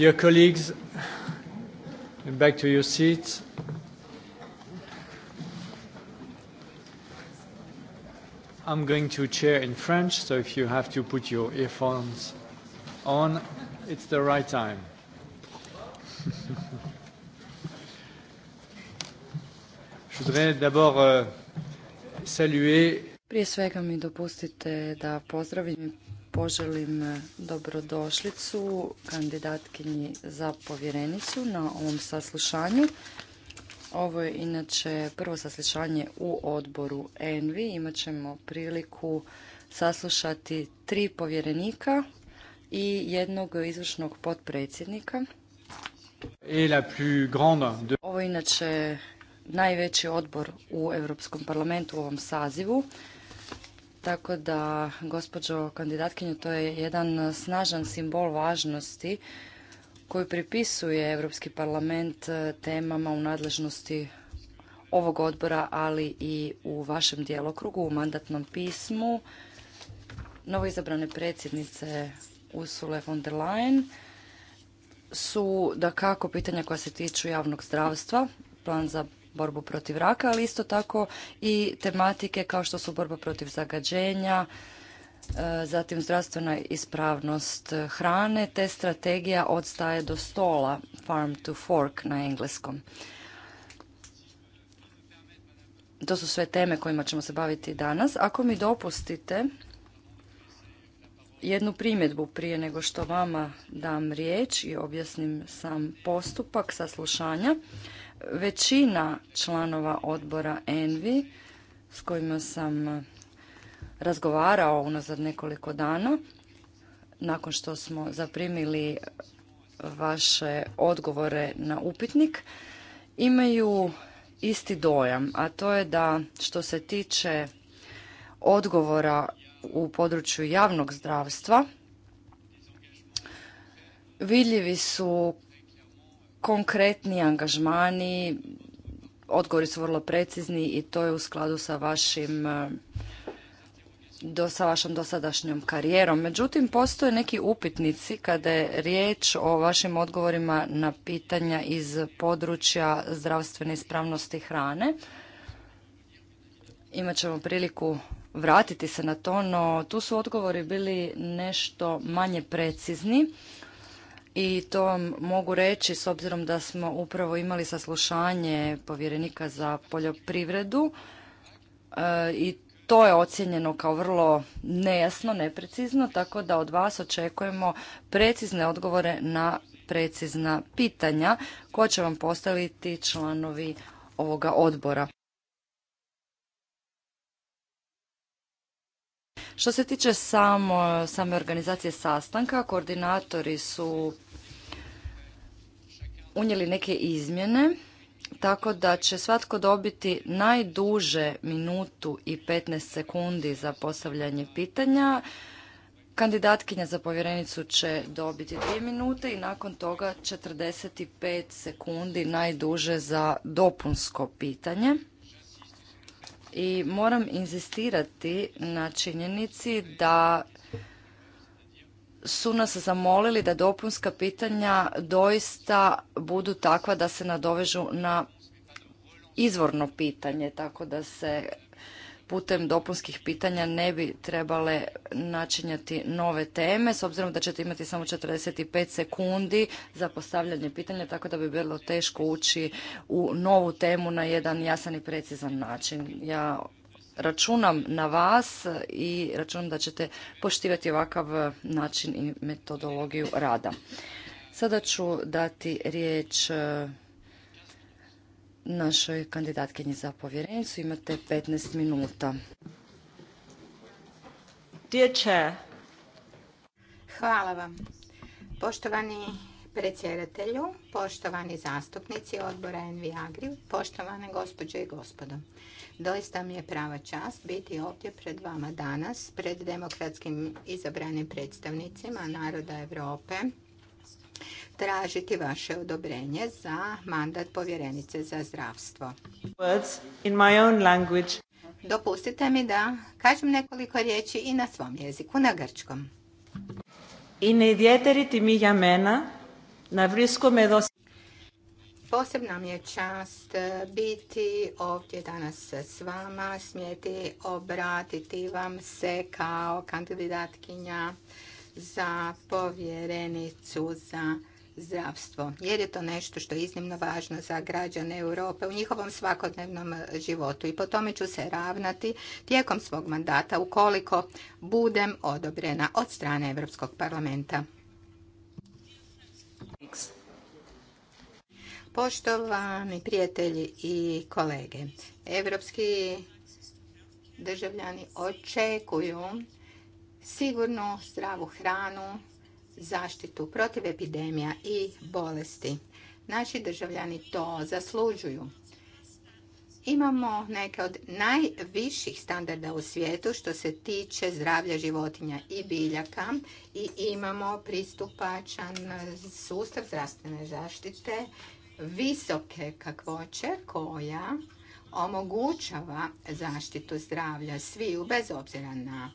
Dear colleagues, back to your seats. I'm going to chair in French, so if you have to put your earphones on, it's the right time. Je voudrais d'abord euh, saluer Prije svega mi dopustite da pozdravim poželim e, dobrodošlicu kandidatkinji za povjerenicu na ovom saslušanju. Ovo je inače prvo saslušanje u odboru ENVI. Imaćemo priliku saslušati tri povjerenika i jednog izvršnog potpredsjednika. Ovo je inače najveći odbor u Europskom parlamentu u ovom sazivu. Tako da, gospođo kandidatkinju, to je jedan snažan simbol važnosti koji pripisuje Europski parlament eh, temama u nadležnosti ovog odbora, ali i u vašem djelokrugu u mandatnom pismu novoizabrane predsjednice Ursule von der Leyen su da kako pitanja koja se tiču javnog zdravstva, plan za borbu protiv raka, ali isto tako i tematike kao što su borba protiv zagađenja, e, zatim zdravstvena ispravnost hrane, te strategija od staje do stola, farm to fork na engleskom. To su sve teme kojima ćemo se baviti danas. Ako mi dopustite jednu primjedbu prije nego što vama dam riječ i objasnim sam postupak saslušanja većina članova odbora Envi s kojima sam razgovarao unazad nekoliko dana nakon što smo zaprimili vaše odgovore na upitnik imaju isti dojam, a to je da što se tiče odgovora u području javnog zdravstva vidljivi su konkretni angažmani, odgovori su vrlo precizni i to je u skladu sa vašim e, do, sa vašom dosadašnjom karijerom. Međutim, postoje neki upitnici kada je riječ o vašim odgovorima na pitanja iz područja zdravstvene ispravnosti hrane. ćemo priliku vratiti se na to, no tu su odgovori bili nešto manje precizni i to vam mogu reći s obzirom da smo upravo imali saslušanje povjerenika za poljoprivredu e, i to je ocijenjeno kao vrlo nejasno, neprecizno, tako da od vas očekujemo precizne odgovore na precizna pitanja koja će vam postaviti članovi ovoga odbora. Što se tiče same organizacije sastanka, koordinatori su unijeli neke izmjene tako da će svatko dobiti najduže minutu i 15 sekundi za postavljanje pitanja. Kandidatkinja za povjerenicu će dobiti 2 minute i nakon toga 45 sekundi najduže za dopunsko pitanje. I moram inzistirati na činjenici da su nas zamolili da dopunska pitanja doista budu takva da se nadovežu na izvorno pitanje, tako da se putem dopunskih pitanja ne bi trebale načinjati nove teme, s obzirom da ćete imati samo 45 sekundi za postavljanje pitanja, tako da bi bilo teško ući u novu temu na jedan jasan i precizan način. Ja računam na vas i računam da ćete poštivati ovakav način i metodologiju rada. Sada ću dati riječ e, našoj kandidatkinji za povjerenicu. Imate 15 minuta. Hvala vam. Poštovani predsjedatelju, poštovani zastupnici odbora Envi Agri, poštovane gospođe i gospodo. Doista mi je prava čast biti ovdje pred vama danas, pred demokratskim izabranim predstavnicima naroda Evrope, tražiti vaše odobrenje za mandat povjerenice za zdravstvo. Dopustite mi da kažem nekoliko riječi i na svom jeziku, na grčkom. i ne djeteriti mi na vrisko me Posebna mi je čast e, biti ovdje danas s vama, smijeti obratiti vam se kao kandidatkinja za povjerenicu za zdravstvo, jer je to nešto što je iznimno važno za građane Europe u njihovom svakodnevnom životu i po tome ću se ravnati tijekom svog mandata ukoliko budem odobrena od strane Europskog parlamenta. Poštovani prijatelji i kolege, evropski državljani očekuju sigurnu, zdravu hranu, zaštitu protiv epidemija i bolesti. Naši državljani to zaslužuju. Imamo neke od najviših standarda u svijetu što se tiče zdravlja životinja i biljaka i imamo pristupačan sustav zdravstvene zaštite visoke kakvoće koja omogućava zaštitu zdravlja sviju bez obzira na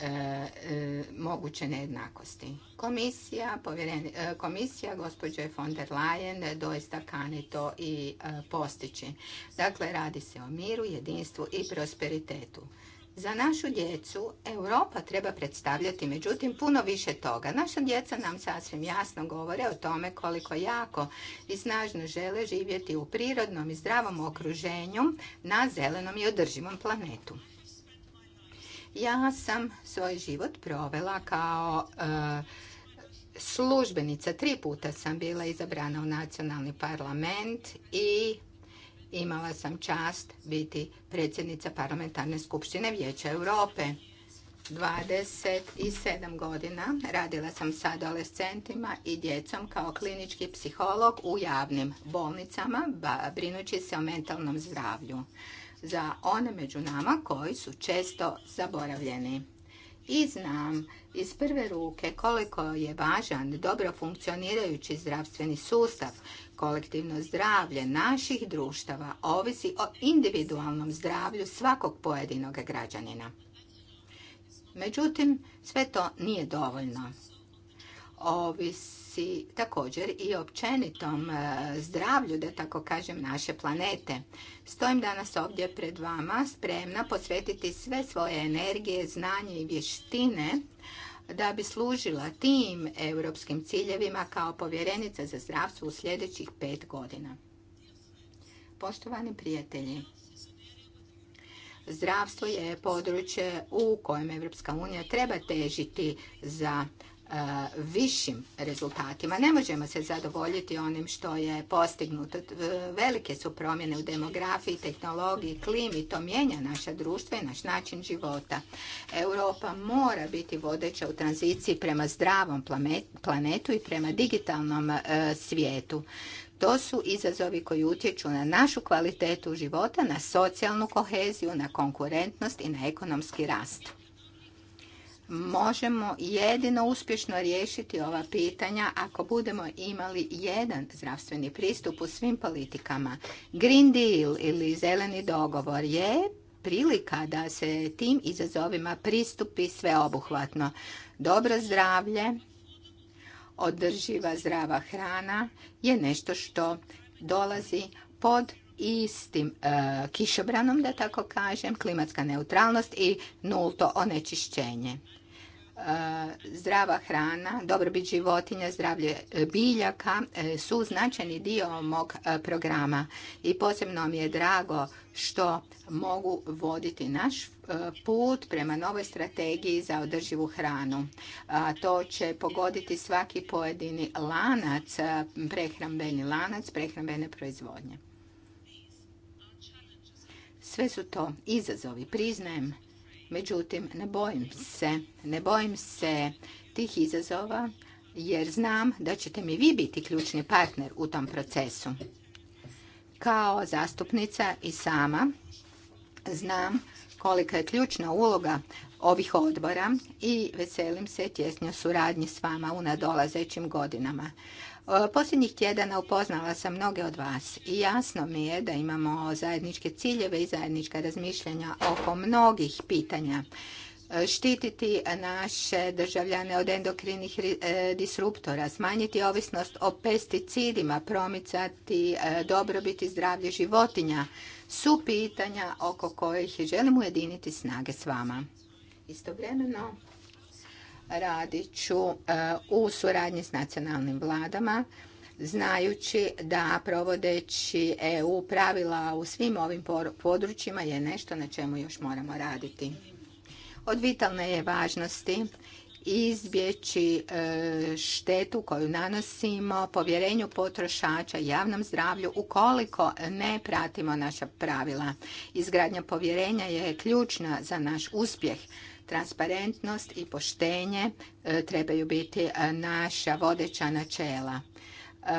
e, e, moguće nejednakosti. Komisija, povjeren, e, komisija gospođe von der Leyen doista kani to i postići. Dakle, radi se o miru, jedinstvu i prosperitetu. Za našu djecu Europa treba predstavljati, međutim, puno više toga. Naša djeca nam sasvim jasno govore o tome koliko jako i snažno žele živjeti u prirodnom i zdravom okruženju na zelenom i održivom planetu. Ja sam svoj život provela kao e, službenica. Tri puta sam bila izabrana u nacionalni parlament i imala sam čast biti predsjednica Parlamentarne skupštine Vijeća Europe. 27 godina radila sam sa adolescentima i djecom kao klinički psiholog u javnim bolnicama, brinući se o mentalnom zdravlju za one među nama koji su često zaboravljeni. I znam iz prve ruke koliko je važan dobro funkcionirajući zdravstveni sustav. Kolektivno zdravlje naših društava ovisi o individualnom zdravlju svakog pojedinog građanina. Međutim, sve to nije dovoljno. Ovisi također i općenitom e, zdravlju, da tako kažem, naše planete. Stojim danas ovdje pred vama spremna posvetiti sve svoje energije, znanje i vještine da bi služila tim europskim ciljevima kao povjerenica za zdravstvo u sljedećih pet godina. Poštovani prijatelji, zdravstvo je područje u kojem Evropska unija treba težiti za E, višim rezultatima. Ne možemo se zadovoljiti onim što je postignuto. E, velike su promjene u demografiji, tehnologiji, klimi. To mijenja naša društva i naš način života. Europa mora biti vodeća u tranziciji prema zdravom planetu i prema digitalnom e, svijetu. To su izazovi koji utječu na našu kvalitetu života, na socijalnu koheziju, na konkurentnost i na ekonomski rast možemo jedino uspješno riješiti ova pitanja ako budemo imali jedan zdravstveni pristup u svim politikama. Green Deal ili zeleni dogovor je prilika da se tim izazovima pristupi sveobuhvatno. Dobro zdravlje, održiva zdrava hrana je nešto što dolazi pod istim e, kišobranom, da tako kažem, klimatska neutralnost i nulto onečišćenje. E, zdrava hrana, dobrobit životinja, zdravlje e, biljaka e, su značajni dio mog programa i posebno mi je drago što mogu voditi naš put prema novoj strategiji za održivu hranu. to će pogoditi svaki pojedini lanac, prehrambeni lanac, prehrambene proizvodnje. Sve su to izazovi, priznajem Međutim, ne bojim se, ne bojim se tih izazova jer znam da ćete mi vi biti ključni partner u tom procesu. Kao zastupnica i sama znam kolika je ključna uloga ovih odbora i veselim se tjesnjoj suradnji s vama u nadolazećim godinama. Posljednjih tjedana upoznala sam mnoge od vas i jasno mi je da imamo zajedničke ciljeve i zajednička razmišljanja oko mnogih pitanja štititi naše državljane od endokrinih e, disruptora, smanjiti ovisnost o pesticidima, promicati e, dobrobiti zdravlje životinja, su pitanja oko kojih želim ujediniti snage s vama. Istovremeno, radit ću e, u suradnji s nacionalnim vladama znajući da provodeći EU pravila u svim ovim područjima je nešto na čemu još moramo raditi. Od vitalne je važnosti izbjeći e, štetu koju nanosimo povjerenju potrošača javnom zdravlju ukoliko ne pratimo naša pravila. Izgradnja povjerenja je ključna za naš uspjeh. Transparentnost i poštenje e, trebaju biti e, naša vodeća načela e,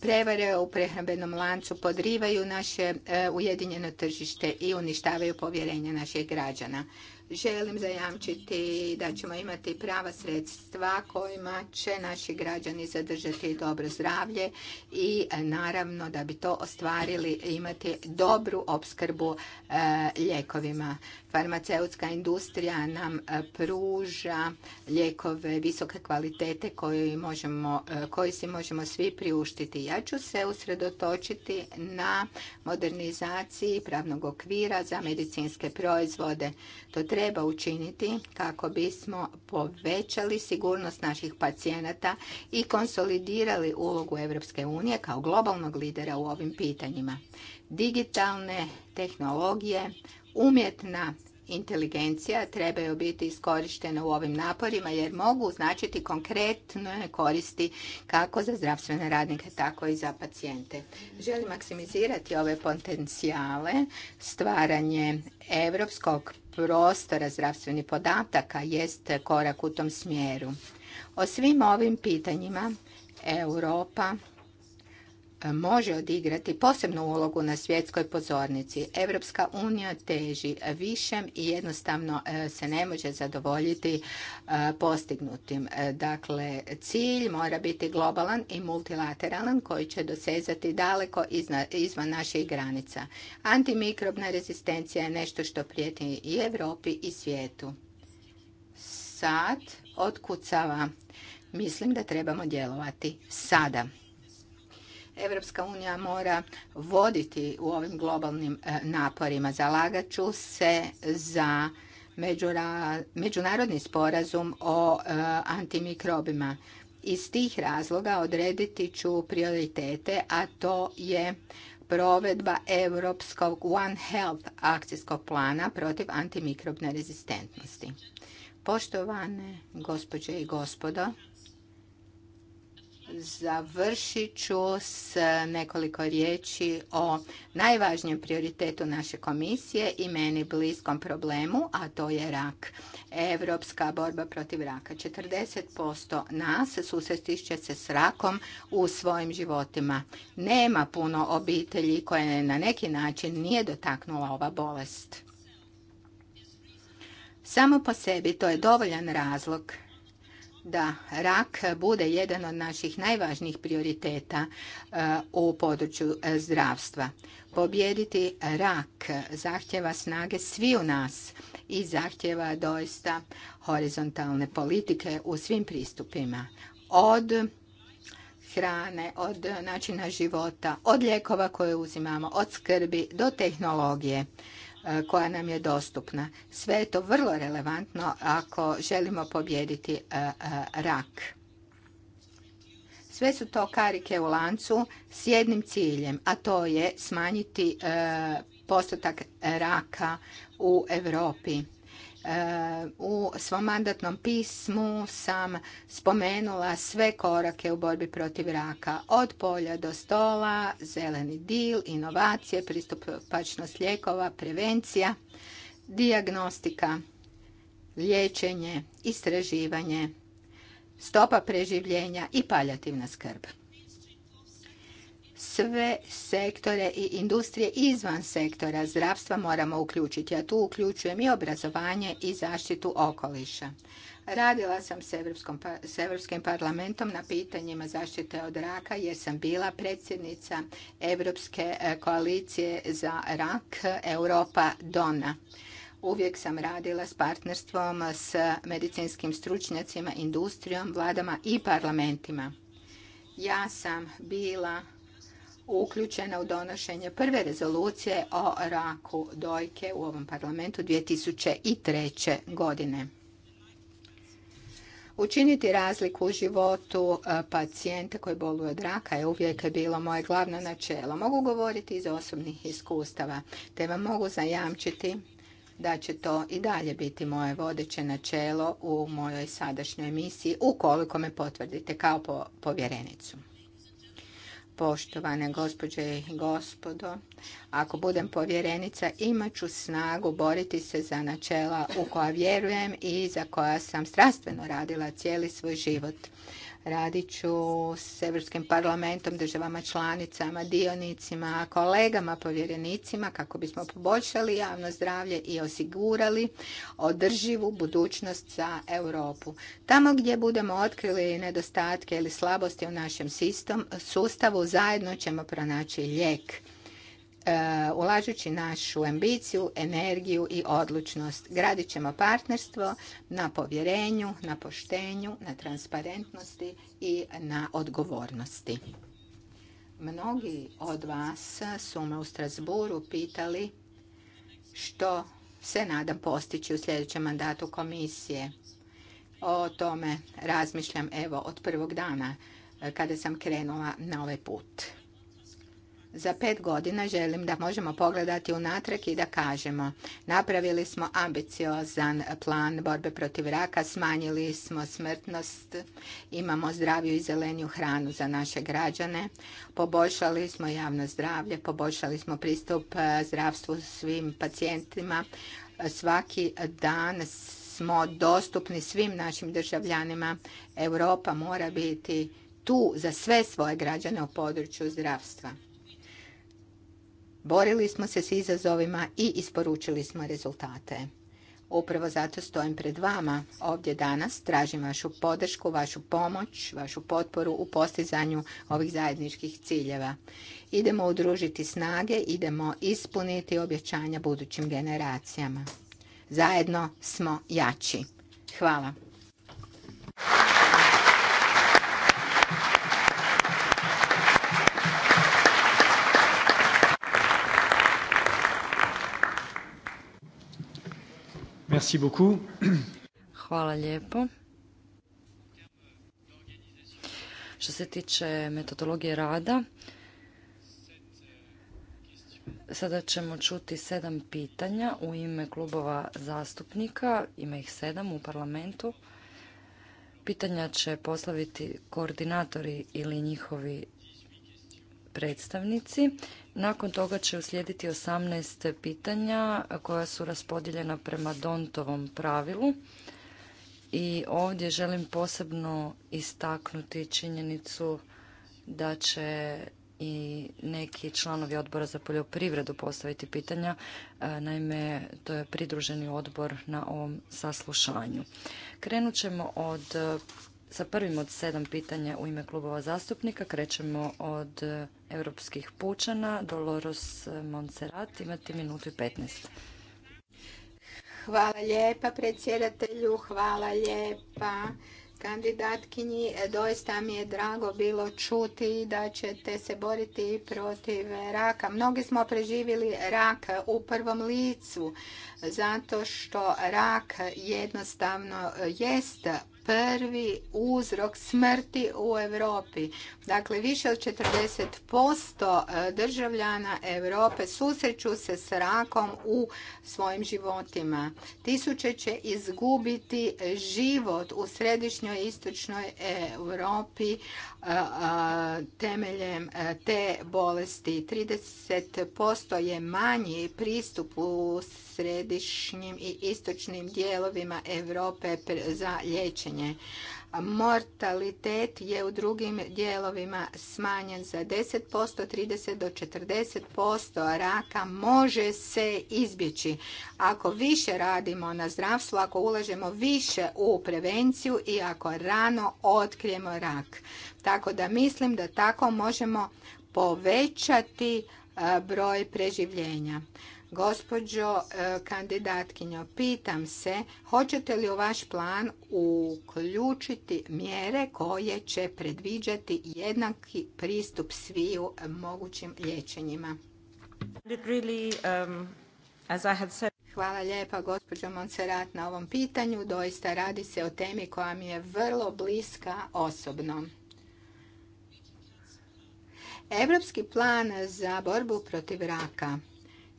prevare u prehrambenom lancu podrivaju naše ujedinjeno tržište i uništavaju povjerenje naših građana. Želim zajamčiti da ćemo imati prava sredstva kojima će naši građani zadržati dobro zdravlje i naravno da bi to ostvarili imati dobru opskrbu lijekovima farmaceutska industrija nam e, pruža lijekove visoke kvalitete koje si možemo svi priuštiti. Ja ću se usredotočiti na modernizaciji pravnog okvira za medicinske proizvode. To treba učiniti kako bismo povećali sigurnost naših pacijenata i konsolidirali ulogu Europske unije kao globalnog lidera u ovim pitanjima. Digitalne tehnologije, umjetna inteligencija trebaju biti iskorištene u ovim naporima jer mogu značiti konkretne koristi kako za zdravstvene radnike, tako i za pacijente. Želim maksimizirati ove potencijale, stvaranje europskog prostora zdravstvenih podataka jest korak u tom smjeru. O svim ovim pitanjima Europa E, može odigrati posebnu ulogu na svjetskoj pozornici. Evropska unija teži višem i jednostavno e, se ne može zadovoljiti e, postignutim. Dakle, cilj mora biti globalan i multilateralan koji će dosezati daleko izvan naših granica. Antimikrobna rezistencija je nešto što prijeti i Europi i svijetu. Sad otkucava. Mislim da trebamo djelovati sada. Evropska unija mora voditi u ovim globalnim e, naporima. Zalagat se za međunarodni sporazum o e, antimikrobima. Iz tih razloga odrediti ću prioritete, a to je provedba Europskog One Health akcijskog plana protiv antimikrobne rezistentnosti. Poštovane gospođe i gospodo, Završit ću s nekoliko riječi o najvažnijem prioritetu naše komisije i meni bliskom problemu, a to je rak. Evropska borba protiv raka. 40% nas susretišće se s rakom u svojim životima. Nema puno obitelji koje na neki način nije dotaknula ova bolest. Samo po sebi to je dovoljan razlog da rak bude jedan od naših najvažnijih prioriteta e, u području e, zdravstva. Pobjediti rak zahtjeva snage svi u nas i zahtjeva doista horizontalne politike u svim pristupima. Od hrane, od načina života, od lijekova koje uzimamo, od skrbi do tehnologije. E, koja nam je dostupna. Sve je to vrlo relevantno ako želimo pobijediti e, e, rak. Sve su to karike u lancu s jednim ciljem, a to je smanjiti postotak raka u Europi. U svom mandatnom pismu sam spomenula sve korake u borbi protiv raka. Od polja do stola, zeleni dil, inovacije, pristupačnost lijekova, prevencija, dijagnostika, liječenje, istraživanje, stopa preživljenja i paljativna skrb sve sektore i industrije izvan sektora zdravstva moramo uključiti, a tu uključujem i obrazovanje i zaštitu okoliša. Radila sam s Europskim pa, parlamentom na pitanjima zaštite od raka jer sam bila predsjednica Europske e, koalicije za rak Europa Dona. Uvijek sam radila s partnerstvom s medicinskim stručnjacima, industrijom, vladama i parlamentima. Ja sam bila uključena u donošenje prve rezolucije o raku dojke u ovom parlamentu 2003. godine. Učiniti razliku u životu e, pacijenta koji boluje od raka je uvijek bilo moje glavno načelo. Mogu govoriti iz osobnih iskustava, te vam mogu zajamčiti da će to i dalje biti moje vodeće načelo u mojoj sadašnjoj emisiji, ukoliko me potvrdite kao povjerenicu. Poštovane gospođe i gospodo, ako budem povjerenica imat ću snagu boriti se za načela u koja vjerujem i za koja sam strastveno radila cijeli svoj život. Radit ću s Europskim parlamentom, državama članicama, dionicima, kolegama, povjerenicima kako bismo poboljšali javno zdravlje i osigurali održivu budućnost za Europu. Tamo gdje budemo otkrili nedostatke ili slabosti u našem sustavu, zajedno ćemo pronaći lijek. E, ulažući našu ambiciju, energiju i odlučnost. Gradit ćemo partnerstvo na povjerenju, na poštenju, na transparentnosti i na odgovornosti. Mnogi od vas su me u Strasburu pitali što se nadam postići u sljedećem mandatu komisije. O tome razmišljam evo od prvog dana e, kada sam krenula na ovaj put. Za pet godina želim da možemo pogledati unatrag i da kažemo napravili smo ambiciozan plan borbe protiv raka, smanjili smo smrtnost, imamo zdraviju i zeleniju hranu za naše građane, poboljšali smo javno zdravlje, poboljšali smo pristup e, zdravstvu svim pacijentima. Svaki dan smo dostupni svim našim državljanima. Europa mora biti tu za sve svoje građane u području zdravstva. Borili smo se s izazovima i isporučili smo rezultate. Upravo zato stojim pred vama ovdje danas, tražim vašu podršku, vašu pomoć, vašu potporu u postizanju ovih zajedničkih ciljeva. Idemo udružiti snage, idemo ispuniti objećanja budućim generacijama. Zajedno smo jači. Hvala. Merci beaucoup. Hvala lijepo. Što se tiče metodologije rada, sada ćemo čuti sedam pitanja u ime klubova zastupnika, ima ih sedam u parlamentu. Pitanja će poslaviti koordinatori ili njihovi predstavnici. Nakon toga će uslijediti 18 pitanja koja su raspodijeljena prema Dontovom pravilu. I ovdje želim posebno istaknuti činjenicu da će i neki članovi odbora za poljoprivredu postaviti pitanja. E, naime, to je pridruženi odbor na ovom saslušanju. Krenut ćemo od sa prvim od sedam pitanja u ime klubova zastupnika. Krećemo od europskih pučana. Doloros Monserrat, imate minutu i 15. Hvala lijepa predsjedatelju, hvala lijepa kandidatkinji. Doista mi je drago bilo čuti da ćete se boriti protiv raka. Mnogi smo preživjeli rak u prvom licu zato što rak jednostavno jest prvi uzrok smrti u Europi. Dakle, više od 40% e, državljana Europe susreću se s rakom u svojim životima. Tisuće će izgubiti život u središnjoj i istočnoj Europi e, temeljem e, te bolesti. 30% je manji pristup u središnjim i istočnim dijelovima Europe za liječenje. Mortalitet je u drugim dijelovima smanjen za 10%, 30 do 40% raka može se izbjeći. Ako više radimo na zdravstvu, ako ulažemo više u prevenciju i ako rano otkrijemo rak. Tako da mislim da tako možemo povećati broj preživljenja. Gospođo e, kandidatkinjo, pitam se hoćete li u vaš plan uključiti mjere koje će predviđati jednaki pristup sviju mogućim liječenjima? Um, Hvala lijepa gospođo Monserrat na ovom pitanju. Doista radi se o temi koja mi je vrlo bliska osobno. Europski plan za borbu protiv raka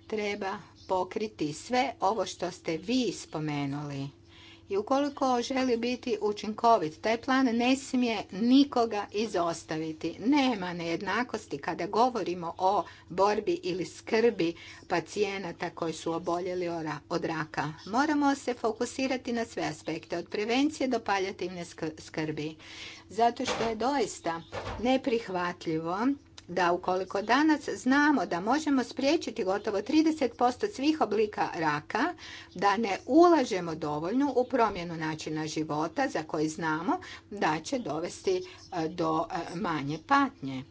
treba pokriti sve ovo što ste vi spomenuli. I ukoliko želi biti učinkovit, taj plan ne smije nikoga izostaviti. Nema nejednakosti kada govorimo o borbi ili skrbi pacijenata koji su oboljeli od raka. Moramo se fokusirati na sve aspekte, od prevencije do paljativne skrbi. Zato što je doista neprihvatljivo da ukoliko danas znamo da možemo spriječiti gotovo 30% svih oblika raka, da ne ulažemo dovoljno u promjenu načina života za koji znamo da će dovesti e, do e, manje patnje.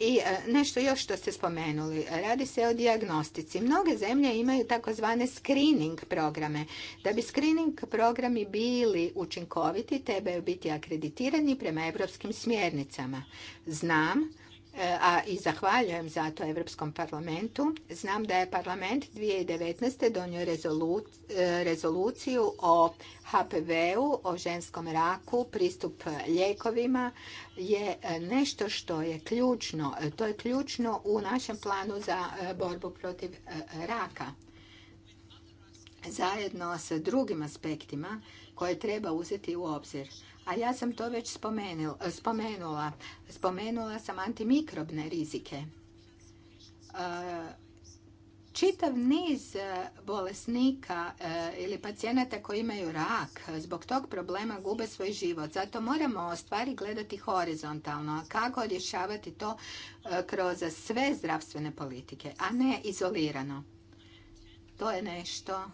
I e, nešto još što ste spomenuli, radi se o dijagnostici. Mnoge zemlje imaju takozvane screening programe. Da bi screening programi bili učinkoviti, trebaju biti akreditirani prema evropskim smjernicama. Znam a i zahvaljujem za to Europskom parlamentu. Znam da je parlament 2019. donio e, rezoluciju o HPV-u, o ženskom raku, pristup ljekovima je nešto što je ključno. To je ključno u našem planu za e, borbu protiv e, raka. Zajedno sa drugim aspektima koje treba uzeti u obzir a ja sam to već spomenula. Spomenula sam antimikrobne rizike. E, čitav niz e, bolesnika e, ili pacijenata koji imaju rak zbog tog problema gube svoj život. Zato moramo stvari gledati horizontalno, a kako rješavati to kroz sve zdravstvene politike, a ne izolirano. To je nešto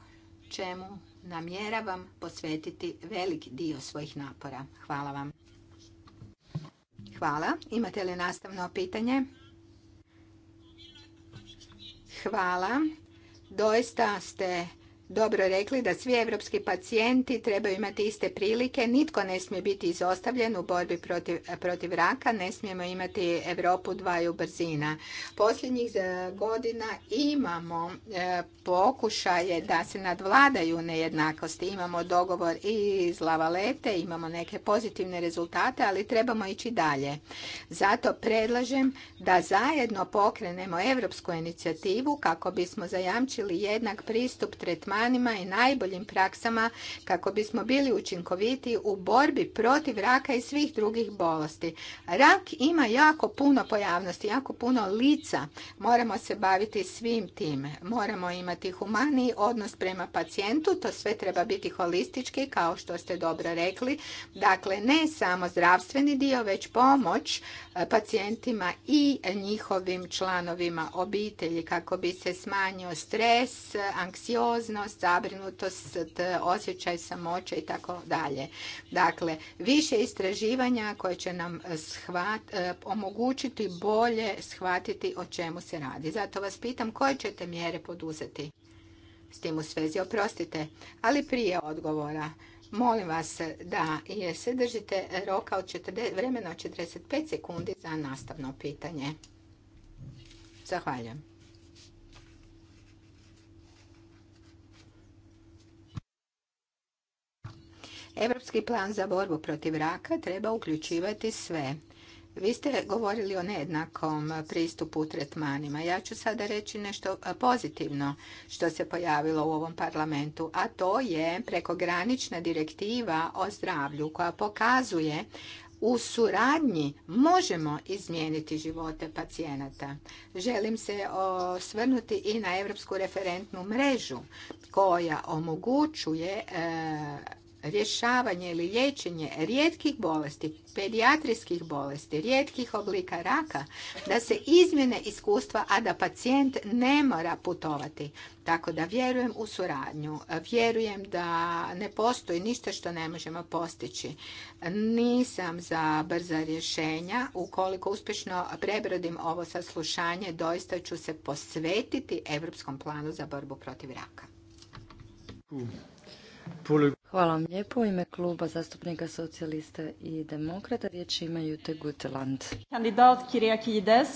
čemu namjeravam posvetiti velik dio svojih napora. Hvala vam. Hvala. Imate li nastavno pitanje? Hvala. Doista ste dobro rekli da svi evropski pacijenti trebaju imati iste prilike. Nitko ne smije biti izostavljen u borbi protiv, protiv raka. Ne smijemo imati Europu dvaju brzina. Posljednjih e, godina imamo e, pokušaje da se nadvladaju nejednakosti. Imamo dogovor i iz Lavalete, imamo neke pozitivne rezultate, ali trebamo ići dalje. Zato predlažem da zajedno pokrenemo evropsku inicijativu kako bismo zajamčili jednak pristup tretmanu tretmanima i najboljim praksama kako bismo bili učinkoviti u borbi protiv raka i svih drugih bolesti. Rak ima jako puno pojavnosti, jako puno lica. Moramo se baviti svim time. Moramo imati humaniji odnos prema pacijentu, to sve treba biti holistički kao što ste dobro rekli. Dakle, ne samo zdravstveni dio, već pomoć E, pacijentima i njihovim članovima obitelji kako bi se smanjio stres, anksioznost, zabrinutost, e, osjećaj samoće i tako dalje. Dakle, više istraživanja koje će nam shvat, e, omogućiti bolje shvatiti o čemu se radi. Zato vas pitam koje ćete mjere poduzeti? S tim u svezi oprostite, ali prije odgovora Molim vas da se držite roka od vremena od 45 sekundi za nastavno pitanje. Zahvaljujem. Europski plan za borbu protiv raka treba uključivati sve vi ste govorili o nejednakom pristupu tretmanima. Ja ću sada reći nešto pozitivno što se pojavilo u ovom parlamentu, a to je prekogranična direktiva o zdravlju koja pokazuje u suradnji možemo izmijeniti živote pacijenata. Želim se osvrnuti i na Europsku referentnu mrežu koja omogućuje e, rješavanje ili liječenje rijetkih bolesti, pedijatrijskih bolesti, rijetkih oblika raka, da se izmjene iskustva, a da pacijent ne mora putovati. Tako da vjerujem u suradnju, vjerujem da ne postoji ništa što ne možemo postići. Nisam za brza rješenja. Ukoliko uspješno prebrodim ovo saslušanje, doista ću se posvetiti Europskom planu za borbu protiv raka. Hvala vam lijepo. U ime kluba zastupnika socijalista i demokrata riječ ima Jute Guteland. Kandidat Kiriakides,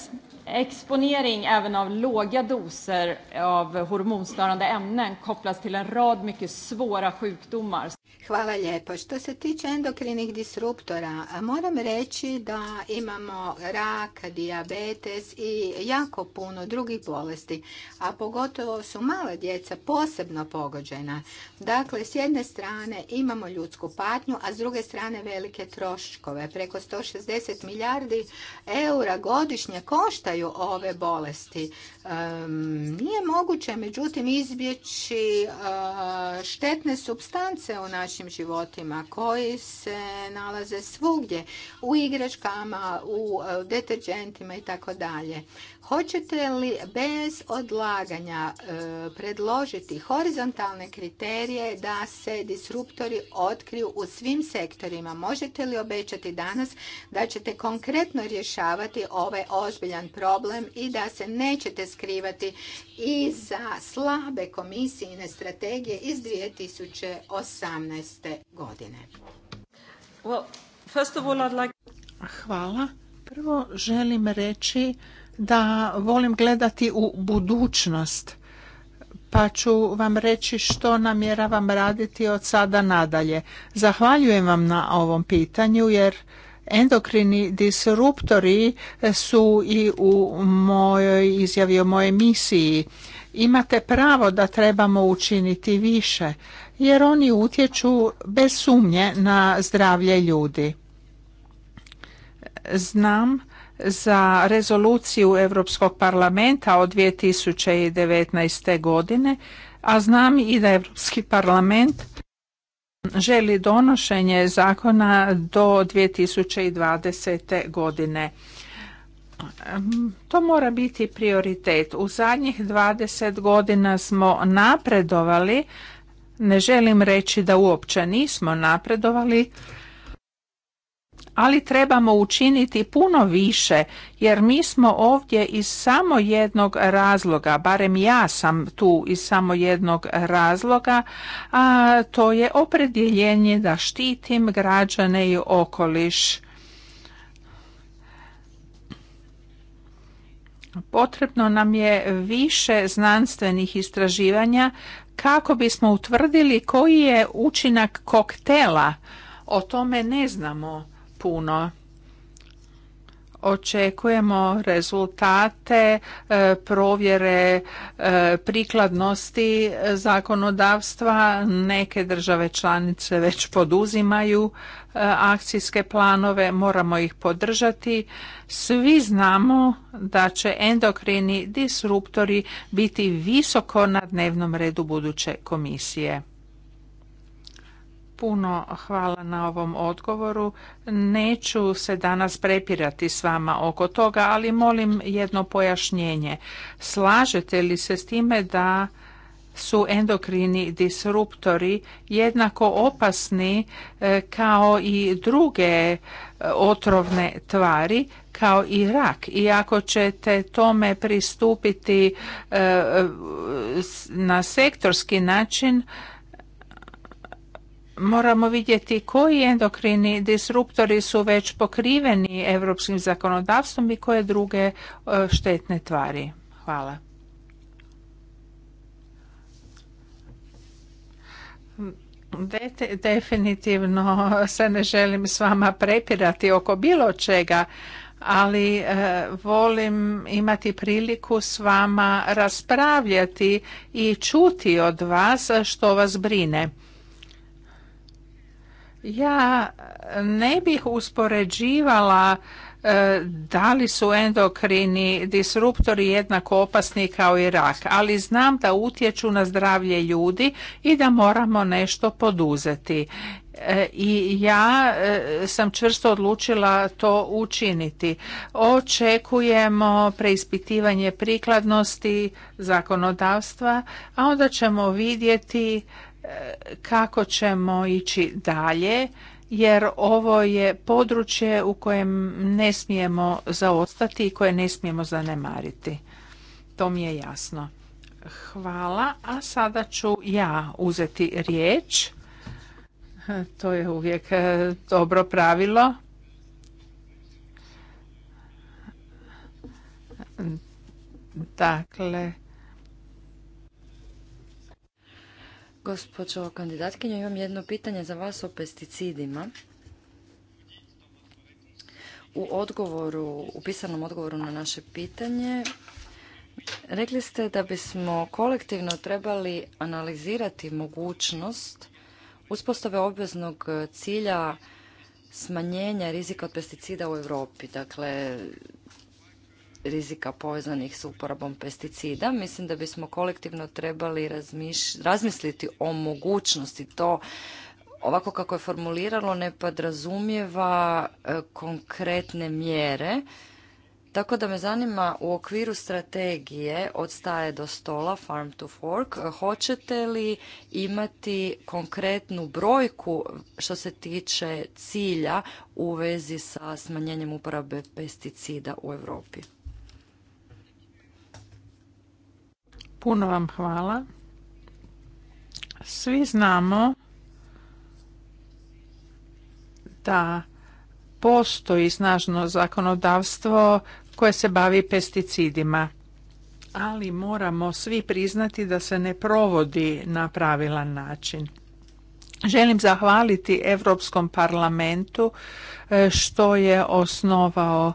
exponering även av låga doser av hormonstörande ämnen kopplas till en rad mycket svåra sjukdomar. Hvala lijepo. Što se tiče endokrinih disruptora, moram reći da imamo rak, diabetes i jako puno drugih bolesti, a pogotovo su mala djeca posebno pogođena. Dakle, s jedne strane strane imamo ljudsku patnju, a s druge strane velike troškove. Preko 160 milijardi eura godišnje koštaju ove bolesti. nije moguće, međutim, izbjeći štetne substance u našim životima koji se nalaze svugdje, u igračkama, u deterđentima i tako dalje. Hoćete li bez odlaganja e, predložiti horizontalne kriterije da se disruptori otkriju u svim sektorima? Možete li obećati danas da ćete konkretno rješavati ovaj ozbiljan problem i da se nećete skrivati i za slabe komisijine strategije iz 2018. godine? Hvala. Prvo želim reći da volim gledati u budućnost pa ću vam reći što namjeravam raditi od sada nadalje. Zahvaljujem vam na ovom pitanju jer endokrini disruptori su i u mojoj izjavi o mojoj misiji. Imate pravo da trebamo učiniti više jer oni utječu bez sumnje na zdravlje ljudi. Znam za rezoluciju Europskog parlamenta od 2019. godine, a znam i da Europski parlament želi donošenje zakona do 2020. godine. To mora biti prioritet. U zadnjih 20 godina smo napredovali, ne želim reći da uopće nismo napredovali, ali trebamo učiniti puno više jer mi smo ovdje iz samo jednog razloga, barem ja sam tu iz samo jednog razloga, a to je opredjeljenje da štitim građane i okoliš. Potrebno nam je više znanstvenih istraživanja kako bismo utvrdili koji je učinak koktela. O tome ne znamo puno. Očekujemo rezultate e, provjere e, prikladnosti zakonodavstva. Neke države članice već poduzimaju e, akcijske planove, moramo ih podržati. Svi znamo da će endokrini disruptori biti visoko na dnevnom redu buduće komisije puno hvala na ovom odgovoru. Neću se danas prepirati s vama oko toga, ali molim jedno pojašnjenje. Slažete li se s time da su endokrini disruptori jednako opasni e, kao i druge e, otrovne tvari kao i rak i ako ćete tome pristupiti e, na sektorski način moramo vidjeti koji endokrini disruptori su već pokriveni europskim zakonodavstvom i koje druge e, štetne tvari. Hvala. Definitivno se ne želim s vama prepirati oko bilo čega, ali e, volim imati priliku s vama raspravljati i čuti od vas što vas brine. Ja ne bih uspoređivala e, da li su endokrini disruptori jednako opasni kao i rak, ali znam da utječu na zdravlje ljudi i da moramo nešto poduzeti. E, I ja e, sam čvrsto odlučila to učiniti. Očekujemo preispitivanje prikladnosti zakonodavstva, a onda ćemo vidjeti kako ćemo ići dalje jer ovo je područje u kojem ne smijemo zaostati i koje ne smijemo zanemariti. To mi je jasno. Hvala, a sada ću ja uzeti riječ. To je uvijek e, dobro pravilo. Dakle, Gospođo kandidatkinja, imam jedno pitanje za vas o pesticidima. U odgovoru, u pisanom odgovoru na naše pitanje, rekli ste da bismo kolektivno trebali analizirati mogućnost uspostave obveznog cilja smanjenja rizika od pesticida u Europi. Dakle, rizika povezanih s uporabom pesticida. Mislim da bismo kolektivno trebali razmisliti o mogućnosti to ovako kako je formuliralo, ne podrazumijeva e, konkretne mjere. Tako da me zanima u okviru strategije od staje do stola Farm to Fork hoćete li imati konkretnu brojku što se tiče cilja u vezi sa smanjenjem uporabe pesticida u Europi? Puno vam hvala. Svi znamo da postoji snažno zakonodavstvo koje se bavi pesticidima, ali moramo svi priznati da se ne provodi na pravilan način. Želim zahvaliti Europskom parlamentu e, što je osnovao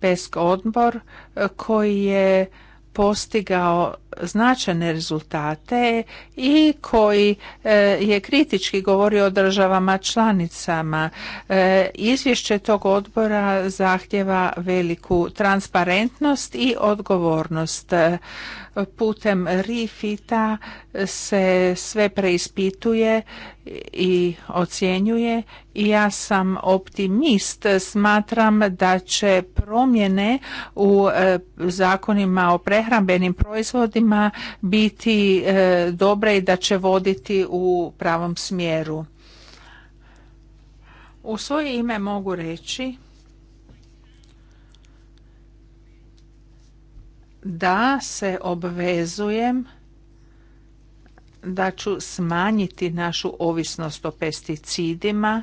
PESK odbor e, koji je postigao značajne rezultate i koji e, je kritički govorio o državama članicama. E, izvješće tog odbora zahtjeva veliku transparentnost i odgovornost. E, putem RIFITA se sve preispituje i ocjenjuje i ja sam optimist. Smatram da će promjene u zakonima o prehrambenim proizvodima biti e, dobre i da će voditi u pravom smjeru. U svoje ime mogu reći da se obvezujem da ću smanjiti našu ovisnost o pesticidima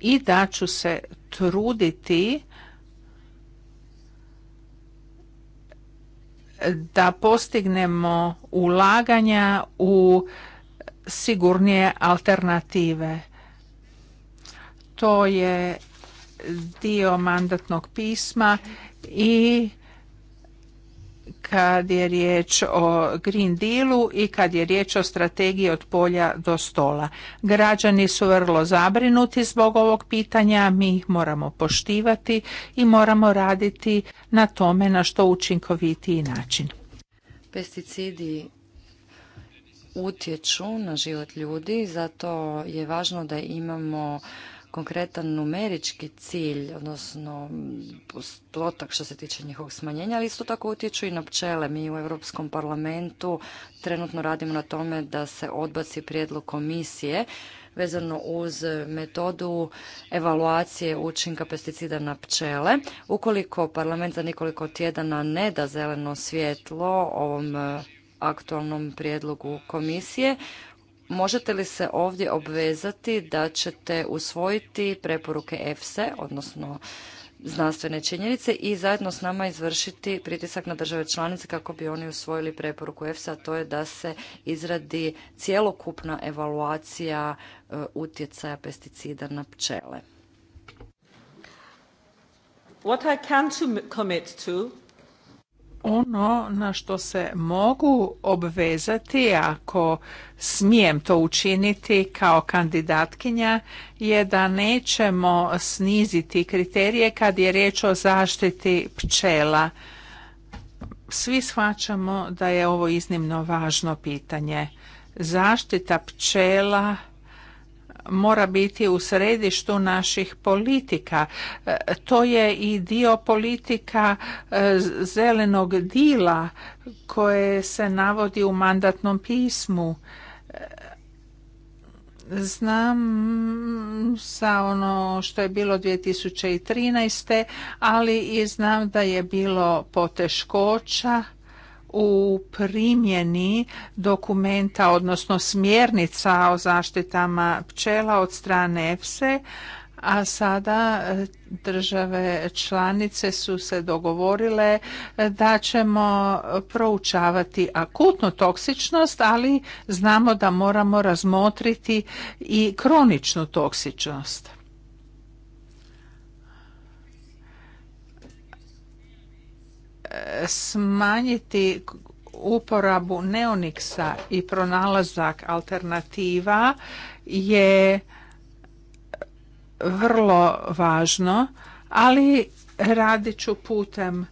i da ću se truditi da postignemo ulaganja u sigurnije alternative. To je dio mandatnog pisma i kad je riječ o Green Dealu i kad je riječ o strategiji od polja do stola. Građani su vrlo zabrinuti zbog ovog pitanja, mi ih moramo poštivati i moramo raditi na tome na što učinkovitiji način. Pesticidi utječu na život ljudi, zato je važno da imamo konkretan numerički cilj, odnosno plotak što se tiče njihovog smanjenja, ali isto tako utječu i na pčele. Mi u Europskom parlamentu trenutno radimo na tome da se odbaci prijedlog komisije vezano uz metodu evaluacije učinka pesticida na pčele. Ukoliko parlament za nekoliko tjedana ne da zeleno svjetlo ovom eh, aktualnom prijedlogu komisije, Možete li se ovdje obvezati da ćete usvojiti preporuke EFSE, odnosno znanstvene činjenice i zajedno s nama izvršiti pritisak na države članice kako bi oni usvojili preporuku EFSA, a to je da se izradi cjelokupna evaluacija e, utjecaja pesticida na pčele. What I can ono na što se mogu obvezati ako smijem to učiniti kao kandidatkinja je da nećemo sniziti kriterije kad je riječ o zaštiti pčela. Svi shvaćamo da je ovo iznimno važno pitanje. Zaštita pčela mora biti u središtu naših politika. E, to je i dio politika e, zelenog dila koje se navodi u mandatnom pismu. E, znam sa ono što je bilo 2013. ali i znam da je bilo poteškoća u primjeni dokumenta, odnosno smjernica o zaštitama pčela od strane EFSE, a sada e, države članice su se dogovorile e, da ćemo proučavati akutnu toksičnost, ali znamo da moramo razmotriti i kroničnu toksičnost. smanjiti uporabu neoniksa i pronalazak alternativa je vrlo važno, ali radit ću putem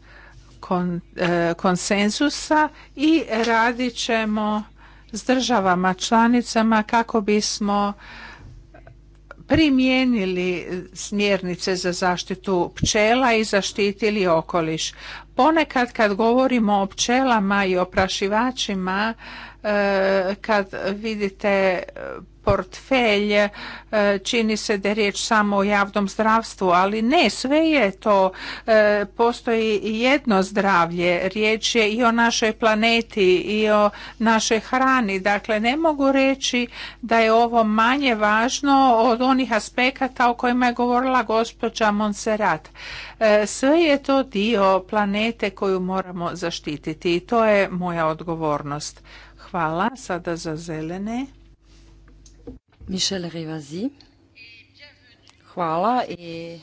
e, konsenzusa i radit ćemo s državama članicama kako bismo primijenili e, smjernice za zaštitu pčela i zaštitili okoliš. Ponekad kad govorimo o pčelama i oprašivačima, e, kad vidite portfelj, e, čini se da je riječ samo o javnom zdravstvu, ali ne, sve je to, e, postoji jedno zdravlje, riječ je i o našoj planeti i o našoj hrani, dakle ne mogu reći da je ovo manje važno od onih aspekata o kojima je govorila gospođa Monserrat. E, sve je to dio planete koju moramo zaštititi i to je moja odgovornost. Hvala, sada za zelene. Michel Rivazi. Hvala i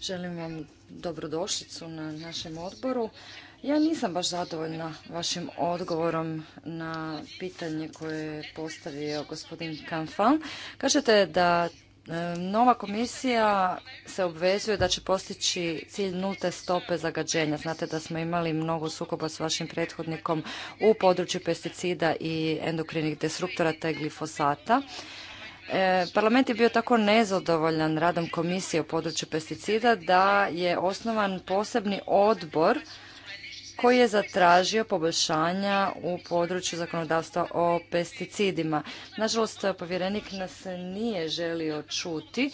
želim vam dobrodošlicu na našem odboru. Ja nisam baš zadovoljna vašim odgovorom na pitanje koje je postavio gospodin Kanfan. Kažete da e, nova komisija se obvezuje da će postići cilj nulte stope zagađenja. Znate da smo imali mnogo sukoba s vašim prethodnikom u području pesticida i endokrinih destruktora te glifosata. E, parlament je bio tako nezadovoljan radom komisije u području pesticida da je osnovan posebni odbor koji je zatražio poboljšanja u području zakonodavstva o pesticidima. Nažalost, povjerenik nas nije želio čuti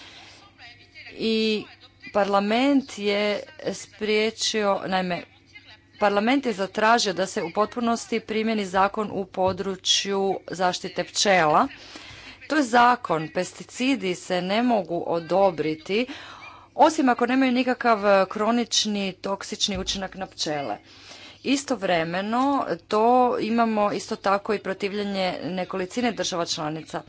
i parlament je spriječio, naime, parlament je zatražio da se u potpunosti primjeni zakon u području zaštite pčela to je zakon. Pesticidi se ne mogu odobriti osim ako nemaju nikakav e, kronični toksični učinak na pčele. Istovremeno to imamo isto tako i protivljenje nekolicine država članica.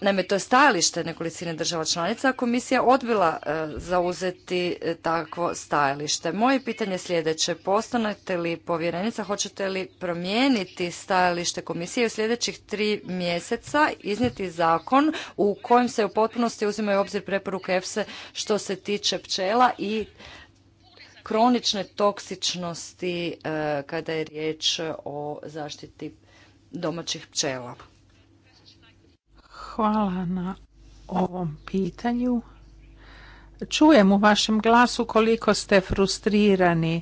Naime, to je stajalište nekolicine država članica, a komisija odbila e, zauzeti e, takvo stajalište. Moje pitanje je sljedeće. Postanete li povjerenica, hoćete li promijeniti stajalište komisije u sljedećih tri mjeseca, iznijeti zakon u kojem se u potpunosti uzimaju obzir preporuke EFSE što se tiče pčela i kronične toksičnosti e, kada je riječ o zaštiti domaćih pčela? Hvala na ovom pitanju. Čujem u vašem glasu koliko ste frustrirani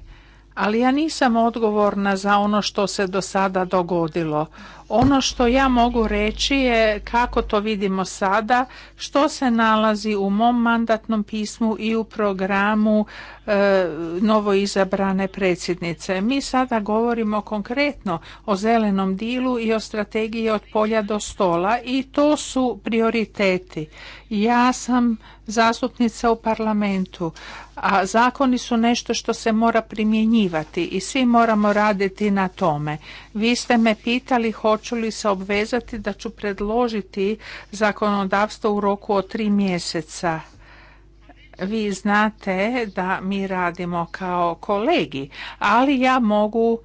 ali ja nisam odgovorna za ono što se do sada dogodilo. Ono što ja mogu reći je kako to vidimo sada, što se nalazi u mom mandatnom pismu i u programu e, novoizabrane predsjednice. Mi sada govorimo konkretno o zelenom dilu i o strategiji od polja do stola i to su prioriteti. Ja sam zastupnica u parlamentu a zakoni su nešto što se mora primjenjivati i svi moramo raditi na tome. Vi ste me pitali hoću li se obvezati da ću predložiti zakonodavstvo u roku od tri mjeseca. Vi znate da mi radimo kao kolegi, ali ja mogu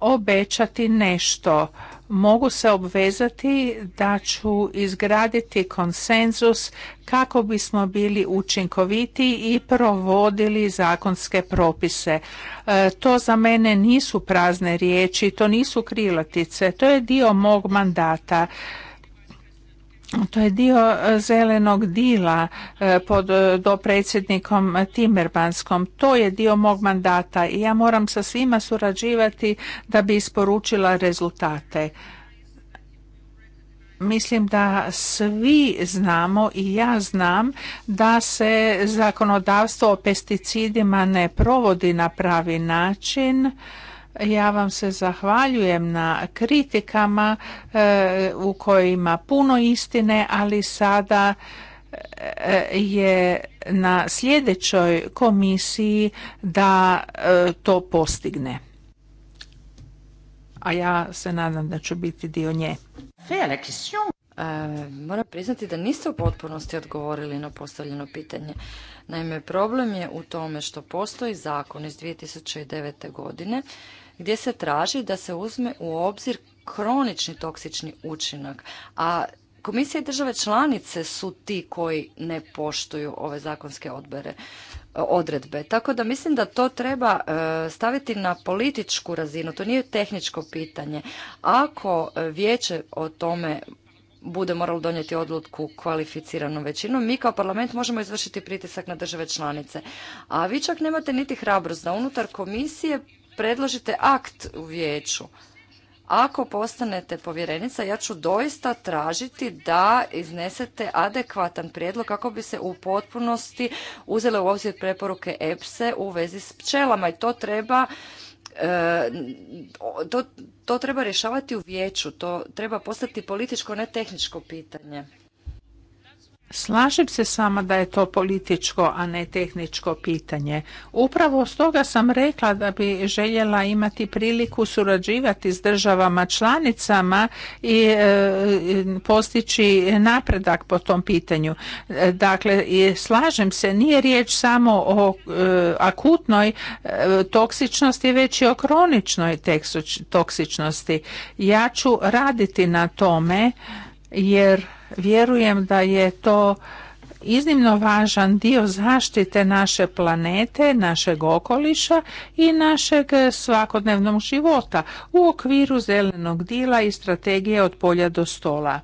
obećati nešto mogu se obvezati da ću izgraditi konsenzus kako bismo bili učinkoviti i provodili zakonske propise. E, to za mene nisu prazne riječi, to nisu krilatice, to je dio mog mandata to je dio e, zelenog dila e, pod e, dopredsjednikom Timerbanskom. To je dio mog mandata i ja moram sa svima surađivati da bi isporučila rezultate. Mislim da svi znamo i ja znam da se zakonodavstvo o pesticidima ne provodi na pravi način ja vam se zahvaljujem na kritikama e, u kojima puno istine, ali sada e, je na sljedećoj komisiji da e, to postigne. A ja se nadam da ću biti dio nje. moram priznati da niste u potpunosti odgovorili na postavljeno pitanje. Naime, problem je u tome što postoji zakon iz 2009. godine gdje se traži da se uzme u obzir kronični toksični učinak, a komisije i države članice su ti koji ne poštuju ove zakonske odbere, odredbe. Tako da mislim da to treba e, staviti na političku razinu. To nije tehničko pitanje. Ako vijeće o tome bude moralo donijeti odluku kvalificiranom većinom, mi kao parlament možemo izvršiti pritisak na države članice. A vi čak nemate niti hrabrost da unutar komisije predložite akt u vijeću. Ako postanete povjerenica, ja ću doista tražiti da iznesete adekvatan prijedlog kako bi se u potpunosti uzele u obzir preporuke EPSE u vezi s pčelama i to treba e, to, to treba rješavati u vijeću, to treba postati političko, ne tehničko pitanje. Slažem se vama da je to političko, a ne tehničko pitanje. Upravo stoga sam rekla da bi željela imati priliku surađivati s državama članicama i e, postići napredak po tom pitanju. E, dakle, slažem se, nije riječ samo o e, akutnoj toksičnosti, već i o kroničnoj toksičnosti. Ja ću raditi na tome jer vjerujem da je to iznimno važan dio zaštite naše planete, našeg okoliša i našeg svakodnevnog života u okviru zelenog dila i strategije od polja do stola.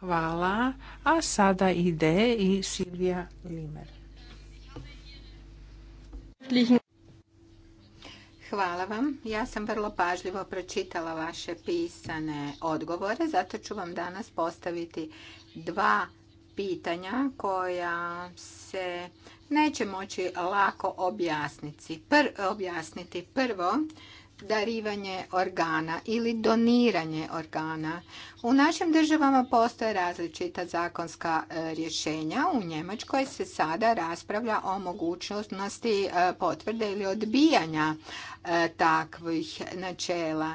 Hvala. A sada ide i Silvija Limer. Hvala vam. Ja sam vrlo pažljivo pročitala vaše pisane odgovore, zato ću vam danas postaviti dva pitanja koja se neće moći lako objasniti. Prvo, darivanje organa ili doniranje organa. U našim državama postoje različita zakonska e, rješenja. U Njemačkoj se sada raspravlja o mogućnosti e, potvrde ili odbijanja e, takvih načela.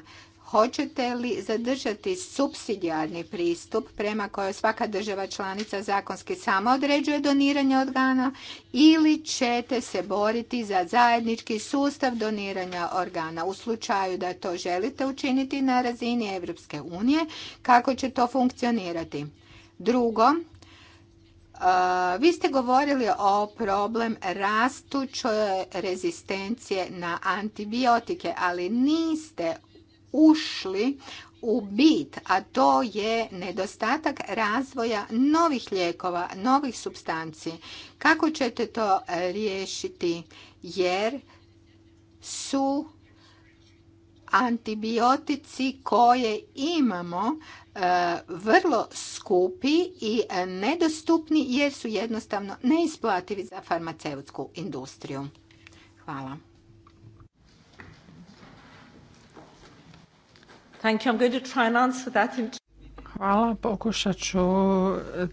Hoćete li zadržati subsidijarni pristup prema kojoj svaka država članica zakonski samo određuje doniranje organa ili ćete se boriti za zajednički sustav doniranja organa u slučaju da to želite učiniti na razini Europske unije, kako će to funkcionirati? Drugo, e, vi ste govorili o problem rastuće rezistencije na antibiotike, ali niste ušli u bit, a to je nedostatak razvoja novih lijekova, novih substanci. Kako ćete to riješiti? Jer su antibiotici koje imamo e, vrlo skupi i nedostupni jer su jednostavno neisplativi za farmaceutsku industriju. Hvala. Thank you. Hvala, pokušat ću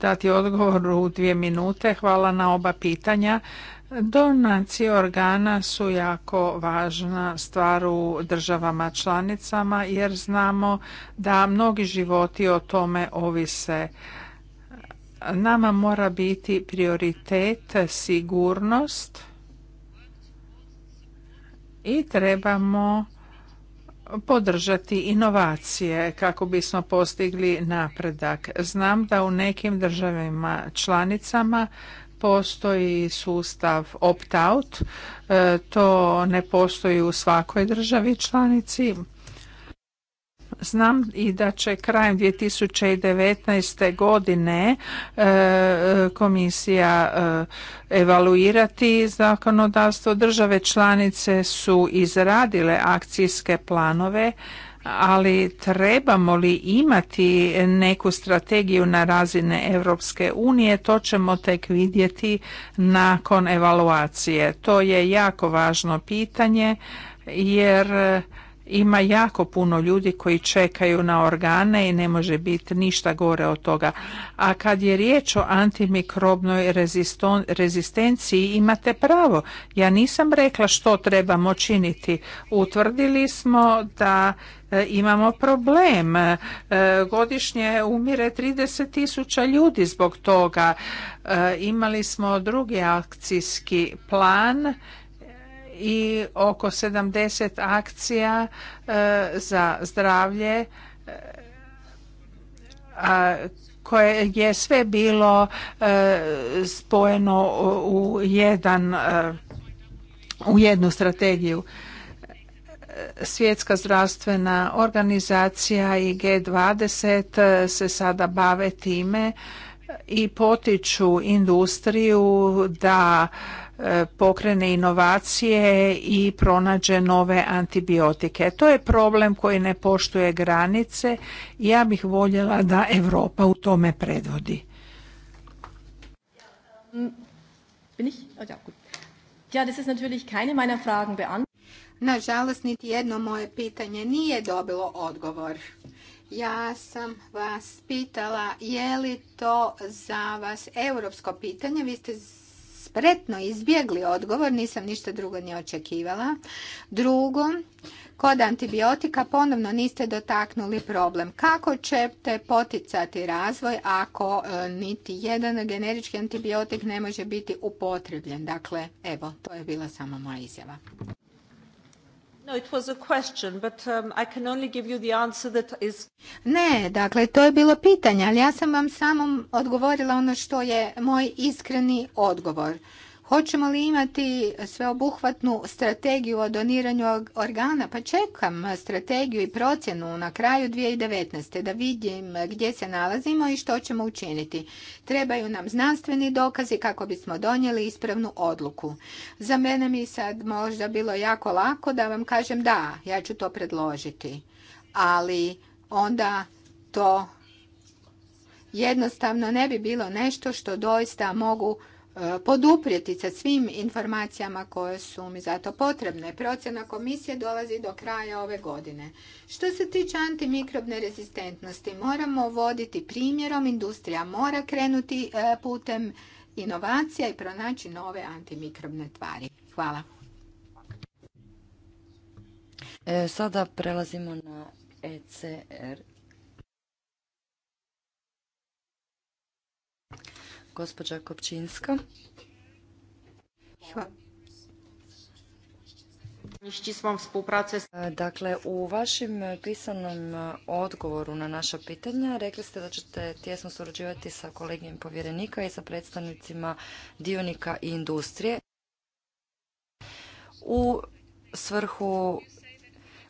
dati odgovor u dvije minute. Hvala na oba pitanja. Donacije organa su jako važna stvar u državama članicama jer znamo da mnogi životi o tome ovise. Nama mora biti prioritet sigurnost i trebamo podržati inovacije kako bismo postigli napredak. Znam da u nekim državama članicama postoji sustav opt-out, e, to ne postoji u svakoj državi članici. Znam i da će krajem 2019. godine e, komisija e, evaluirati zakonodavstvo. Države članice su izradile akcijske planove, ali trebamo li imati neku strategiju na razine Europske unije, to ćemo tek vidjeti nakon evaluacije. To je jako važno pitanje jer ima jako puno ljudi koji čekaju na organe i ne može biti ništa gore od toga. A kad je riječ o antimikrobnoj rezistenciji, imate pravo. Ja nisam rekla što trebamo činiti. Utvrdili smo da e, imamo problem. E, godišnje umire 30 ljudi zbog toga. E, imali smo drugi akcijski plan i oko 70 akcija e, za zdravlje e, koje je sve bilo e, spojeno u jedan u jednu strategiju. Svjetska zdravstvena organizacija i G20 se sada bave time i potiču industriju da E, pokrene inovacije i pronađe nove antibiotike. To je problem koji ne poštuje granice i ja bih voljela da Europa u tome predvodi. Nažalost, niti jedno moje pitanje nije dobilo odgovor. Ja sam vas pitala je li to za vas europsko pitanje. Vi ste spretno izbjegli odgovor, nisam ništa drugo ni očekivala. Drugo, kod antibiotika ponovno niste dotaknuli problem. Kako ćete poticati razvoj ako e, niti jedan generički antibiotik ne može biti upotrebljen? Dakle, evo, to je bila samo moja izjava. No, it was a question, but um, I can only give you the answer that is... Ne, dakle, to je bilo pitanje, ali ja sam vam samom odgovorila ono što je moj iskreni odgovor. Hoćemo li imati sveobuhvatnu strategiju o doniranju organa? Pa čekam strategiju i procjenu na kraju 2019. da vidim gdje se nalazimo i što ćemo učiniti. Trebaju nam znanstveni dokazi kako bismo donijeli ispravnu odluku. Za mene mi sad možda bilo jako lako da vam kažem da, ja ću to predložiti. Ali onda to jednostavno ne bi bilo nešto što doista mogu poduprijeti sa svim informacijama koje su mi zato potrebne. Procjena komisije dolazi do kraja ove godine. Što se tiče antimikrobne rezistentnosti, moramo voditi primjerom, industrija mora krenuti e, putem inovacija i pronaći nove antimikrobne tvari. Hvala. E, sada prelazimo na ECR gospođa Kopčinska. E, dakle, u vašem pisanom e, odgovoru na naša pitanja rekli ste da ćete tjesno surađivati sa kolegijem povjerenika i sa predstavnicima dionika i industrije u svrhu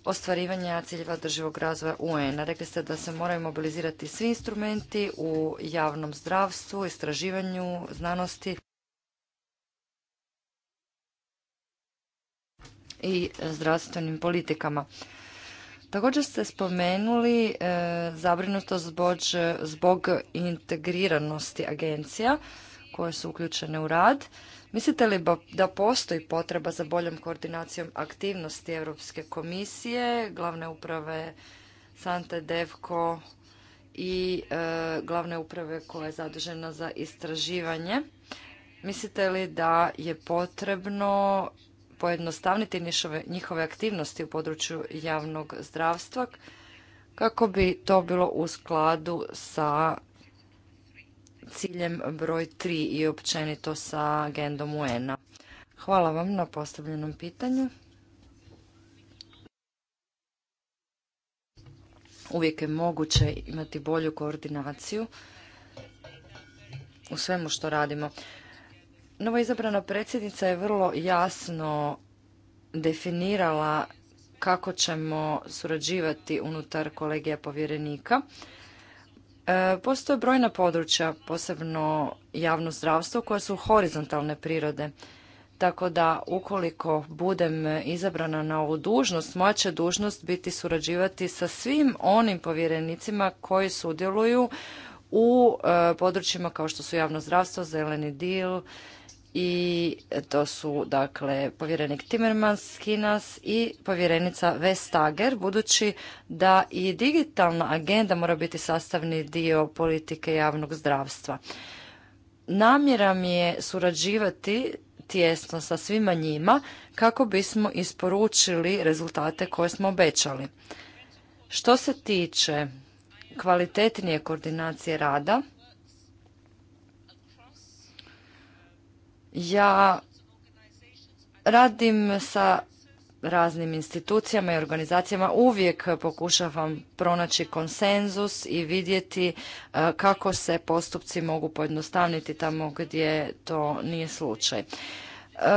ostvarivanja ciljeva održivog razvoja UN-a. Rekli ste da se moraju mobilizirati svi instrumenti u javnom zdravstvu, istraživanju, znanosti i zdravstvenim politikama. Također ste spomenuli e, zabrinutost zbog, zbog integriranosti agencija koje su uključene u rad. Mislite li da postoji potreba za boljom koordinacijom aktivnosti Europske komisije, glavne uprave Sante Devko i e, glavne uprave koja je zadužena za istraživanje? Mislite li da je potrebno pojednostavniti njihove aktivnosti u području javnog zdravstva kako bi to bilo u skladu sa ciljem broj 3 i općenito sa agendom UN-a. Hvala vam na postavljenom pitanju. Uvijek je moguće imati bolju koordinaciju u svemu što radimo. Nova izabrana predsjednica je vrlo jasno definirala kako ćemo surađivati unutar kolegija povjerenika E, postoje brojna područja, posebno javno zdravstvo, koja su horizontalne prirode. Tako da ukoliko budem izabrana na ovu dužnost, moja će dužnost biti surađivati sa svim onim povjerenicima koji sudjeluju u e, područjima kao što su javno zdravstvo, zeleni dil, i to su dakle povjerenik Timmermans, Kinas i povjerenica Vestager, budući da i digitalna agenda mora biti sastavni dio politike javnog zdravstva. Namjera mi je surađivati tjesno sa svima njima kako bismo isporučili rezultate koje smo obećali. Što se tiče kvalitetnije koordinacije rada, Ja radim sa raznim institucijama i organizacijama uvijek pokušavam pronaći konsenzus i vidjeti e, kako se postupci mogu pojednostavniti tamo gdje to nije slučaj. E,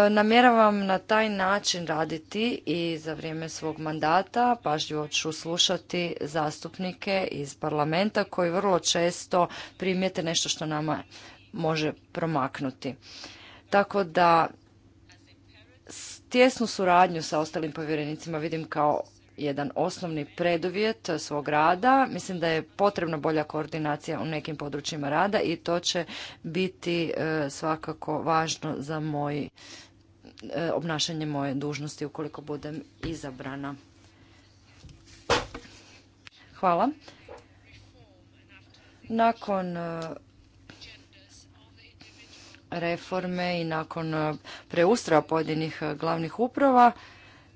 namjeravam na taj način raditi i za vrijeme svog mandata pažljivo ću slušati zastupnike iz parlamenta koji vrlo često primijete nešto što nama može promaknuti. Tako da tjesnu suradnju sa ostalim povjerenicima vidim kao jedan osnovni preduvjet svog rada. Mislim da je potrebna bolja koordinacija u nekim područjima rada i to će biti e, svakako važno za moj e, obnašanje moje dužnosti ukoliko budem izabrana. Hvala. Nakon e, reforme i nakon e, preustroja pojedinih e, glavnih uprava,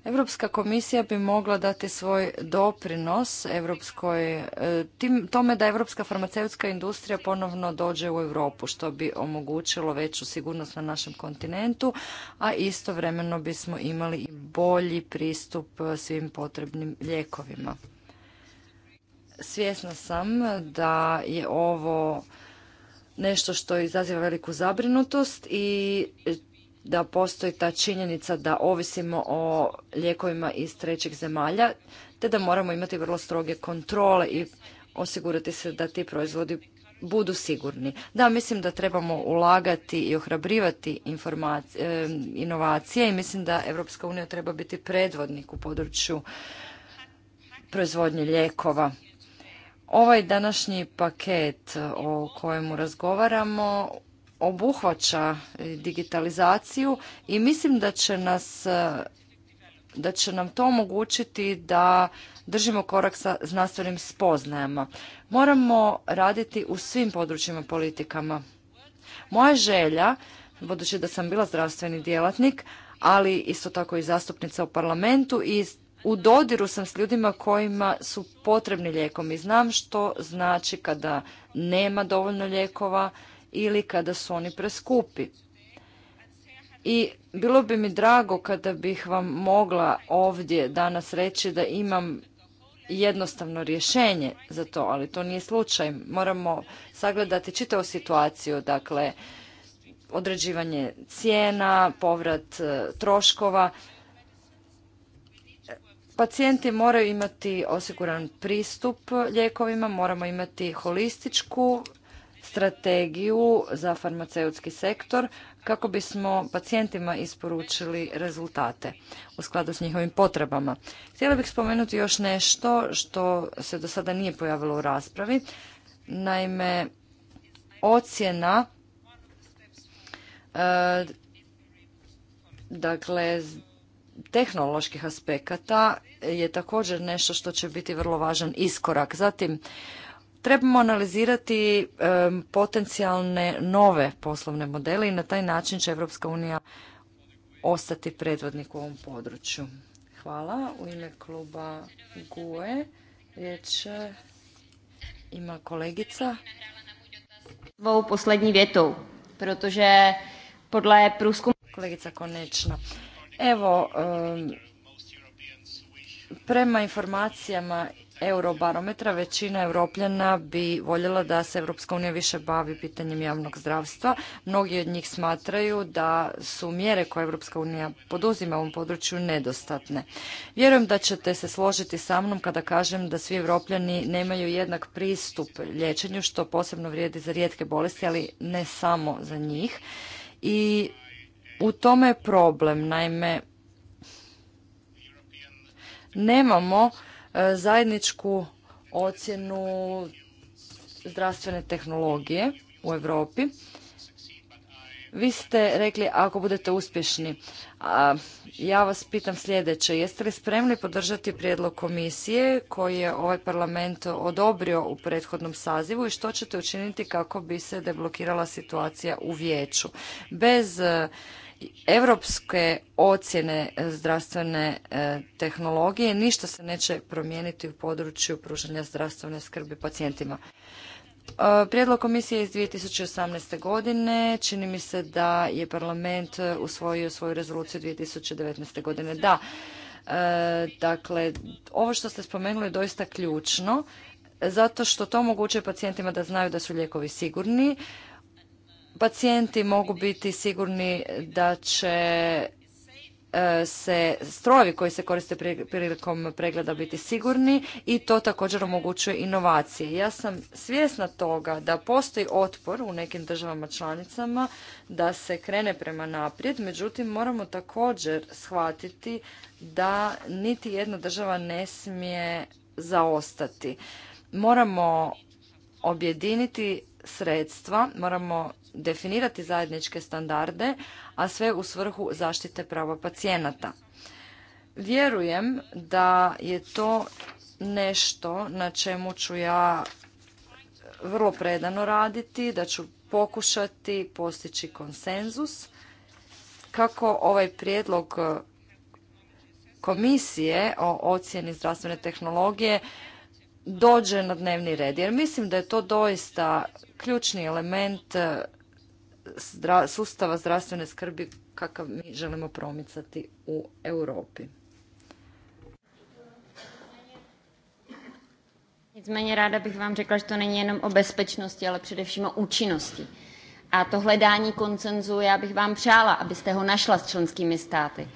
Europska komisija bi mogla dati svoj doprinos Evropskoj, e, tim, tome da europska farmaceutska industrija ponovno dođe u Europu, što bi omogućilo veću sigurnost na našem kontinentu, a istovremeno bismo imali i bolji pristup svim potrebnim lijekovima. Svjesna sam da je ovo nešto što izaziva veliku zabrinutost i da postoji ta činjenica da ovisimo o lijekovima iz trećih zemalja, te da moramo imati vrlo stroge kontrole i osigurati se da ti proizvodi budu sigurni. Da, mislim da trebamo ulagati i ohrabrivati e, inovacije i mislim da Europska unija treba biti predvodnik u području proizvodnje lijekova. Ovaj današnji paket e, o kojemu razgovaramo obuhvaća e, digitalizaciju i mislim da će nas e, da će nam to omogućiti da držimo korak sa znanstvenim spoznajama. Moramo raditi u svim područjima politikama. Moja želja, budući da sam bila zdravstveni djelatnik, ali isto tako i zastupnica u parlamentu i u dodiru sam s ljudima kojima su potrebni i Znam što znači kada nema dovoljno lijekova ili kada su oni preskupi. I bilo bi mi drago kada bih vam mogla ovdje danas reći da imam jednostavno rješenje za to, ali to nije slučaj. Moramo sagledati čitavu situaciju, dakle, određivanje cijena, povrat e, troškova. Pacijenti moraju imati osiguran pristup ljekovima, moramo imati holističku strategiju za farmaceutski sektor kako bismo pacijentima isporučili rezultate u skladu s njihovim potrebama. Htjela bih spomenuti još nešto što se do sada nije pojavilo u raspravi. Naime, ocjena e, dakle tehnoloških aspekata je također nešto što će biti vrlo važan iskorak. Zatim, trebamo analizirati potencijalne nove poslovne modele i na taj način će Europska unija ostati predvodnik u ovom području. Hvala. U ime kluba GUE riječ ima kolegica. Ovo poslednji vjetou, protože podle průzkum... Kolegica konečno. Evo, prema informacijama Eurobarometra većina europljana bi voljela da se Europska unija više bavi pitanjem javnog zdravstva. Mnogi od njih smatraju da su mjere koje Europska unija poduzima u ovom području nedostatne. Vjerujem da ćete se složiti sa mnom kada kažem da svi europljani nemaju jednak pristup liječenju što posebno vrijedi za rijetke bolesti, ali ne samo za njih. I u tome je problem. Naime, nemamo e, zajedničku ocjenu zdravstvene tehnologije u Europi. Vi ste rekli ako budete uspješni, ja vas pitam sljedeće, jeste li spremni podržati prijedlog komisije koji je ovaj parlament odobrio u prethodnom sazivu i što ćete učiniti kako bi se deblokirala situacija u vijeću? Bez e, europske ocjene zdravstvene e, tehnologije ništa se neće promijeniti u području pružanja zdravstvene skrbi pacijentima. E, prijedlog komisije iz 2018. godine, čini mi se da je parlament usvojio svoju rezoluciju 2019. godine. Da, e, dakle, ovo što ste spomenuli je doista ključno, zato što to omogućuje pacijentima da znaju da su lijekovi sigurni, pacijenti mogu biti sigurni da će e, se strojevi koji se koriste prilikom pregleda biti sigurni i to također omogućuje inovacije. Ja sam svjesna toga da postoji otpor u nekim državama članicama da se krene prema naprijed, međutim moramo također shvatiti da niti jedna država ne smije zaostati. Moramo objediniti sredstva, moramo definirati zajedničke standarde, a sve u svrhu zaštite prava pacijenata. Vjerujem da je to nešto na čemu ću ja vrlo predano raditi, da ću pokušati postići konsenzus kako ovaj prijedlog komisije o ocjeni zdravstvene tehnologije dođe na dnevni red. Jer mislim da je to doista ključni element eh, sustava zdravstvene skrbi kakav mi želimo promicati u Europi. Nicméně ráda bych vám řekla, že to není jenom o bezpečnosti, ale především o účinnosti. A to hledání koncenzu já bych vám přála, abyste ho našla s členskými státy.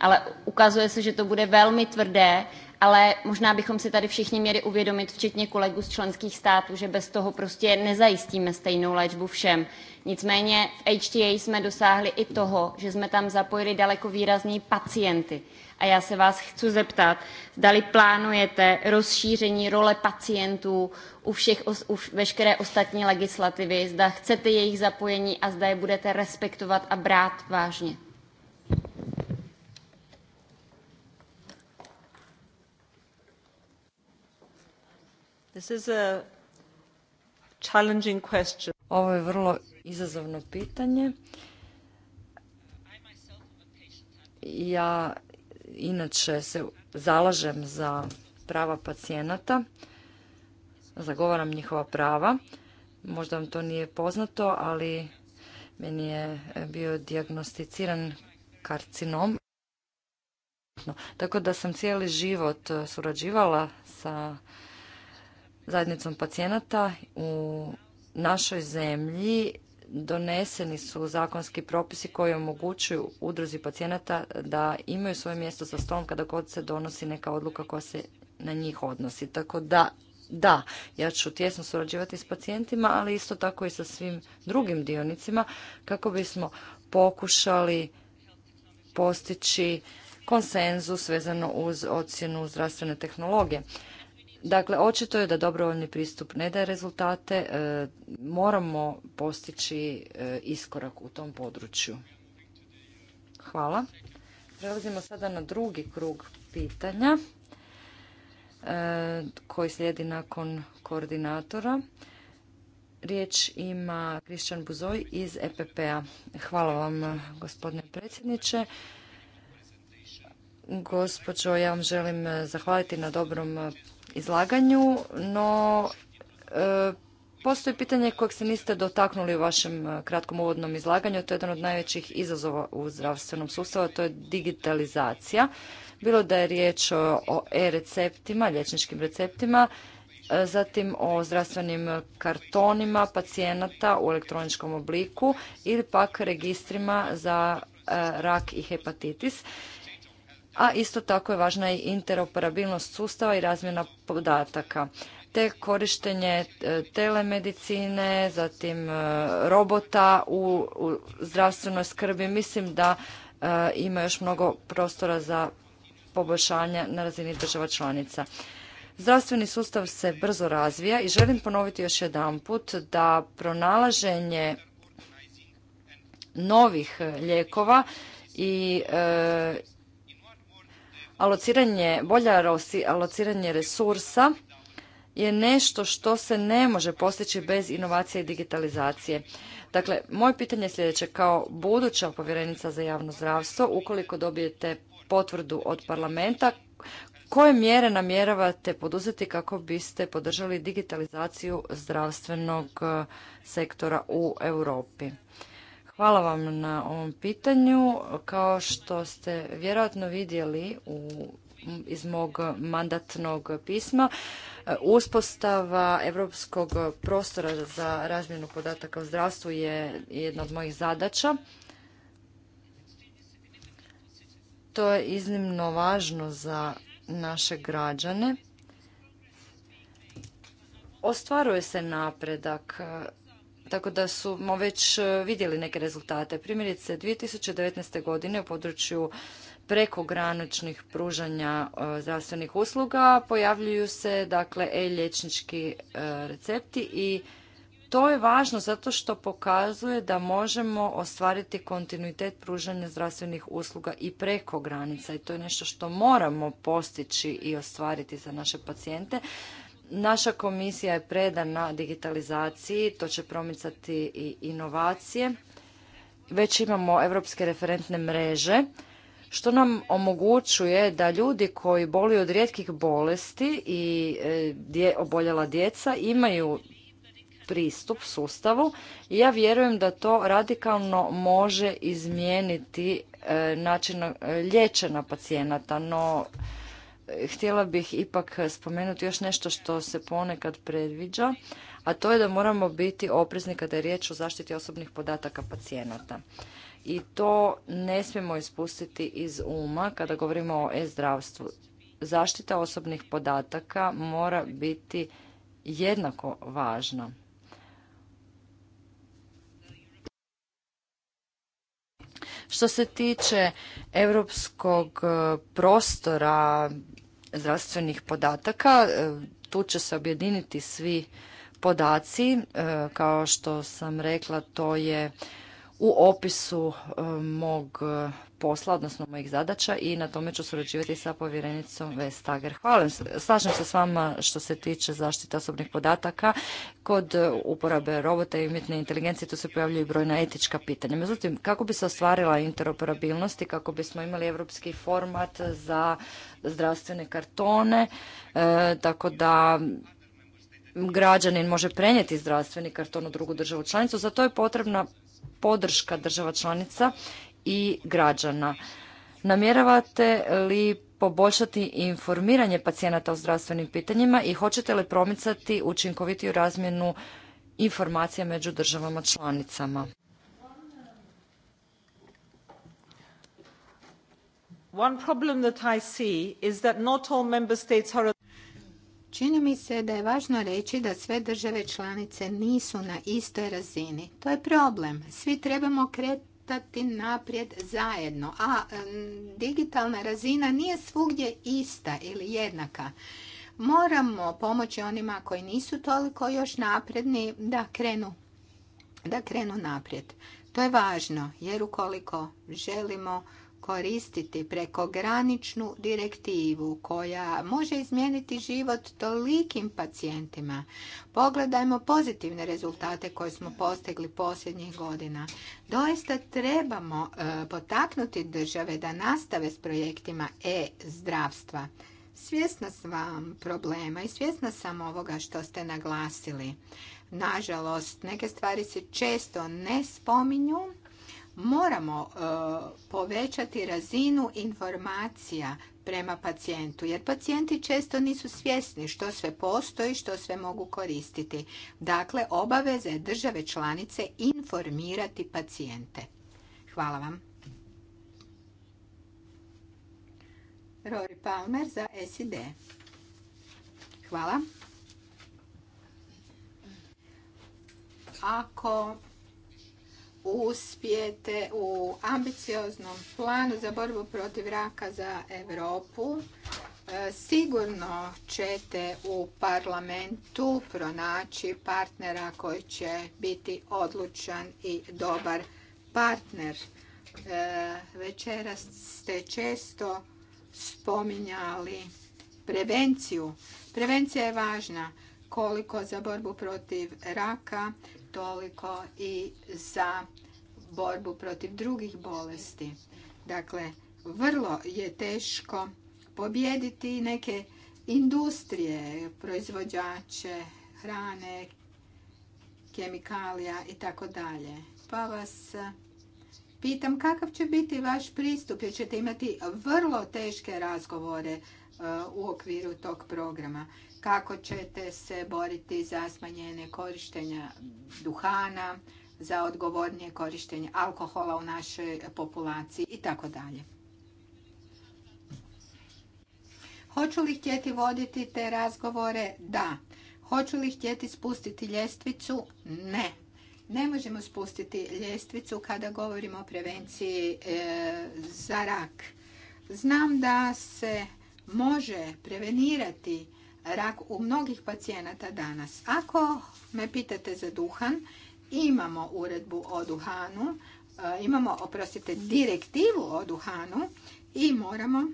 Ale ukazuje se, že to bude velmi tvrdé ale možná bychom si tady všichni měli uvědomit, včetně kolegů z členských států, že bez toho prostě nezajistíme stejnou léčbu všem. Nicméně v HTA jsme dosáhli i toho, že jsme tam zapojili daleko výrazněji pacienty. A já se vás chci zeptat, zdali plánujete rozšíření role pacientů u, všech, veškeré ostatní legislativy, zda chcete jejich zapojení a zda je budete respektovat a brát vážně. Ovo je vrlo izazovno pitanje. Ja inače se zalažem za prava pacijenata, zagovaram njihova prava. Možda vam to nije poznato, ali meni je bio dijagnosticiran karcinom. Tako da sam cijeli život surađivala sa zajednicom pacijenata u našoj zemlji doneseni su zakonski propisi koji omogućuju udruzi pacijenata da imaju svoje mjesto sa stolom kada god se donosi neka odluka koja se na njih odnosi. Tako da, da, ja ću tjesno surađivati s pacijentima, ali isto tako i sa svim drugim dionicima kako bismo pokušali postići konsenzus vezano uz ocjenu zdravstvene tehnologije. Dakle, očito je da dobrovoljni pristup ne daje rezultate. E, moramo postići e, iskorak u tom području. Hvala. Prelazimo sada na drugi krug pitanja e, koji slijedi nakon koordinatora. Riječ ima Krišćan Buzoj iz EPP-a. Hvala vam, gospodine predsjedniče. Gospođo, ja vam želim zahvaliti na dobrom izlaganju, no e, postoji pitanje kojeg se niste dotaknuli u vašem e, kratkom uvodnom izlaganju, to je jedan od najvećih izazova u zdravstvenom sustavu, to je digitalizacija. Bilo da je riječ o e-receptima, liječničkim receptima, e, zatim o zdravstvenim kartonima pacijenata u elektroničkom obliku ili pak registrima za rak i hepatitis a isto tako je važna i interoperabilnost sustava i razmjena podataka te korištenje e, telemedicine, zatim e, robota u, zdravstvenoj skrbi. Mislim da e, ima još mnogo prostora za poboljšanje na razini država članica. Zdravstveni sustav se brzo razvija i želim ponoviti još put da pronalaženje novih lijekova i alociranje, bolja alociranje resursa je nešto što se ne može postići bez inovacije i digitalizacije. Dakle, moje pitanje je sljedeće. Kao buduća povjerenica za javno zdravstvo, ukoliko dobijete potvrdu od parlamenta, koje mjere namjeravate poduzeti kako biste podržali digitalizaciju zdravstvenog eh, sektora u Europi? Hvala vam na ovom pitanju. Kao što ste vjerojatno vidjeli u, iz mog mandatnog pisma, uspostava Europskog prostora za razmjenu podataka o zdravstvu je jedna od mojih zadaća. To je iznimno važno za naše građane. Ostvaruje se napredak tako da smo već e, vidjeli neke rezultate. Primjerice, 2019. godine u području prekograničnih pružanja e, zdravstvenih usluga pojavljuju se dakle e lječnički recepti i to je važno zato što pokazuje da možemo ostvariti kontinuitet pružanja zdravstvenih usluga i preko granica i to je nešto što moramo postići i ostvariti za naše pacijente. Naša komisija je predana digitalizaciji, to će promicati i inovacije. Već imamo europske referentne mreže, što nam omogućuje da ljudi koji boluju od rijetkih bolesti i e, oboljela djeca imaju pristup sustavu i ja vjerujem da to radikalno može izmijeniti e, način e, liječenja pacijenata, no htjela bih ipak spomenuti još nešto što se ponekad predviđa, a to je da moramo biti oprezni kada je riječ o zaštiti osobnih podataka pacijenata. I to ne smijemo ispustiti iz uma kada govorimo o e-zdravstvu. Zaštita osobnih podataka mora biti jednako važna. Što se tiče europskog prostora zdravstvenih podataka. E, tu će se objediniti svi podaci. E, kao što sam rekla, to je u opisu e, mog e, posla, odnosno mojih zadaća i na tome ću surađivati sa povjerenicom Vestager. Hvala, slažem se s vama što se tiče zaštite osobnih podataka. Kod e, uporabe robota i umjetne inteligencije tu se pojavljuju brojna etička pitanja. Međutim, kako bi se ostvarila interoperabilnost i kako bismo imali evropski format za zdravstvene kartone, tako da građanin može prenijeti zdravstveni karton u drugu državu članicu, za to je potrebna podrška država članica i građana. Namjeravate li poboljšati informiranje pacijenata o zdravstvenim pitanjima i hoćete li promicati učinkovitiju razmjenu informacija među državama članicama? problem that Čini mi se da je važno reći da sve države članice nisu na istoj razini. To je problem. Svi trebamo kretati naprijed zajedno, a digitalna razina nije svugdje ista ili jednaka. Moramo pomoći onima koji nisu toliko još napredni da krenu, da krenu naprijed. To je važno jer ukoliko želimo koristiti prekograničnu direktivu koja može izmijeniti život tolikim pacijentima. Pogledajmo pozitivne rezultate koje smo postigli posljednjih godina. Doista trebamo e, potaknuti države da nastave s projektima e-zdravstva. Svjesna sam problema i svjesna sam ovoga što ste naglasili. Nažalost, neke stvari se često ne spominju, moramo e, povećati razinu informacija prema pacijentu, jer pacijenti često nisu svjesni što sve postoji, što sve mogu koristiti. Dakle, obaveza je države članice informirati pacijente. Hvala vam. Rory Palmer za SID. Hvala. Ako uspijete u ambicioznom planu za borbu protiv raka za Europu, e, sigurno ćete u parlamentu pronaći partnera koji će biti odlučan i dobar partner. E, večeras ste često spominjali prevenciju. Prevencija je važna koliko za borbu protiv raka, toliko i za borbu protiv drugih bolesti. Dakle, vrlo je teško pobijediti neke industrije, proizvođače hrane, kemikalija i tako dalje. Pa vas pitam kakav će biti vaš pristup jer ćete imati vrlo teške razgovore e, u okviru tog programa kako ćete se boriti za smanjenje korištenja duhana, za odgovornije korištenje alkohola u našoj populaciji i tako dalje. Hoću li htjeti voditi te razgovore? Da. Hoću li htjeti spustiti ljestvicu? Ne. Ne možemo spustiti ljestvicu kada govorimo o prevenciji e, za rak. Znam da se može prevenirati rak u mnogih pacijenata danas. Ako me pitate za duhan, imamo uredbu o duhanu, e, imamo, oprostite, direktivu o duhanu i moramo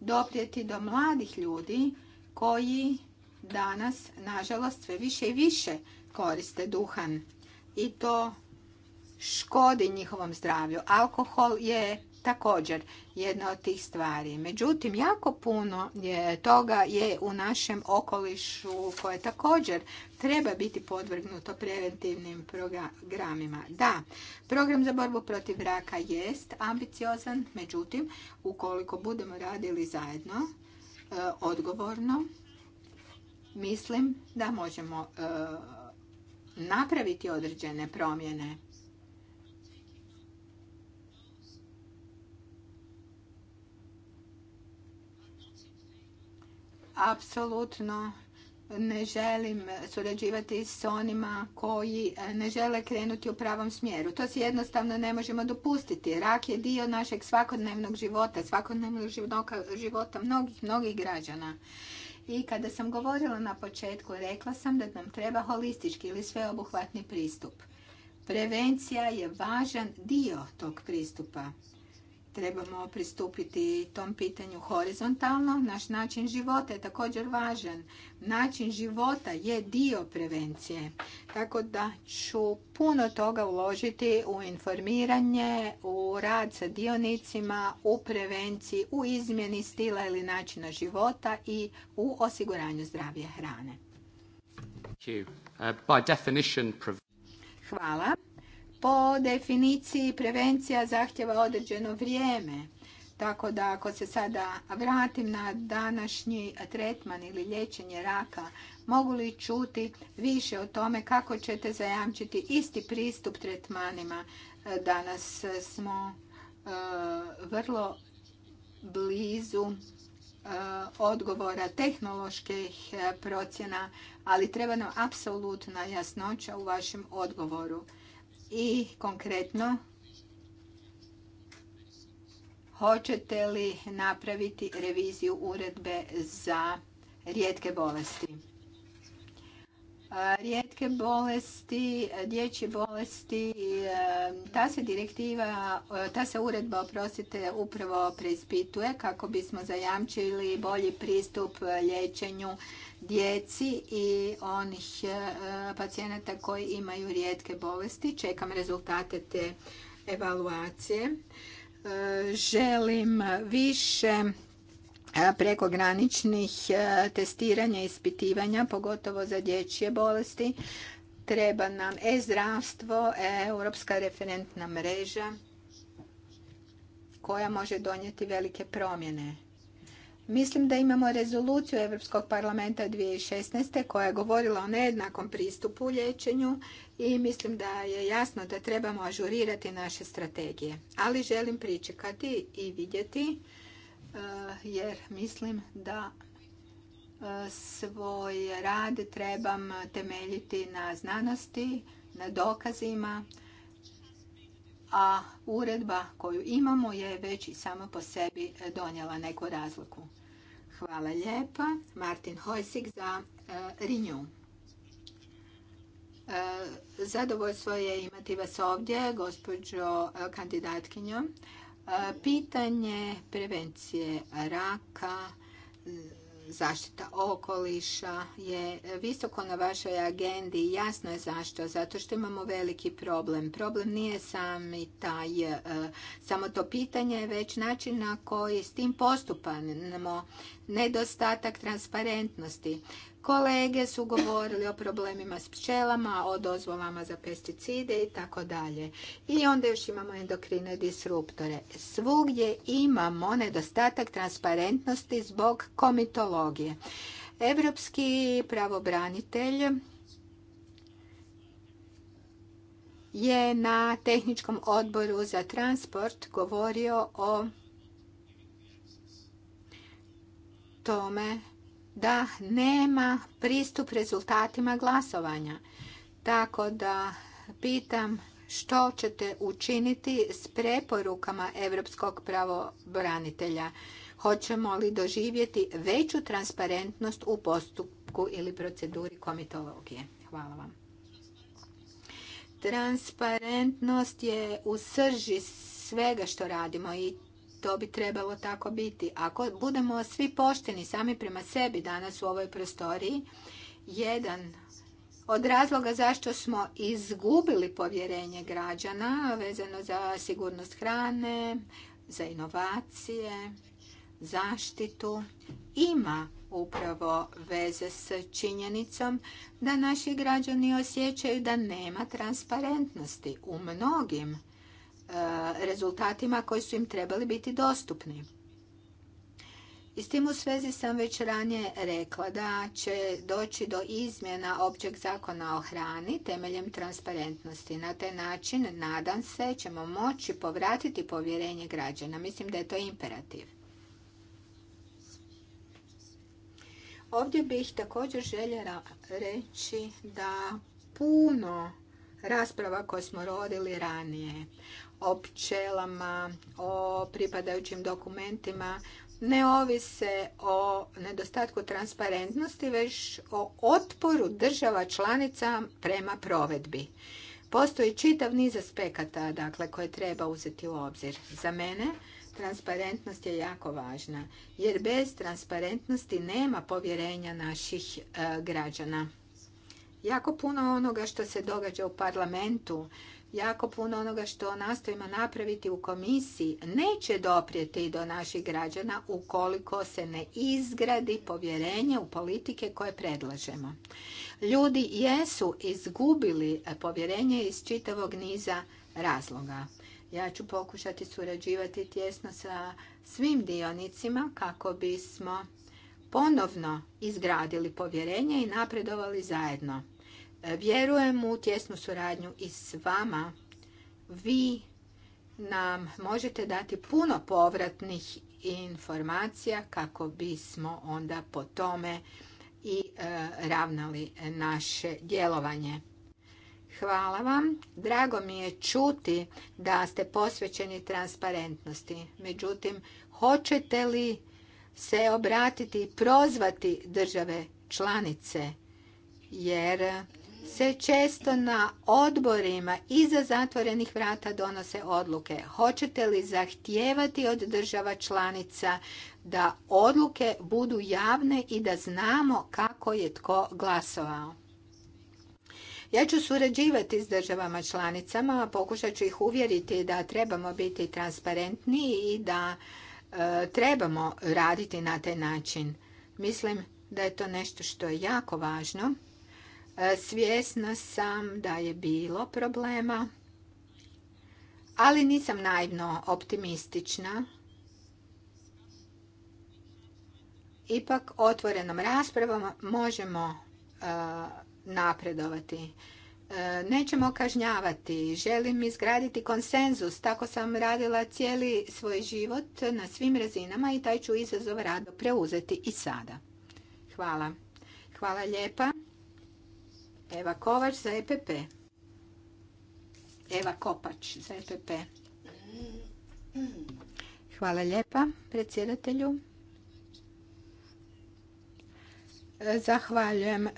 doprijeti do mladih ljudi koji danas, nažalost, sve više i više koriste duhan. I to škodi njihovom zdravlju. Alkohol je također jedna od tih stvari. Međutim, jako puno je, toga je u našem okolišu koje također treba biti podvrgnuto preventivnim programima. Da, program za borbu protiv raka jest ambiciozan, međutim, ukoliko budemo radili zajedno, e, odgovorno, mislim da možemo e, napraviti određene promjene apsolutno ne želim surađivati s onima koji ne žele krenuti u pravom smjeru. To se jednostavno ne možemo dopustiti. Rak je dio našeg svakodnevnog života, svakodnevnog života mnogih, mnogih građana. I kada sam govorila na početku, rekla sam da nam treba holistički ili sveobuhvatni pristup. Prevencija je važan dio tog pristupa trebamo pristupiti tom pitanju horizontalno. Naš način života je također važan. Način života je dio prevencije. Tako da ću puno toga uložiti u informiranje, u rad sa dionicima, u prevenciji, u izmjeni stila ili načina života i u osiguranju zdravije hrane. Uh, Hvala po definiciji prevencija zahtjeva određeno vrijeme. Tako da ako se sada vratim na današnji tretman ili liječenje raka, mogu li čuti više o tome kako ćete zajamčiti isti pristup tretmanima? Danas smo e, vrlo blizu e, odgovora tehnoloških e, procjena, ali treba nam apsolutna jasnoća u vašem odgovoru i konkretno hoćete li napraviti reviziju uredbe za rijetke bolesti? rijetke bolesti, dječje bolesti. E, ta se direktiva, e, ta se uredba, oprostite, upravo preispituje kako bismo zajamčili bolji pristup e, liječenju djeci i onih pacijenata koji imaju rijetke bolesti. Čekam rezultate te evaluacije. Želim više prekograničnih e, testiranja i ispitivanja, pogotovo za dječje bolesti. Treba nam e-zdravstvo, e, europska referentna mreža koja može donijeti velike promjene. Mislim da imamo rezoluciju Europskog parlamenta 2016. koja je govorila o nejednakom pristupu u liječenju i mislim da je jasno da trebamo ažurirati naše strategije. Ali želim pričekati i vidjeti jer mislim da e, svoj rad trebam temeljiti na znanosti, na dokazima, a uredba koju imamo je već i sama po sebi donijela neku razliku. Hvala lijepa. Martin Hojsik za e, Renew. E, zadovoljstvo je imati vas ovdje, gospođo kandidatkinjo. E, pitanje prevencije raka, zaštita okoliša je visoko na vašoj agendi jasno je zašto. Zato što imamo veliki problem. Problem nije sami taj, e, samo to pitanje, već način na koji s tim postupamo. Nedostatak transparentnosti. Kolege su govorili o problemima s pčelama, o dozvolama za pesticide i tako dalje. I onda još imamo endokrine disruptore. Svugdje imamo nedostatak transparentnosti zbog komitologije. Europski pravobranitelj je na tehničkom odboru za transport govorio o tome da nema pristup rezultatima glasovanja. Tako da pitam što ćete učiniti s preporukama Europskog pravobranitelja. Hoćemo li doživjeti veću transparentnost u postupku ili proceduri komitologije? Hvala vam. Transparentnost je u srži svega što radimo i to bi trebalo tako biti. Ako budemo svi pošteni sami prema sebi danas u ovoj prostoriji, jedan od razloga zašto smo izgubili povjerenje građana vezano za sigurnost hrane, za inovacije, zaštitu, ima upravo veze s činjenicom da naši građani osjećaju da nema transparentnosti u mnogim E, rezultatima koji su im trebali biti dostupni. I s tim u svezi sam već ranije rekla da će doći do izmjena općeg zakona o hrani temeljem transparentnosti. Na taj način, nadam se, ćemo moći povratiti povjerenje građana. Mislim da je to imperativ. Ovdje bih također željela reći da puno rasprava koje smo rodili ranije, o pčelama, o pripadajućim dokumentima ne ovise o nedostatku transparentnosti, već o otporu država članica prema provedbi. Postoji čitav niz aspekata dakle, koje treba uzeti u obzir. Za mene transparentnost je jako važna, jer bez transparentnosti nema povjerenja naših e, građana. Jako puno onoga što se događa u parlamentu, jako puno onoga što nastojimo napraviti u komisiji neće doprijeti do naših građana ukoliko se ne izgradi povjerenje u politike koje predlažemo. Ljudi jesu izgubili povjerenje iz čitavog niza razloga. Ja ću pokušati surađivati tjesno sa svim dionicima kako bismo ponovno izgradili povjerenje i napredovali zajedno. Vjerujem u tjesnu suradnju i s vama. Vi nam možete dati puno povratnih informacija kako bismo onda po tome i e, ravnali naše djelovanje. Hvala vam. Drago mi je čuti da ste posvećeni transparentnosti. Međutim, hoćete li se obratiti i prozvati države članice jer se često na odborima iza zatvorenih vrata donose odluke. Hoćete li zahtijevati od država članica da odluke budu javne i da znamo kako je tko glasovao? Ja ću surađivati s državama članicama, pokušat ću ih uvjeriti da trebamo biti transparentni i da e, trebamo raditi na taj način. Mislim da je to nešto što je jako važno E, svjesna sam da je bilo problema, ali nisam naivno optimistična. Ipak otvorenom raspravom možemo e, napredovati. E, nećemo kažnjavati, želim izgraditi konsenzus, tako sam radila cijeli svoj život na svim razinama i taj ću izazov rado preuzeti i sada. Hvala. Hvala lijepa. Eva Kovač za EPP. Eva Kopač za EPP. Hvala lijepa predsjedatelju. Zahvaljujem e,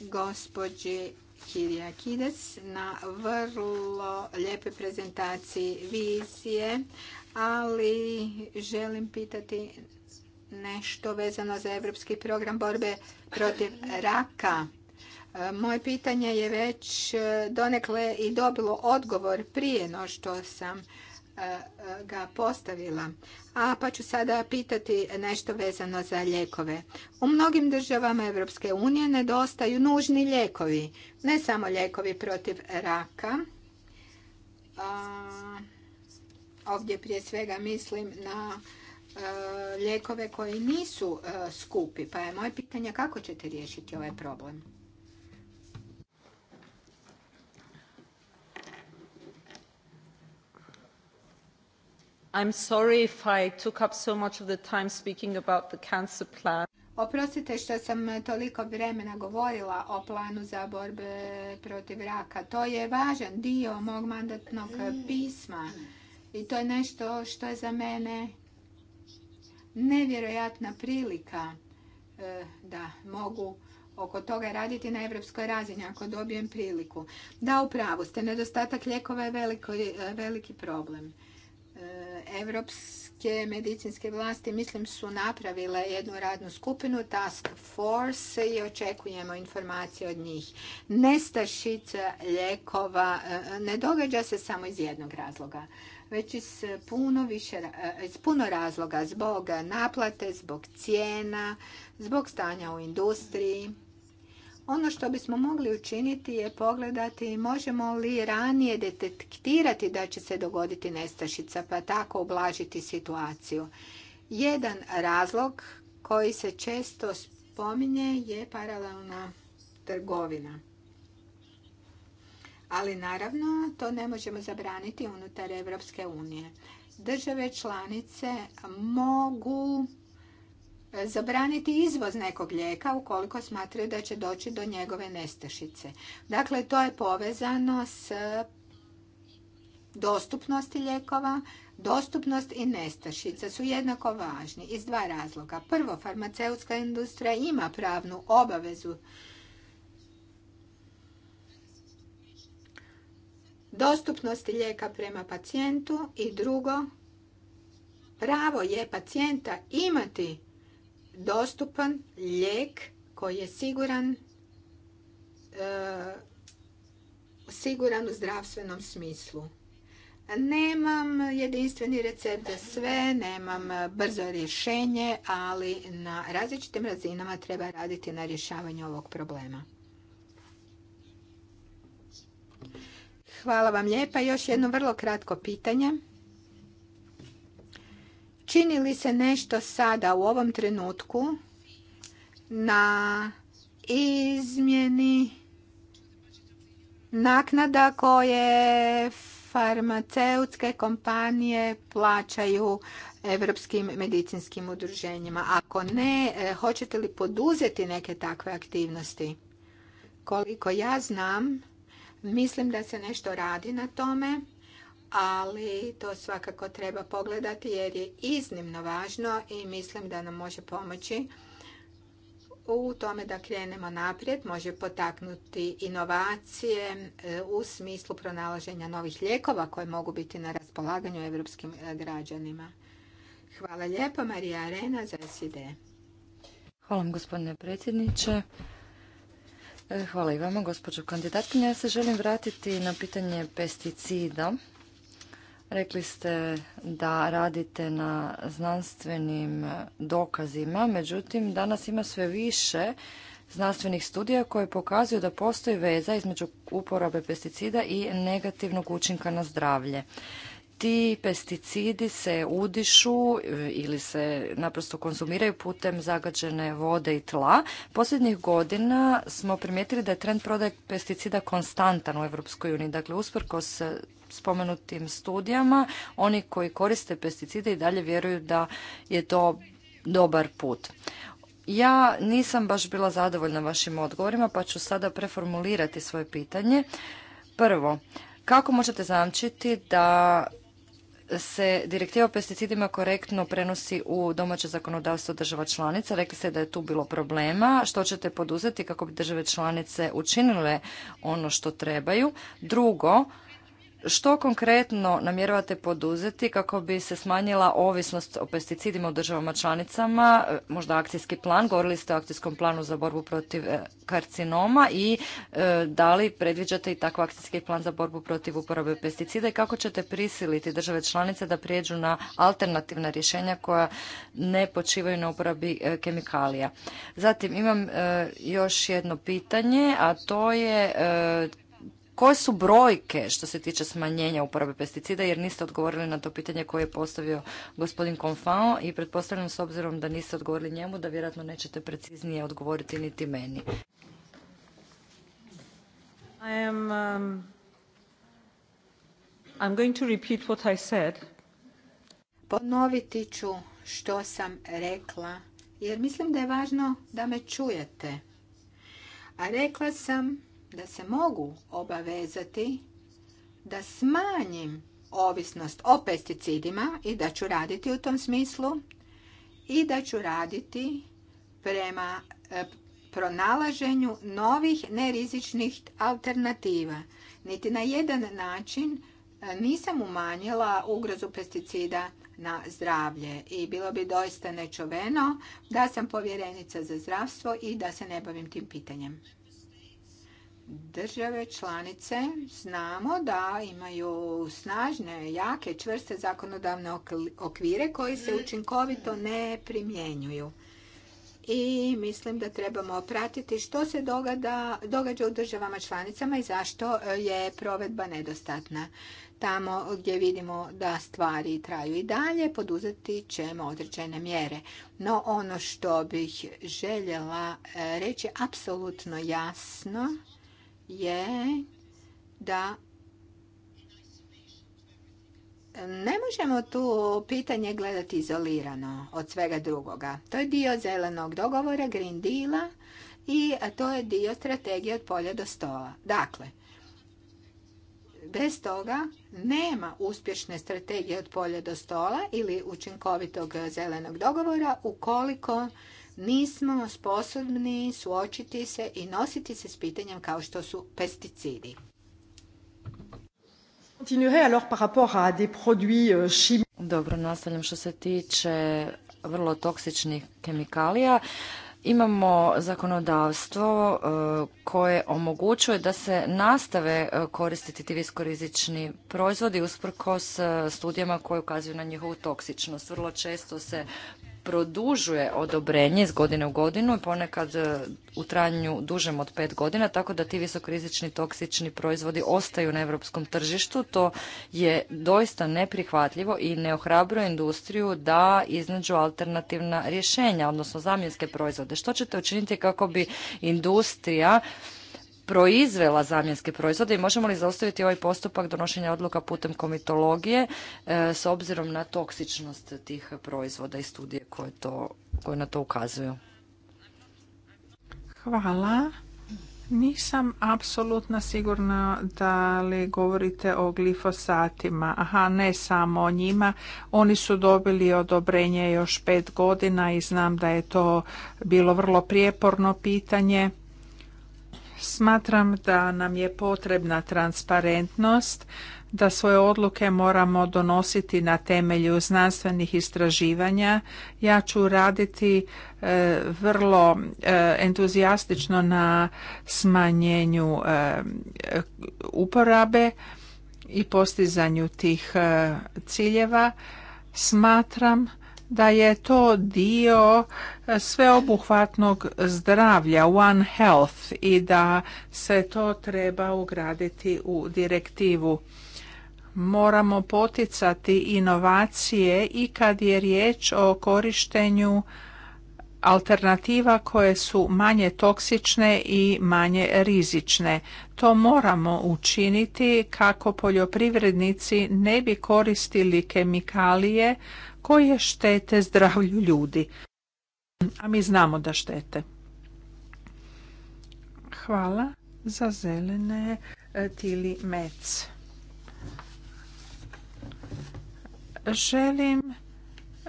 gospođi Kirija Kides na vrlo lijepe prezentaciji vizije, ali želim pitati nešto vezano za Europski program borbe protiv raka. Moje pitanje je već e, donekle i dobilo odgovor prije no što sam e, ga postavila. A pa ću sada pitati nešto vezano za lijekove. U mnogim državama Europske unije nedostaju nužni lijekovi, ne samo lijekovi protiv raka. ovdje prije svega mislim na e, lijekove koji nisu skupi, pa je moje pitanje kako ćete riješiti ovaj problem? I'm sorry if I took up so much of the time speaking about the cancer plan. Oprostite što sam toliko vremena govorila o planu za borbe protiv raka. To je važan dio mog mandatnog pisma i to je nešto što je za mene nevjerojatna prilika e, da mogu oko toga raditi na evropskoj razini ako dobijem priliku. Da, u pravu ste, nedostatak lijekova je veliki problem. Evropske medicinske vlasti, mislim, su napravile jednu radnu skupinu, Task Force, i očekujemo informacije od njih. Nestašica ljekova e, ne događa se samo iz jednog razloga već iz puno, više, e, iz puno razloga, zbog naplate, zbog cijena, zbog stanja u industriji. Ono što bismo mogli učiniti je pogledati možemo li ranije detektirati da će se dogoditi nestašica pa tako ublažiti situaciju. Jedan razlog koji se često spominje je paralelna trgovina. Ali naravno to ne možemo zabraniti unutar Evropske unije. Države članice mogu zabraniti izvoz nekog lijeka ukoliko smatraju da će doći do njegove nestašice. Dakle, to je povezano s dostupnosti lijekova, dostupnost i nestašica su jednako važni iz dva razloga. Prvo, farmaceutska industrija ima pravnu obavezu dostupnosti lijeka prema pacijentu i drugo, pravo je pacijenta imati dostupan lijek koji je siguran e, siguran u zdravstvenom smislu. Nemam jedinstveni recept za sve, nemam brzo rješenje, ali na različitim razinama treba raditi na rješavanju ovog problema. Hvala vam lijepa. Još jedno vrlo kratko pitanje. Čini li se nešto sada u ovom trenutku na izmjeni naknada koje farmaceutske kompanije plaćaju europskim medicinskim udruženjima. Ako ne, e, hoćete li poduzeti neke takve aktivnosti? Koliko ja znam, mislim da se nešto radi na tome ali to svakako treba pogledati jer je iznimno važno i mislim da nam može pomoći u tome da krenemo naprijed, može potaknuti inovacije e, u smislu pronalaženja novih lijekova koje mogu biti na raspolaganju evropskim e, građanima. Hvala lijepo, Marija Arena za SID. Hvala vam, gospodine predsjedniče. E, hvala i vama, gospođo kandidatkinja. Ja se želim vratiti na pitanje pesticida Rekli ste da radite na znanstvenim dokazima, međutim danas ima sve više znanstvenih studija koje pokazuju da postoji veza između uporabe pesticida i negativnog učinka na zdravlje ti pesticidi se udišu e, ili se naprosto konzumiraju putem zagađene vode i tla. Posljednjih godina smo primijetili da je trend prodaje pesticida konstantan u Europskoj uniji. Dakle, usprkos spomenutim studijama, oni koji koriste pesticide i dalje vjeruju da je to dobar put. Ja nisam baš bila zadovoljna vašim odgovorima, pa ću sada preformulirati svoje pitanje. Prvo, kako možete zamčiti da se direktiva o pesticidima korektno prenosi u domaće zakonodavstvo država članica. Rekli ste da je tu bilo problema. Što ćete poduzeti kako bi države članice učinile ono što trebaju? Drugo, što konkretno namjeravate poduzeti kako bi se smanjila ovisnost o pesticidima u državama članicama, e, možda akcijski plan, govorili ste o akcijskom planu za borbu protiv e, karcinoma i e, da li predviđate i takav akcijski plan za borbu protiv uporabe pesticida i kako ćete prisiliti države članice da prijeđu na alternativna rješenja koja ne počivaju na uporabi kemikalija. Zatim imam još jedno pitanje, a to je koje su brojke što se tiče smanjenja uporabe pesticida jer niste odgovorili na to pitanje koje je postavio gospodin Konfao i pretpostavljam s obzirom da niste odgovorili njemu da vjerojatno nećete preciznije odgovoriti niti meni. I um, I'm going to repeat what I said. Ponoviti ću što sam rekla, jer mislim da je važno da me čujete. A rekla sam da se mogu obavezati da smanjim ovisnost o pesticidima i da ću raditi u tom smislu i da ću raditi prema e, pronalaženju novih nerizičnih alternativa. Niti na jedan način e, nisam umanjila ugrozu pesticida na zdravlje i bilo bi doista nečoveno da sam povjerenica za zdravstvo i da se ne bavim tim pitanjem države članice znamo da imaju snažne, jake, čvrste zakonodavne okvire koji se učinkovito ne primjenjuju. I mislim da trebamo pratiti što se događa, događa u državama članicama i zašto je provedba nedostatna. Tamo gdje vidimo da stvari traju i dalje, poduzeti ćemo određene mjere. No ono što bih željela reći apsolutno jasno je da ne možemo tu pitanje gledati izolirano od svega drugoga. To je dio zelenog dogovora, Green Deala i to je dio strategije od polja do stola. Dakle, bez toga nema uspješne strategije od polja do stola ili učinkovitog zelenog dogovora ukoliko nismo sposobni suočiti se i nositi se s pitanjem kao što su pesticidi. Euh, Dobro, nastavljam što se tiče vrlo toksičnih kemikalija. Imamo zakonodavstvo e, koje omogućuje da se nastave e, koristiti ti viskorizični proizvodi s e, studijama koje ukazuju na njihovu toksičnost. Vrlo često se produžuje odobrenje iz godine u godinu i ponekad e, u trajanju dužem od pet godina, tako da ti visokorizični toksični proizvodi ostaju na europskom tržištu. To je doista neprihvatljivo i ne ohrabruje industriju da iznađu alternativna rješenja, odnosno zamjenske proizvode. Što ćete učiniti kako bi industrija proizvela zamjenske proizvode i možemo li zaustaviti ovaj postupak donošenja odluka putem komitologije e, s obzirom na toksičnost tih proizvoda i studije koje, koje na to ukazuju? Hvala. Nisam apsolutno sigurna da li govorite o glifosatima. Aha, ne samo o njima. Oni su dobili odobrenje još pet godina i znam da je to bilo vrlo prijeporno pitanje. Smatram da nam je potrebna transparentnost, da svoje odluke moramo donositi na temelju znanstvenih istraživanja. Ja ću raditi e, vrlo e, entuzijastično na smanjenju e, uporabe i postizanju tih ciljeva. Smatram da je to dio e, sveobuhvatnog zdravlja, One Health, i da se to treba ugraditi u direktivu. Moramo poticati inovacije i kad je riječ o korištenju alternativa koje su manje toksične i manje rizične. To moramo učiniti kako poljoprivrednici ne bi koristili kemikalije koje štete zdravlju ljudi. A mi znamo da štete. Hvala za zelene e, tili mec. Želim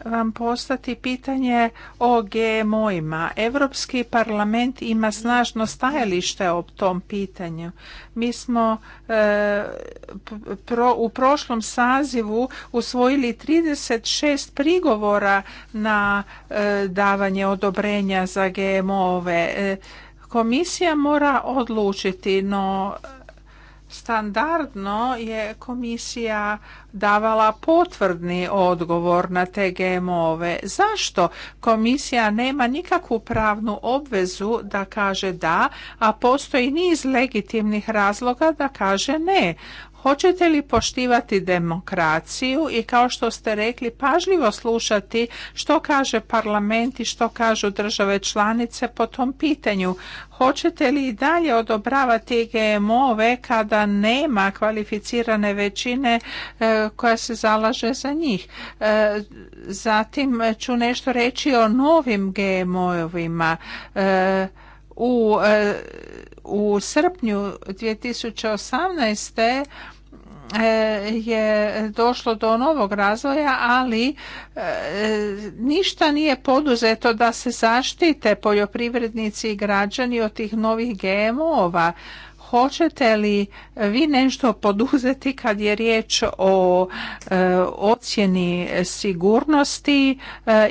vam postati pitanje o GMO-ima. Europski parlament ima snažno stajalište o tom pitanju. Mi smo e, u prošlom sazivu usvojili 36 prigovora na e, davanje odobrenja za GMO-ove. E, komisija mora odlučiti, no Standardno je komisija davala potvrdni odgovor na te GMO-ove. Zašto komisija nema nikakvu pravnu obvezu da kaže da, a postoji niz legitimnih razloga da kaže ne? Hoćete li poštivati demokraciju i kao što ste rekli pažljivo slušati što kaže parlament i što kažu države članice po tom pitanju? Hoćete li i dalje odobravati GMO-ove kada nema kvalificirane većine e, koja se zalaže za njih? E, zatim ću nešto reći o novim GMO-ovima. E, u u srpnju 2018 e, je došlo do novog razvoja, ali e, ništa nije poduzeto da se zaštite poljoprivrednici i građani od tih novih GMO-ova. Hoćete li vi nešto poduzeti kad je riječ o e, ocjeni sigurnosti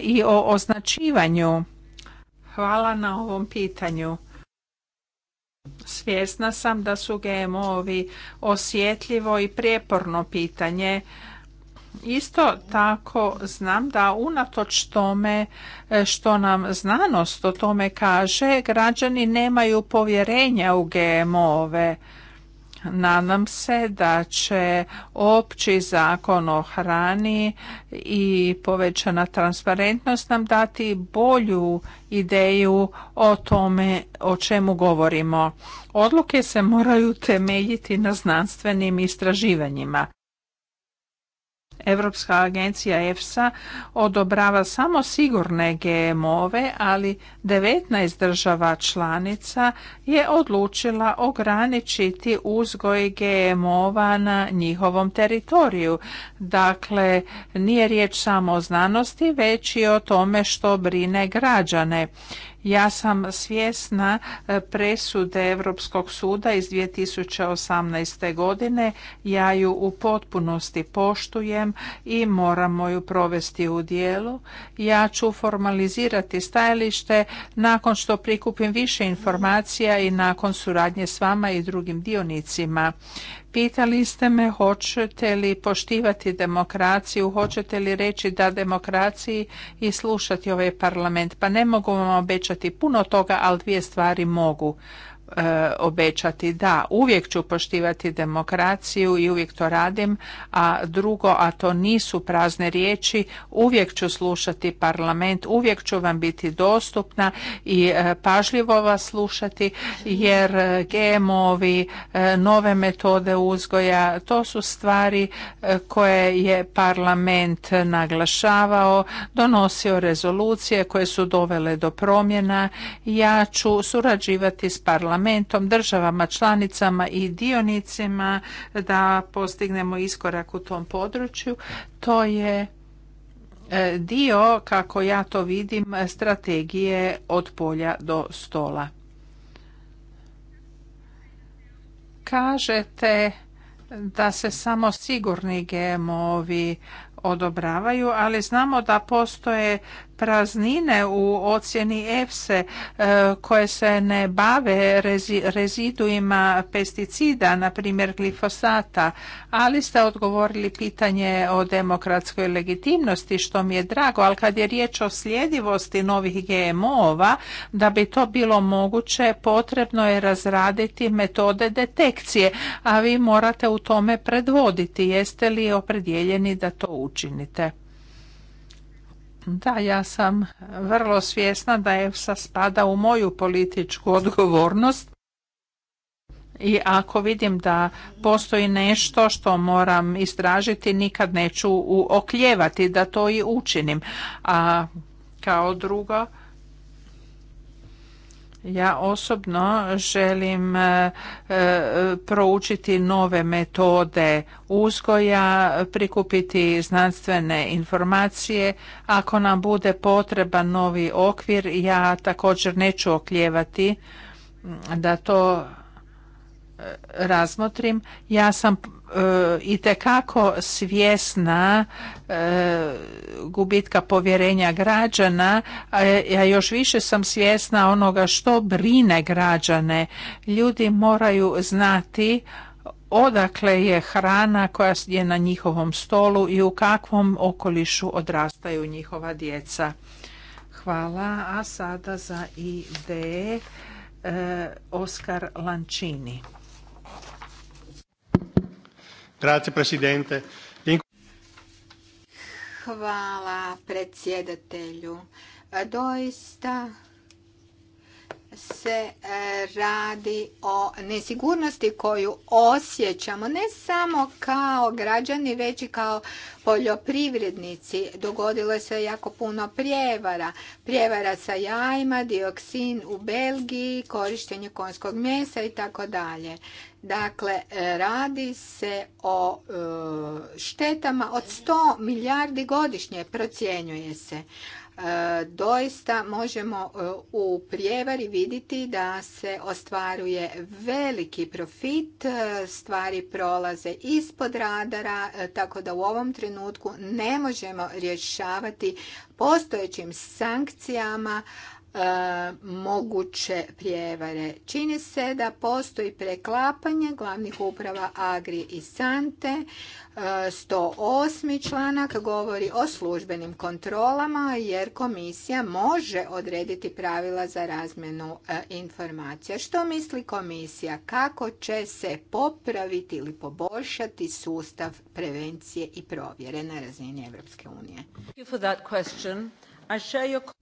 i o označivanju? Hvala na ovom pitanju. Svjesna sam da su GMO-ovi osjetljivo i prijeporno pitanje. Isto tako znam da unatoč tome e, što nam znanost o tome kaže, građani nemaju povjerenja u GMO-ove. Nadam se da će opći zakon o hrani i povećana transparentnost nam dati bolju ideju o tome o čemu govorimo. Odluke se moraju temeljiti na znanstvenim istraživanjima. Europska agencija EFSA odobrava samo sigurne gmo ve ali 19 država članica je odlučila ograničiti uzgoj gmo va na njihovom teritoriju. Dakle, nije riječ samo o znanosti, već i o tome što brine građane. Ja sam svjesna e, presude Europskog suda iz 2018. godine. Ja ju u potpunosti poštujem i moramo ju provesti u dijelu. Ja ću formalizirati stajalište nakon što prikupim više informacija i nakon suradnje s vama i drugim dionicima. Pitali ste me hoćete li poštivati demokraciju, hoćete li reći da demokraciji i slušati ovaj parlament. Pa ne mogu vam obećati puno toga, ali dvije stvari mogu. E, obećati da uvijek ću poštivati demokraciju i uvijek to radim, a drugo, a to nisu prazne riječi, uvijek ću slušati parlament, uvijek ću vam biti dostupna i e, pažljivo vas slušati jer e, gmo nove metode uzgoja, to su stvari koje je parlament naglašavao, donosio rezolucije koje su dovele do promjena. Ja ću surađivati s parlamentom parlamentom, državama, članicama i dionicima da postignemo iskorak u tom području. To je e, dio, kako ja to vidim, strategije od polja do stola. Kažete da se samo sigurni gmo odobravaju, ali znamo da postoje praznine u ocjeni EFSE e, koje se ne bave rezidujima pesticida, na primjer glifosata, ali ste odgovorili pitanje o demokratskoj legitimnosti, što mi je drago, ali kad je riječ o sljedivosti novih GMO-ova, da bi to bilo moguće, potrebno je razraditi metode detekcije, a vi morate u tome predvoditi. Jeste li opredjeljeni da to učinite? Da, ja sam vrlo svjesna da EFSA spada u moju političku odgovornost i ako vidim da postoji nešto što moram istražiti, nikad neću okljevati da to i učinim. A kao drugo, ja osobno želim e, e, proučiti nove metode uzgoja, prikupiti znanstvene informacije. Ako nam bude potreban novi okvir, ja također neću okljevati da to e, razmotrim. Ja sam i tekako svjesna e, gubitka povjerenja građana, a još više sam svjesna onoga što brine građane. Ljudi moraju znati odakle je hrana koja je na njihovom stolu i u kakvom okolišu odrastaju njihova djeca. Hvala, a sada za ideje Oskar Lančini. Grazie, Presidente. Hvala predsjedatelju. Doista se e, radi o nesigurnosti koju osjećamo ne samo kao građani već i kao poljoprivrednici. Dogodilo se jako puno prijevara. Prijevara sa jajima, dioksin u Belgiji, korištenje konjskog mesa i tako dalje. Dakle, radi se o e, štetama od 100 milijardi godišnje, procjenjuje se. E, doista možemo e, u prijevari vidjeti da se ostvaruje veliki profit, stvari prolaze ispod radara, tako da u ovom trenutku ne možemo rješavati postojećim sankcijama E, moguće prijevare. Čini se da postoji preklapanje glavnih uprava Agri i Sante. 108. E, članak govori o službenim kontrolama jer komisija može odrediti pravila za razmjenu e, informacija. Što misli komisija? Kako će se popraviti ili poboljšati sustav prevencije i provjere na razini Europske unije?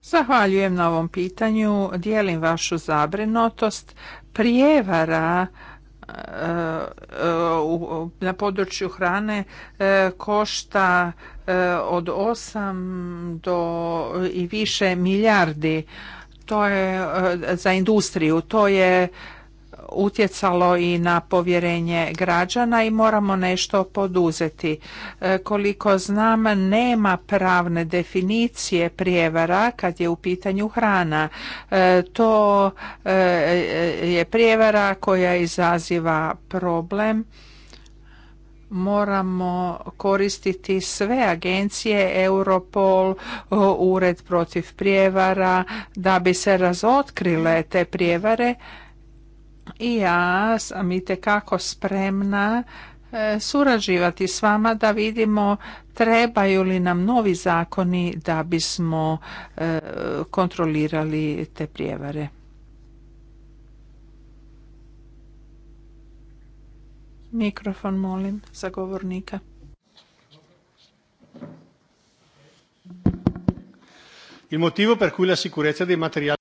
Zahvaljujem na ovom pitanju. Dijelim vašu zabrinutost. Prijevara e, e, na području hrane e, košta od 8 do i više milijardi to je za industriju to je utjecalo i na povjerenje građana i moramo nešto poduzeti. E, koliko znam, nema pravne definicije prijevara kad je u pitanju hrana. E, to e, je prijevara koja izaziva problem moramo koristiti sve agencije, Europol, Ured protiv prijevara, da bi se razotkrile te prijevare i ja sam itekako spremna e, surađivati s vama da vidimo trebaju li nam novi zakoni da bismo e, kontrolirali te prijevare. Mikrofon molim za govornika. Il motivo per cui la sicurezza dei materiali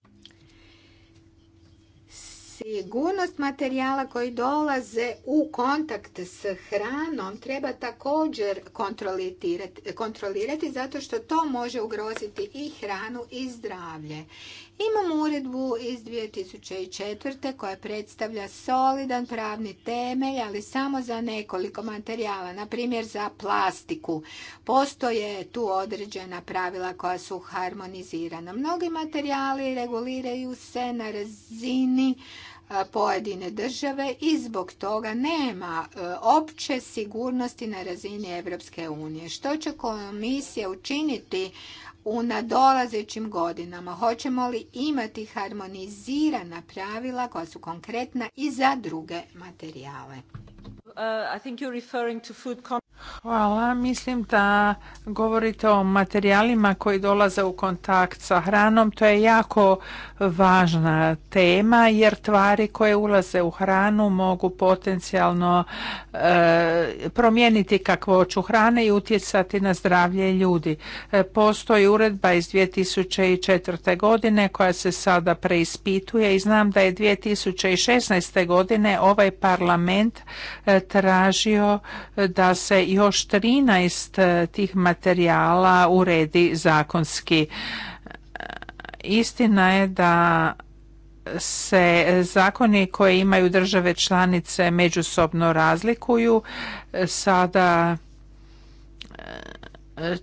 sigurnost materijala koji dolaze u kontakt s hranom treba također kontrolirati zato što to može ugroziti i hranu i zdravlje. Imamo uredbu iz 2004. koja predstavlja solidan pravni temelj, ali samo za nekoliko materijala, na primjer za plastiku. Postoje tu određena pravila koja su harmonizirana. Mnogi materijali reguliraju se na razini pojedine države i zbog toga nema e, opće sigurnosti na razini Europske unije. Što će komisija učiniti u nadolazećim godinama? Hoćemo li imati harmonizirana pravila koja su konkretna i za druge materijale? Uh, I think you're referring to food Hvala. Mislim da govorite o materijalima koji dolaze u kontakt sa hranom. To je jako važna tema jer tvari koje ulaze u hranu mogu potencijalno e, promijeniti kakvoću hrane i utjecati na zdravlje ljudi. Eh, postoji uredba iz 2004. godine koja se sada preispituje i znam da je 2016. godine ovaj parlament eh, tražio da se još 13 e, tih materijala uredi zakonski. E, istina je da se zakoni koje imaju države članice međusobno razlikuju. E, sada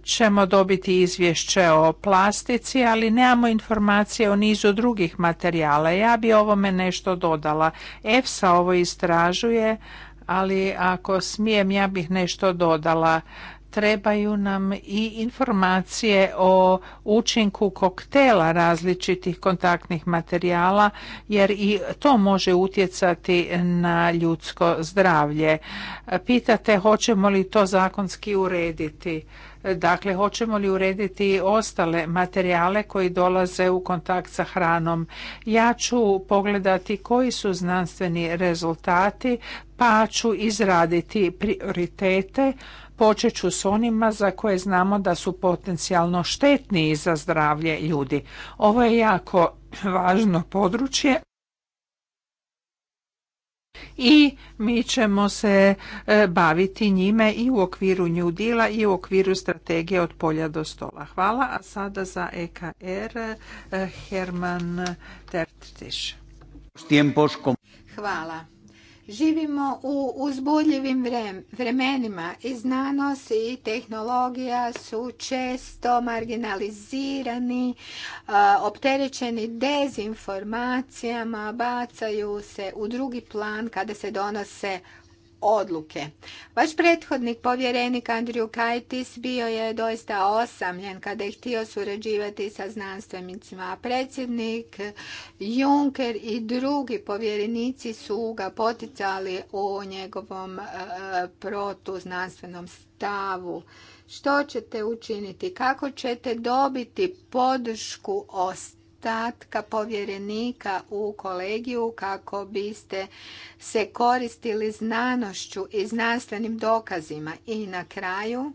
ćemo dobiti izvješće o plastici, ali nemamo informacije o nizu drugih materijala. Ja bi ovome nešto dodala. EFSA ovo istražuje, ali ako smijem ja bih nešto dodala trebaju nam i informacije o učinku koktela različitih kontaktnih materijala jer i to može utjecati na ljudsko zdravlje. Pitate hoćemo li to zakonski urediti? Dakle, hoćemo li urediti ostale materijale koji dolaze u kontakt sa hranom? Ja ću pogledati koji su znanstveni rezultati, pa ću izraditi prioritete. Počet ću s onima za koje znamo da su potencijalno štetniji za zdravlje ljudi. Ovo je jako važno područje i mi ćemo se e, baviti njime i u okviru New Deala i u okviru strategije od polja do stola. Hvala, a sada za EKR er, e, Herman Tertiš. Hvala. Živimo u uzbudljivim vremenima i znanost i tehnologija su često marginalizirani, opterećeni dezinformacijama, bacaju se u drugi plan kada se donose odluke. Vaš prethodnik povjerenik Andriju Kajtis bio je doista osamljen kada je htio surađivati sa znanstvenicima. predsjednik Juncker i drugi povjerenici su ga poticali u njegovom e, protuznanstvenom stavu što ćete učiniti, kako ćete dobiti podršku nedostatka povjerenika u kolegiju kako biste se koristili znanošću i znanstvenim dokazima. I na kraju,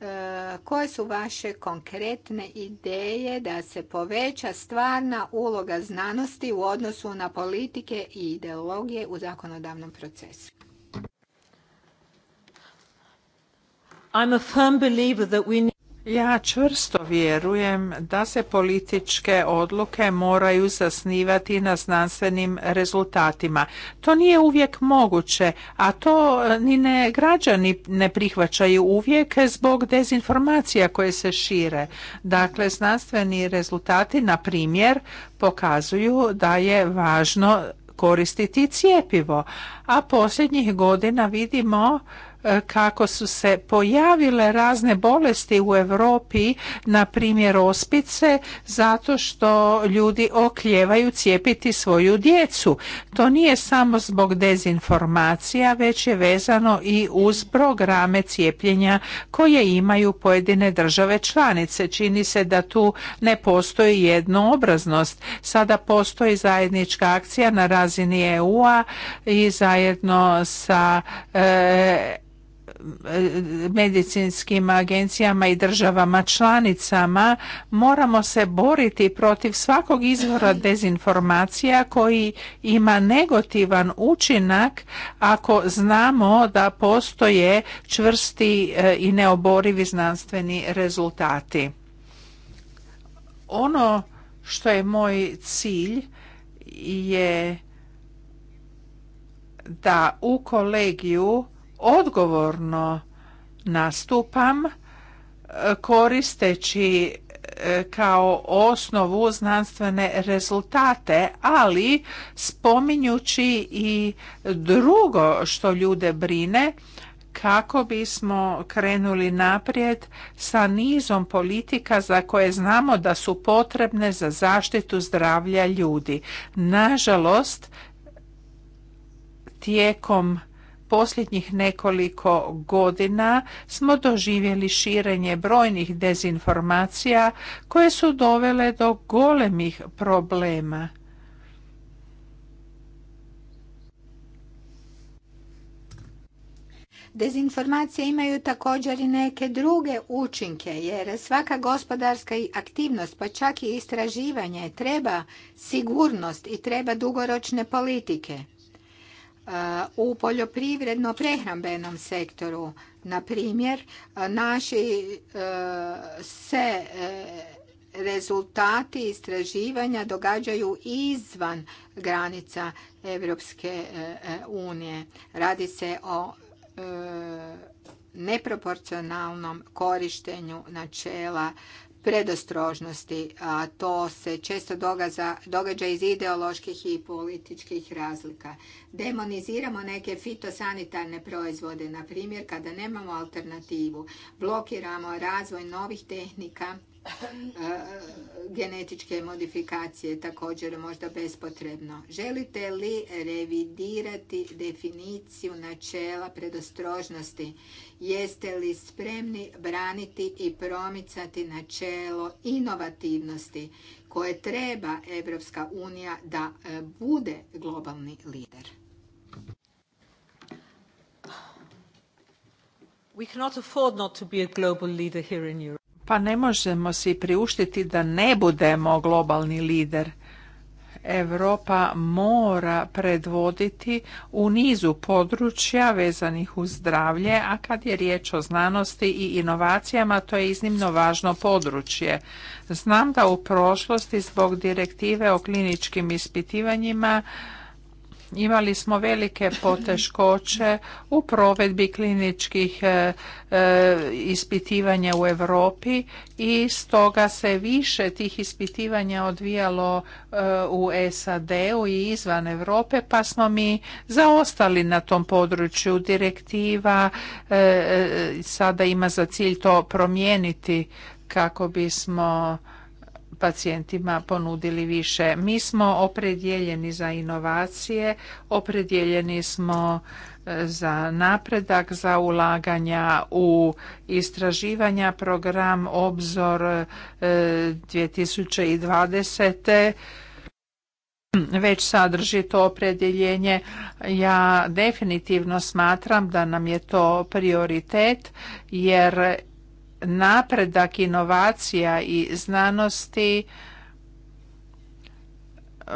e, koje su vaše konkretne ideje da se poveća stvarna uloga znanosti u odnosu na politike i ideologije u zakonodavnom procesu? I'm a firm believer that we ja čvrsto vjerujem da se političke odluke moraju zasnivati na znanstvenim rezultatima. To nije uvijek moguće, a to eh, ni ne građani ne prihvaćaju uvijek zbog dezinformacija koje se šire. Dakle, znanstveni rezultati, na primjer, pokazuju da je važno koristiti cijepivo, a posljednjih godina vidimo E, kako su se pojavile razne bolesti u Europi, na primjer ospice, zato što ljudi okljevaju cijepiti svoju djecu. To nije samo zbog dezinformacija, već je vezano i uz programe cijepljenja koje imaju pojedine države članice. Čini se da tu ne postoji jednoobraznost. Sada postoji zajednička akcija na razini EU-a i zajedno sa e, medicinskim agencijama i državama članicama moramo se boriti protiv svakog izvora dezinformacija koji ima negativan učinak ako znamo da postoje čvrsti e, i neoborivi znanstveni rezultati. Ono što je moj cilj je da u kolegiju odgovorno nastupam e, koristeći e, kao osnovu znanstvene rezultate, ali spominjući i drugo što ljude brine kako bismo krenuli naprijed sa nizom politika za koje znamo da su potrebne za zaštitu zdravlja ljudi. Nažalost, tijekom posljednjih nekoliko godina smo doživjeli širenje brojnih dezinformacija koje su dovele do golemih problema. Dezinformacije imaju također i neke druge učinke jer svaka gospodarska aktivnost pa čak i istraživanje treba sigurnost i treba dugoročne politike u poljoprivredno prehrambenom sektoru na primjer naši e, se e, rezultati istraživanja događaju izvan granica Europske e, unije radi se o neproporcionalnom korištenju načela predostrožnosti, a to se često događa, iz ideoloških i političkih razlika. Demoniziramo neke fitosanitarne proizvode, na primjer kada nemamo alternativu, blokiramo razvoj novih tehnika genetičke modifikacije također možda bespotrebno. Želite li revidirati definiciju načela predostrožnosti? Jeste li spremni braniti i promicati načelo inovativnosti koje treba Evropska unija da e, bude globalni lider? We cannot afford not to be a global leader here in pa ne možemo si priuštiti da ne budemo globalni lider. Europa mora predvoditi u nizu područja vezanih uz zdravlje, a kad je riječ o znanosti i inovacijama, to je iznimno važno područje. Znam da u prošlosti zbog direktive o kliničkim ispitivanjima imali smo velike poteškoće u provedbi kliničkih e, e, ispitivanja u Europi i stoga se više tih ispitivanja odvijalo e, u SAD-u i izvan Europe, pa smo mi zaostali na tom području. Direktiva sada ima za cilj to promijeniti kako bismo pacijentima ponudili više. Mi smo opredjeljeni za inovacije, opredjeljeni smo e, za napredak, za ulaganja u istraživanja, program Obzor 2020 e, već sadrži to opredjeljenje. Ja definitivno smatram da nam je to prioritet jer napredak inovacija i znanosti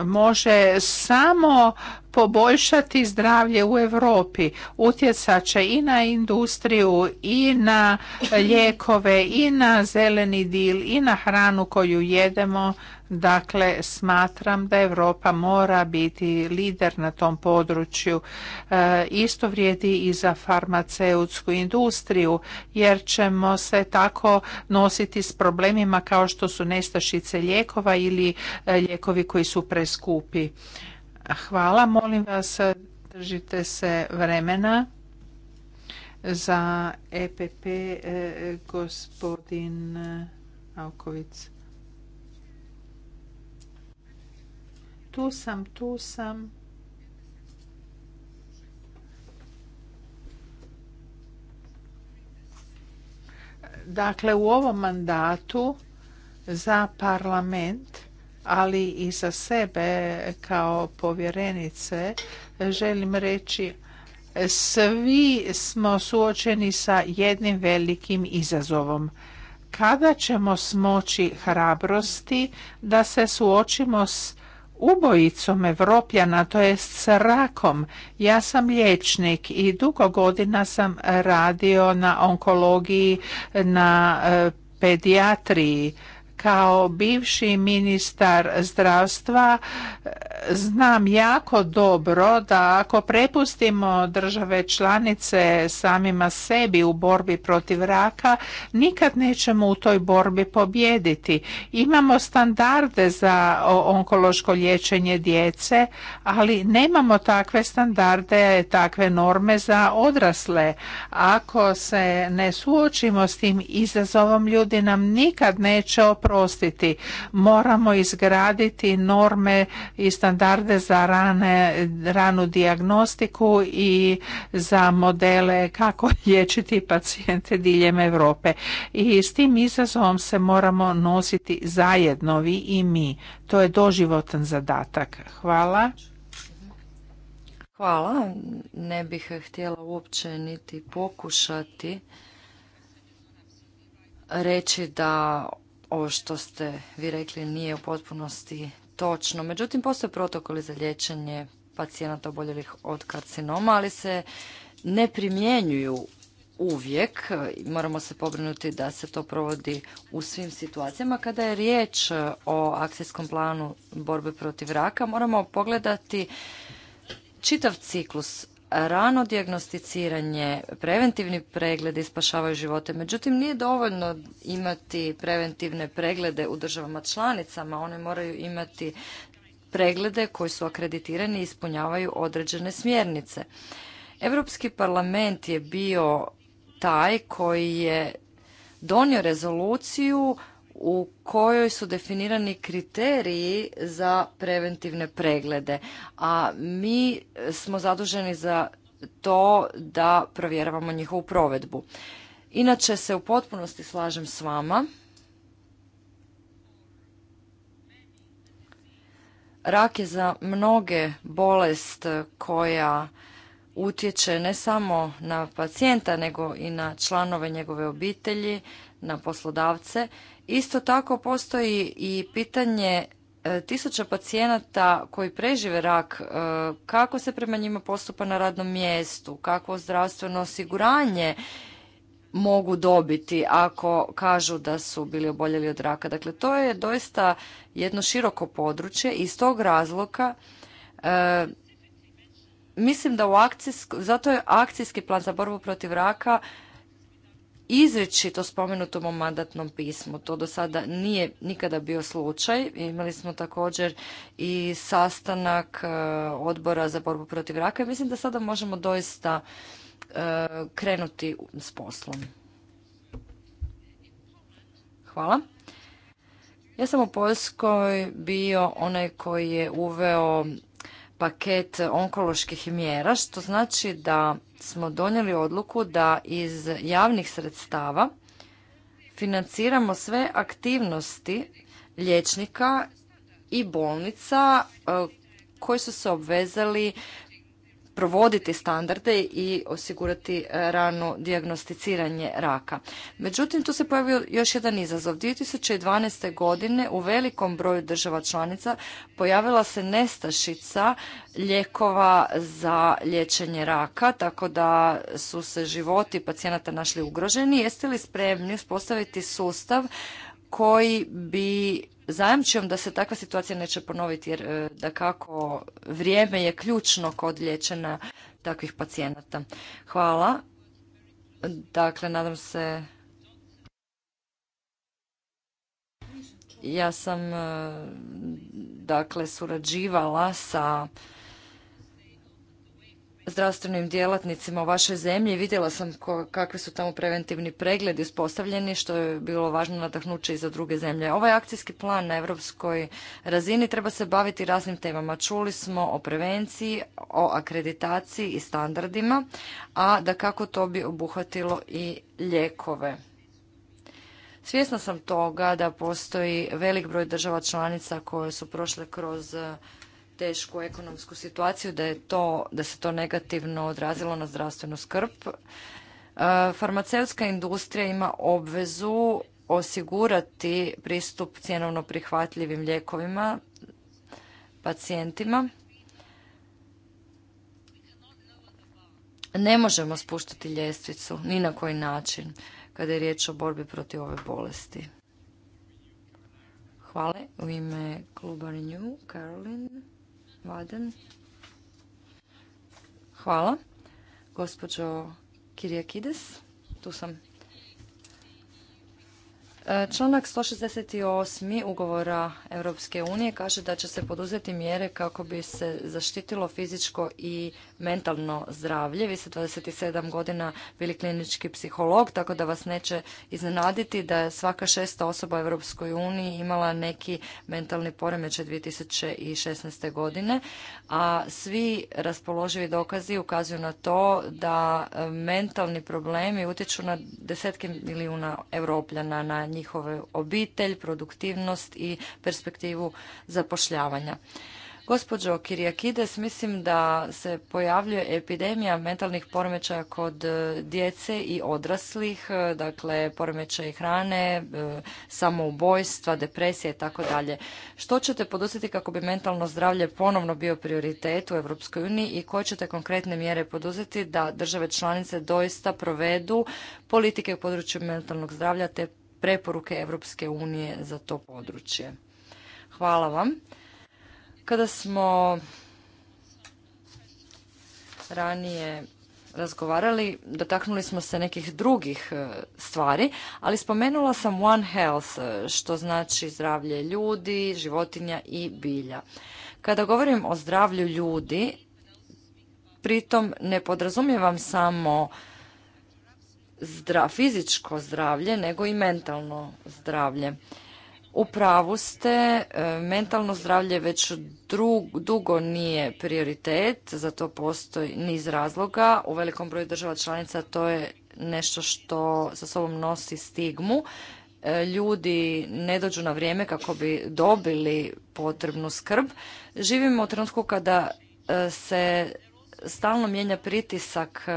može samo poboljšati zdravlje u Europi. Utjecat će i na industriju i na lijekove i na zeleni dil i na hranu koju jedemo. Dakle, smatram da Europa mora biti lider na tom području. E, isto vrijedi i za farmaceutsku industriju, jer ćemo se tako nositi s problemima kao što su nestašice lijekova ili e, lijekovi koji su preskupi. Hvala, molim vas držite se vremena. Za EPP e, gospodin Alkovic. Tu sam, tu sam. Dakle, u ovom mandatu za parlament, ali i za sebe kao povjerenice, želim reći svi smo suočeni sa jednim velikim izazovom. Kada ćemo smoći hrabrosti da se suočimo s ubojicom Evropljana, to jest s rakom. Ja sam liječnik i dugo godina sam radio na onkologiji, na eh, pedijatriji. Kao bivši ministar zdravstva e, znam jako dobro da ako prepustimo države članice samima sebi u borbi protiv raka, nikad nećemo u toj borbi pobjediti. Imamo standarde za onkološko liječenje djece, ali nemamo takve standarde, takve norme za odrasle. Ako se ne suočimo s tim izazovom, ljudi nam nikad neće oprostiti oprostiti. Moramo izgraditi norme i standarde za rane, ranu dijagnostiku i za modele kako liječiti pacijente diljem Europe. I s tim izazovom se moramo nositi zajedno vi i mi. To je doživotan zadatak. Hvala. Hvala. Ne bih htjela uopće niti pokušati reći da ovo što ste vi rekli nije u potpunosti točno. Međutim, postoje protokoli za liječenje pacijenata oboljelih od karcinoma, ali se ne primjenjuju uvijek. Moramo se pobrinuti da se to provodi u svim situacijama. Kada je riječ o akcijskom planu borbe protiv raka, moramo pogledati čitav ciklus rano dijagnosticiranje, preventivni pregledi spašavaju živote. Međutim, nije dovoljno imati preventivne preglede u državama članicama. One moraju imati preglede koji su akreditirani i ispunjavaju određene smjernice. Europski parlament je bio taj koji je donio rezoluciju u kojoj su definirani kriteriji za preventivne preglede, a mi smo zaduženi za to da provjeravamo njihovu provedbu. Inače se u potpunosti slažem s vama. Rak je za mnoge bolest koja utječe ne samo na pacijenta nego i na članove njegove obitelji, na poslodavce Isto tako postoji i pitanje e, tisuća pacijenata koji prežive rak, e, kako se prema njima postupa na radnom mjestu, kakvo zdravstveno osiguranje mogu dobiti ako kažu da su bili oboljeli od raka. Dakle, to je doista jedno široko područje i iz tog razloga e, mislim da u zato je akcijski plan za borbu protiv raka izrečito spomenutom u mandatnom pismu. To do sada nije nikada bio slučaj. Imali smo također i sastanak e, odbora za borbu protiv raka i mislim da sada možemo doista e, krenuti s poslom. Hvala. Ja sam u Poljskoj bio onaj koji je uveo paket onkoloških mjera, što znači da smo donijeli odluku da iz javnih sredstava financiramo sve aktivnosti liječnika i bolnica e, koji su se obvezali provoditi standarde i osigurati e, rano dijagnosticiranje raka. Međutim, tu se pojavio još jedan izazov. 2012. godine u velikom broju država članica pojavila se nestašica ljekova za liječenje raka, tako da su se životi pacijenata našli ugroženi. Jeste li spremni uspostaviti sustav koji bi zajamčujem da se takva situacija neće ponoviti jer e, da kako vrijeme je ključno kod liječenja takvih pacijenata. Hvala. Dakle, nadam se ja sam e, dakle surađivala sa zdravstvenim djelatnicima u vašoj zemlji. Vidjela sam kakvi su tamo preventivni pregledi uspostavljeni, što je bilo važno nadahnuće i za druge zemlje. Ovaj akcijski plan na europskoj razini treba se baviti raznim temama. Čuli smo o prevenciji, o akreditaciji i standardima, a da kako to bi obuhvatilo i ljekove. Svjesna sam toga da postoji velik broj država članica koje su prošle kroz tešku ekonomsku situaciju, da, je to, da se to negativno odrazilo na zdravstvenu skrb. E, farmaceutska industrija ima obvezu osigurati pristup cjenovno prihvatljivim lijekovima pacijentima. Ne možemo spuštati ljestvicu ni na koji način kada je riječ o borbi protiv ove bolesti. Hvala. U ime kluba Renew, Caroline. Vaden. Hvala. Gospođo Kirijakides, tu sam. Članak 168. ugovora Europske unije kaže da će se poduzeti mjere kako bi se zaštitilo fizičko i mentalno zdravlje. Vi ste 27 godina bili klinički psiholog, tako da vas neće iznenaditi da je svaka šesta osoba u Europskoj uniji imala neki mentalni poremećaj 2016. godine, a svi raspoloživi dokazi ukazuju na to da mentalni problemi utječu na desetke milijuna europljana na njihove obitelj, produktivnost i perspektivu zapošljavanja. Gospođo Kirijakides, mislim da se pojavljuje epidemija mentalnih poremećaja kod e, djece i odraslih, e, dakle poremećaj hrane, e, samoubojstva, depresije i tako dalje. Što ćete poduzeti kako bi mentalno zdravlje ponovno bio prioritet u Europskoj uniji i koje ćete konkretne mjere poduzeti da države članice doista provedu politike u području mentalnog zdravlja te preporuke Europske unije za to područje. Hvala vam. Kada smo ranije razgovarali, dotaknuli smo se nekih drugih e, stvari, ali spomenula sam One Health, e, što znači zdravlje ljudi, životinja i bilja. Kada govorim o zdravlju ljudi, pritom ne podrazumijevam samo fizičko zdravlje nego i mentalno zdravlje. U pravu ste, e, mentalno zdravlje već dugo nije prioritet, za to postoji niz razloga. U velikom broju država članica to je nešto što sa sobom nosi stigmu. E, ljudi ne dođu na vrijeme kako bi dobili potrebnu skrb. Živimo u trenutku kada e, se stalno mijenja pritisak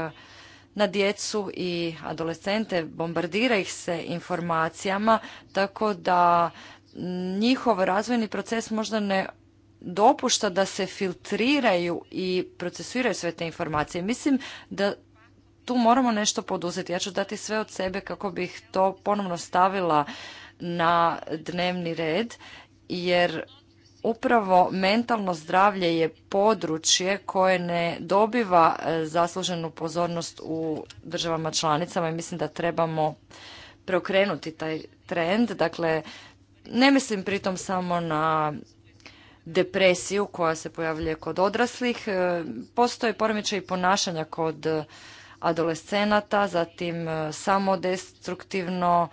na djecu i adolescente, bombardira ih se informacijama, tako da njihov razvojni proces možda ne dopušta da se filtriraju i procesuiraju sve te informacije. Mislim da tu moramo nešto poduzeti. Ja ću dati sve od sebe kako bih to ponovno stavila na dnevni red, jer upravo mentalno zdravlje je područje koje ne dobiva e, zasluženu pozornost u državama članicama i mislim da trebamo preokrenuti taj trend. Dakle, ne mislim pritom samo na depresiju koja se pojavljuje kod odraslih. E, postoje i ponašanja kod adolescenata, zatim e, samodestruktivno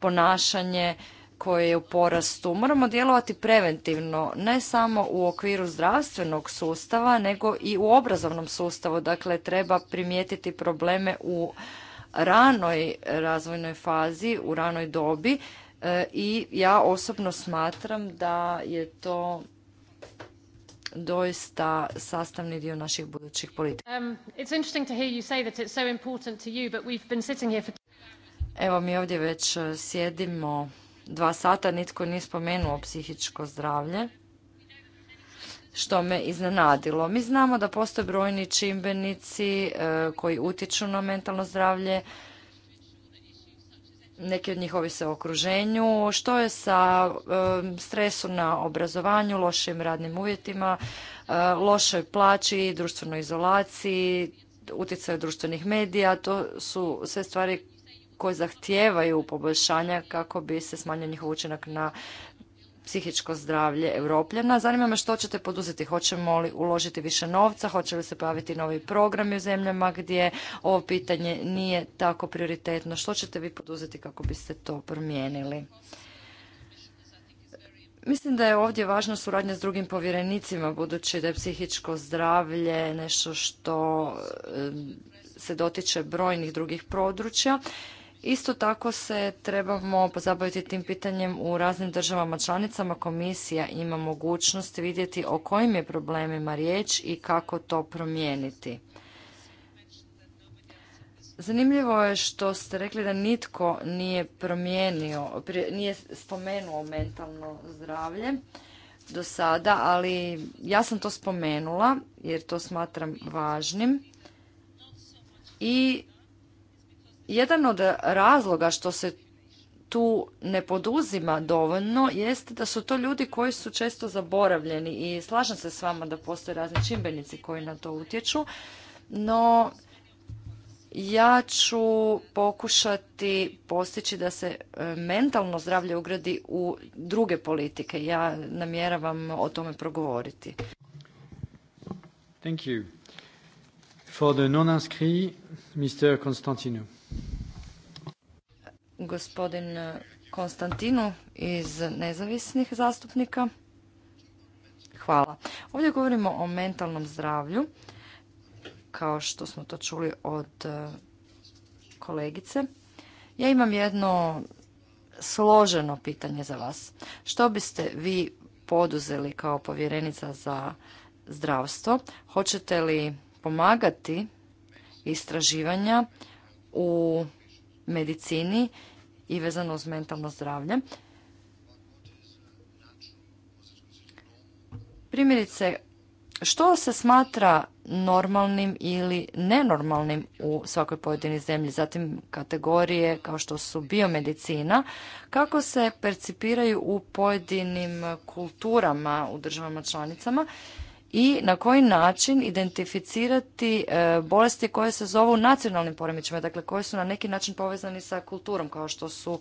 ponašanje, koje je u porastu. Moramo djelovati preventivno, ne samo u okviru zdravstvenog sustava, nego i u obrazovnom sustavu. Dakle, treba primijetiti probleme u ranoj razvojnoj fazi, u ranoj dobi e, i ja osobno smatram da je to doista sastavni dio naših budućih politika. Um, Evo mi ovdje već e, sjedimo dva sata nitko nije spomenuo psihičko zdravlje, što me iznenadilo. Mi znamo da postoje brojni čimbenici e, koji utječu na mentalno zdravlje, neki od njih ovise okruženju. Što je sa e, stresu na obrazovanju, lošim radnim uvjetima, e, lošoj plaći, društvenoj izolaciji, utjecaju društvenih medija, to su sve stvari koji zahtijevaju poboljšanja kako bi se smanjio njihov učinak na psihičko zdravlje Europljana. Zanima me što ćete poduzeti, hoćemo li uložiti više novca, hoće li se pojaviti novi programi u zemljama gdje ovo pitanje nije tako prioritetno. Što ćete vi poduzeti kako biste to promijenili? Mislim da je ovdje važna suradnja s drugim povjerenicima, budući da je psihičko zdravlje nešto što se dotiče brojnih drugih područja Isto tako se trebamo pozabaviti tim pitanjem u raznim državama članicama. Komisija ima mogućnost vidjeti o kojim je problemima riječ i kako to promijeniti. Zanimljivo je što ste rekli da nitko nije promijenio, nije spomenuo mentalno zdravlje do sada, ali ja sam to spomenula jer to smatram važnim i jedan od razloga što se tu ne poduzima dovoljno jeste da su to ljudi koji su često zaboravljeni i slažem se s vama da postoje razni čimbenici koji na to utječu, no ja ću pokušati postići da se e, mentalno zdravlje ugradi u druge politike. Ja namjeravam o tome progovoriti. Thank you. For the non Mr gospodin Konstantinu iz nezavisnih zastupnika. Hvala. Ovdje govorimo o mentalnom zdravlju, kao što smo to čuli od e, kolegice. Ja imam jedno složeno pitanje za vas. Što biste vi poduzeli kao povjerenica za zdravstvo? Hoćete li pomagati istraživanja u medicini i vezano uz mentalno zdravlje. Primjerice, što se smatra normalnim ili nenormalnim u svakoj pojedini zemlji, zatim kategorije kao što su biomedicina, kako se percipiraju u pojedinim kulturama u državama članicama i na koji način identificirati e, bolesti koje se zovu nacionalnim poremećima, dakle koje su na neki način povezani sa kulturom, kao što su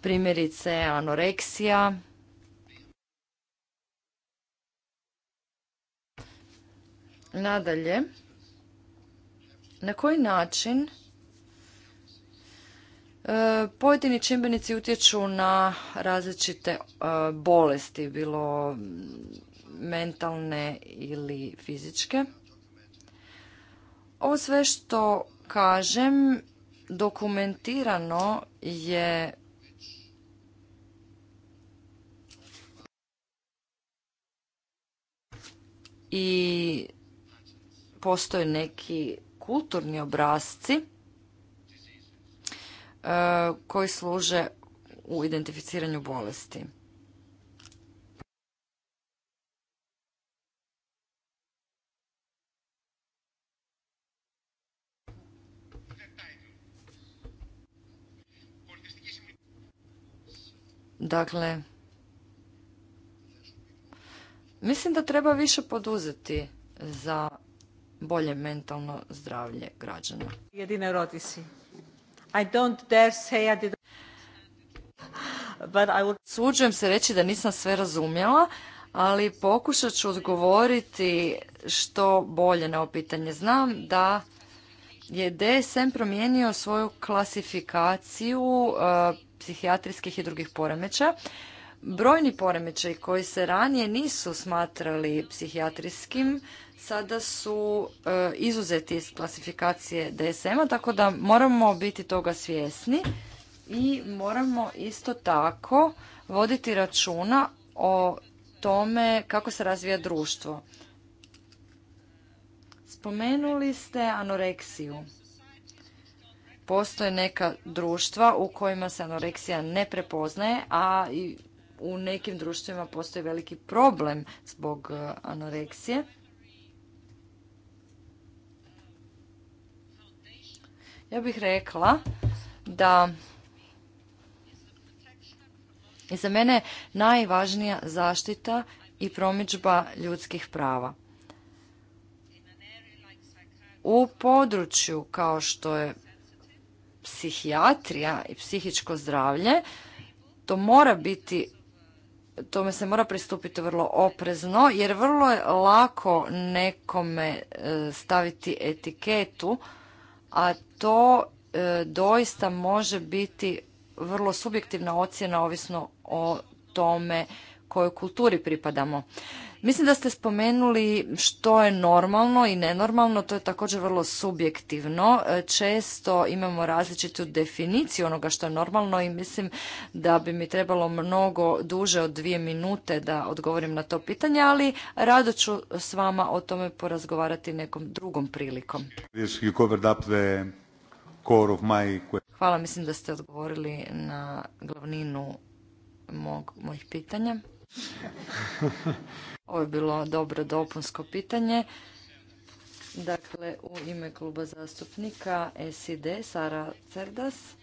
primjerice anoreksija, Nadalje, na koji način e, pojedini čimbenici utječu na različite e, bolesti, bilo mentalne ili fizičke. Ovo sve što kažem dokumentirano je i postoje neki kulturni obrazci e, koji služe u identificiranju bolesti. Dakle, mislim da treba više poduzeti za bolje mentalno zdravlje građana. Jedine si. I don't dare say I Suđujem se reći da nisam sve razumjela, ali pokušat ću odgovoriti što bolje na ovo pitanje. Znam da je DSM promijenio svoju klasifikaciju e, psihijatrijskih i drugih poremećaja. Brojni poremećaj koji se ranije nisu smatrali psihijatrijskim sada su e, izuzeti iz klasifikacije DSM-a, tako da moramo biti toga svjesni i moramo isto tako voditi računa o tome kako se razvija društvo. Spomenuli ste anoreksiju. Postoje neka društva u kojima se anoreksija ne prepoznaje, a i u nekim društvima postoji veliki problem zbog e, anoreksije. Ja bih rekla da je za mene najvažnija zaštita i promičba ljudskih prava. U području kao što je psihijatrija i psihičko zdravlje, to mora biti tome se mora pristupiti vrlo oprezno jer vrlo je lako nekome e, staviti etiketu, a to e, doista može biti vrlo subjektivna ocjena ovisno o tome kojoj kulturi pripadamo. Mislim da ste spomenuli što je normalno i nenormalno, to je također vrlo subjektivno. E, često imamo različitu definiciju onoga što je normalno i mislim da bi mi trebalo mnogo duže od dvije minute da odgovorim na to pitanje, ali rado ću s vama o tome porazgovarati nekom drugom prilikom. Hvala, mislim da ste odgovorili na glavninu mojih pitanja. Ovo je bilo dobro dopunsko pitanje. Dakle, u ime kluba zastupnika SID, Sara Cerdas.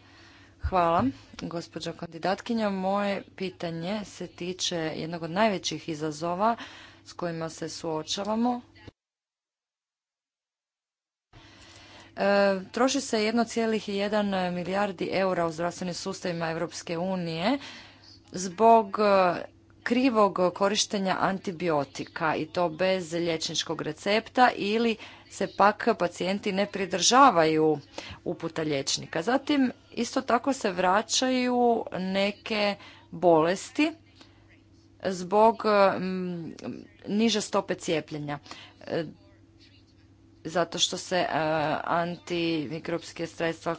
Hvala, gospođo kandidatkinja. Moje pitanje se tiče jednog od najvećih izazova s kojima se suočavamo. E, troši se 1,1 milijardi eura u zdravstvenim sustavima Europske unije zbog krivog korištenja antibiotika i to bez liječničkog recepta ili se pak pacijenti ne pridržavaju uputa liječnika. Zatim isto tako se vraćaju neke bolesti zbog mm, niže stope cijepljenja e, zato što se e, antimikropske sredstva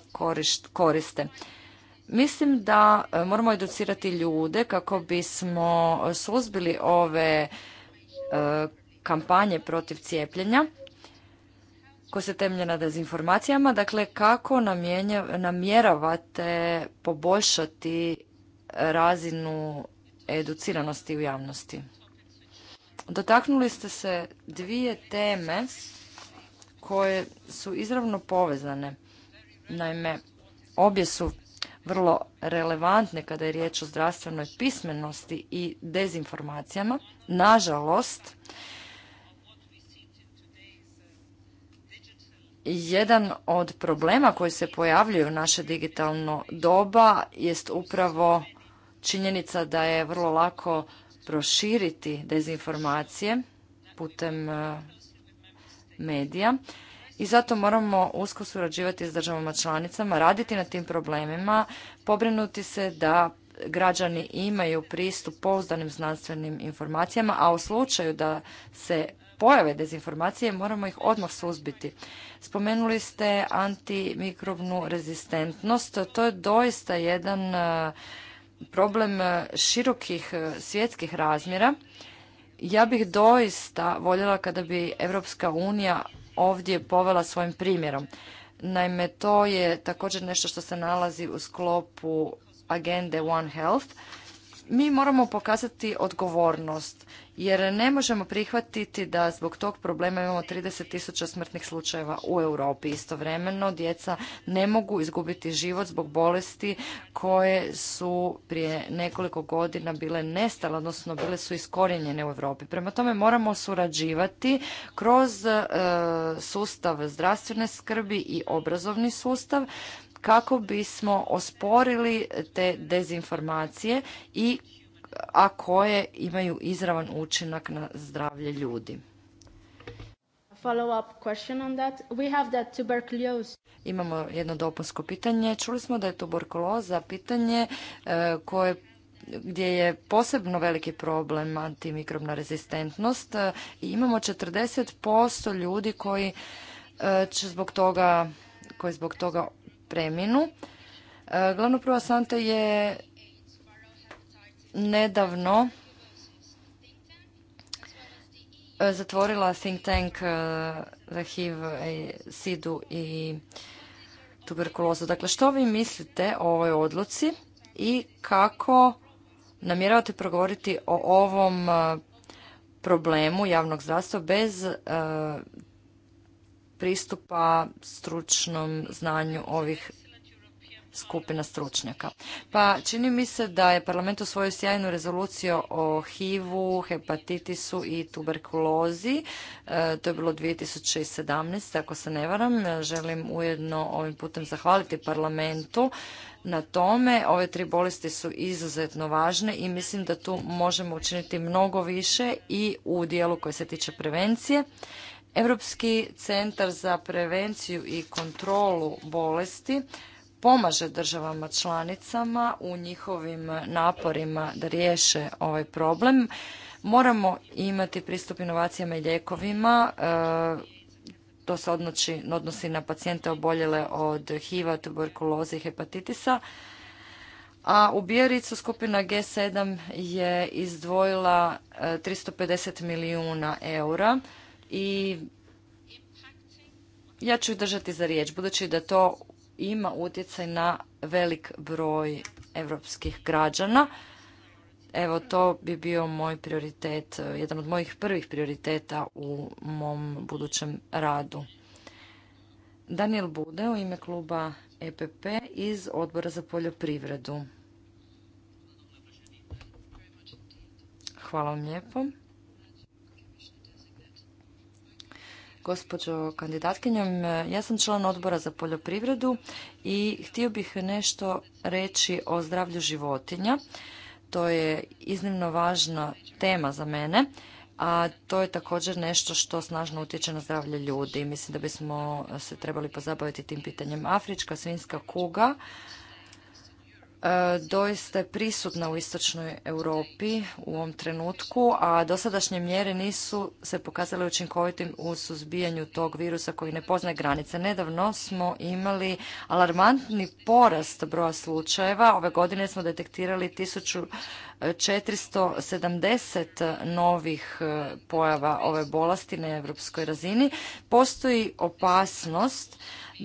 koriste. Mislim da e, moramo educirati ljude kako bismo suzbili ove e, kampanje protiv cijepljenja koje se temelje na dezinformacijama. Dakle, kako namjeravate poboljšati razinu educiranosti u javnosti? Dotaknuli ste se dvije teme koje su izravno povezane. Naime, obje su vrlo relevantne kada je riječ o zdravstvenoj pismenosti i dezinformacijama. Nažalost, jedan od problema koji se pojavljuju u naše digitalno doba jest upravo činjenica da je vrlo lako proširiti dezinformacije putem eh, medija i zato moramo usko surađivati s državama članicama, raditi na tim problemima, pobrinuti se da građani imaju pristup pouzdanim znanstvenim informacijama, a u slučaju da se pojave dezinformacije moramo ih odmah suzbiti. Spomenuli ste antimikrobnu rezistentnost. To je doista jedan e, problem širokih e, svjetskih razmjera. Ja bih doista voljela kada bi Europska unija ovdje povela svojim primjerom. Naime, to je također nešto što se nalazi u sklopu agende One Health mi moramo pokazati odgovornost jer ne možemo prihvatiti da zbog tog problema imamo 30 tisuća smrtnih slučajeva u Europi. Istovremeno djeca ne mogu izgubiti život zbog bolesti koje su prije nekoliko godina bile nestale, odnosno bile su iskorjenjene u Europi. Prema tome moramo surađivati kroz e, sustav zdravstvene skrbi i obrazovni sustav kako bismo osporili te dezinformacije i a koje imaju izravan učinak na zdravlje ljudi. Imamo jedno dopunsko pitanje. Čuli smo da je tuberkuloza pitanje e, koje gdje je posebno veliki problem antimikrobna rezistentnost e, i imamo 40% ljudi koji e, će zbog toga koji zbog toga preminu. E, Glavno prva je nedavno e, zatvorila think tank e, za HIV, SIDU i tuberkulozu. Dakle, što vi mislite o ovoj odluci i kako namjeravate progovoriti o ovom problemu javnog zdravstva bez pristupa stručnom znanju ovih skupina stručnjaka. Pa čini mi se da je parlament svoju sjajnu rezoluciju o HIV-u, hepatitisu i tuberkulozi. E, to je bilo 2017. ako se ne varam. Želim ujedno ovim putem zahvaliti parlamentu na tome. Ove tri bolesti su izuzetno važne i mislim da tu možemo učiniti mnogo više i u dijelu koji se tiče prevencije Europski centar za prevenciju i kontrolu bolesti pomaže državama članicama u njihovim naporima da riješe ovaj problem. Moramo imati pristup inovacijama i lijekovima. E, to se odnosi, na pacijente oboljele od HIV-a, tuberkuloze i hepatitisa. A u Bijaricu skupina G7 je izdvojila 350 e, milijuna eura i ja ću držati za riječ, budući da to ima utjecaj na velik broj europskih građana. Evo, to bi bio moj prioritet, jedan od mojih prvih prioriteta u mom budućem radu. Daniel Bude u ime kluba EPP iz Odbora za poljoprivredu. Hvala vam lijepo. Gospođo kandidatkinjom, ja sam član odbora za poljoprivredu i htio bih nešto reći o zdravlju životinja. To je iznimno važna tema za mene, a to je također nešto što snažno utječe na zdravlje ljudi. Mislim da bismo se trebali pozabaviti tim pitanjem. Afrička svinska kuga E, doista je prisutna u istočnoj Europi u ovom trenutku, a dosadašnje mjere nisu se pokazale učinkovitim u suzbijanju tog virusa koji ne poznaje granice. Nedavno smo imali alarmantni porast broja slučajeva. Ove godine smo detektirali 1470 novih e, pojava ove bolesti na europskoj razini. Postoji opasnost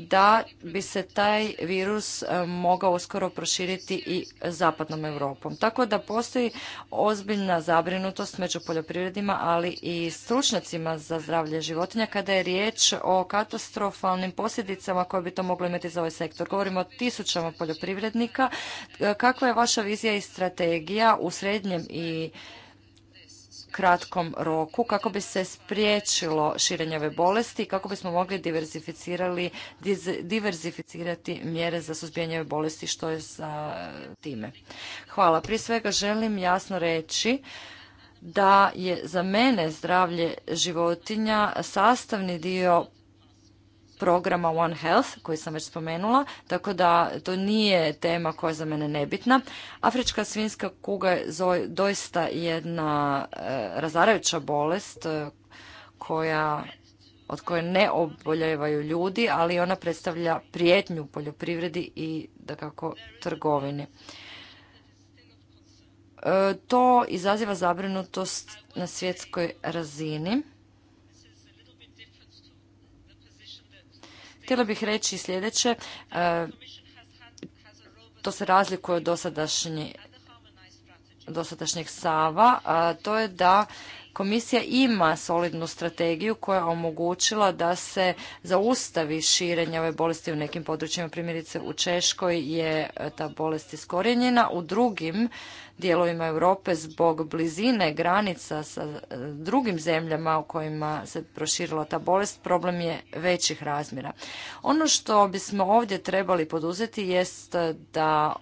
da bi se taj virus e, mogao uskoro proširiti i zapadnom Europom. Tako da postoji ozbiljna zabrinutost među poljoprivredima, ali i stručnjacima za zdravlje životinja kada je riječ o katastrofalnim posljedicama koje bi to moglo imati za ovaj sektor. Govorimo o tisućama poljoprivrednika. E, kakva je vaša vizija i strategija u srednjem i kratkom roku kako bi se spriječilo širenje ove bolesti i kako bismo mogli diverzificirati mjere za suzbijanje ove bolesti što je sa time. Hvala. Prije svega želim jasno reći da je za mene zdravlje životinja sastavni dio programa One Health koji sam već spomenula, tako da to nije tema koja je za mene nebitna. Afrička svinska kuga je doista jedna e, razarajuća bolest e, koja od koje ne oboljevaju ljudi, ali ona predstavlja prijetnju poljoprivredi i da kako trgovini. E, to izaziva zabrinutost na svjetskoj razini. Htjela bih reći sljedeće, e, to se razlikuje od dosadašnjeg Sava, to je da Komisija ima solidnu strategiju koja je omogućila da se zaustavi širenje ove bolesti u nekim područjima. Primjerice u Češkoj je e, ta bolest iskorjenjena, u drugim dijelovima Europe zbog blizine granica sa e, drugim zemljama u kojima se proširila ta bolest, problem je većih razmjera. Ono što bismo ovdje trebali poduzeti jest e, da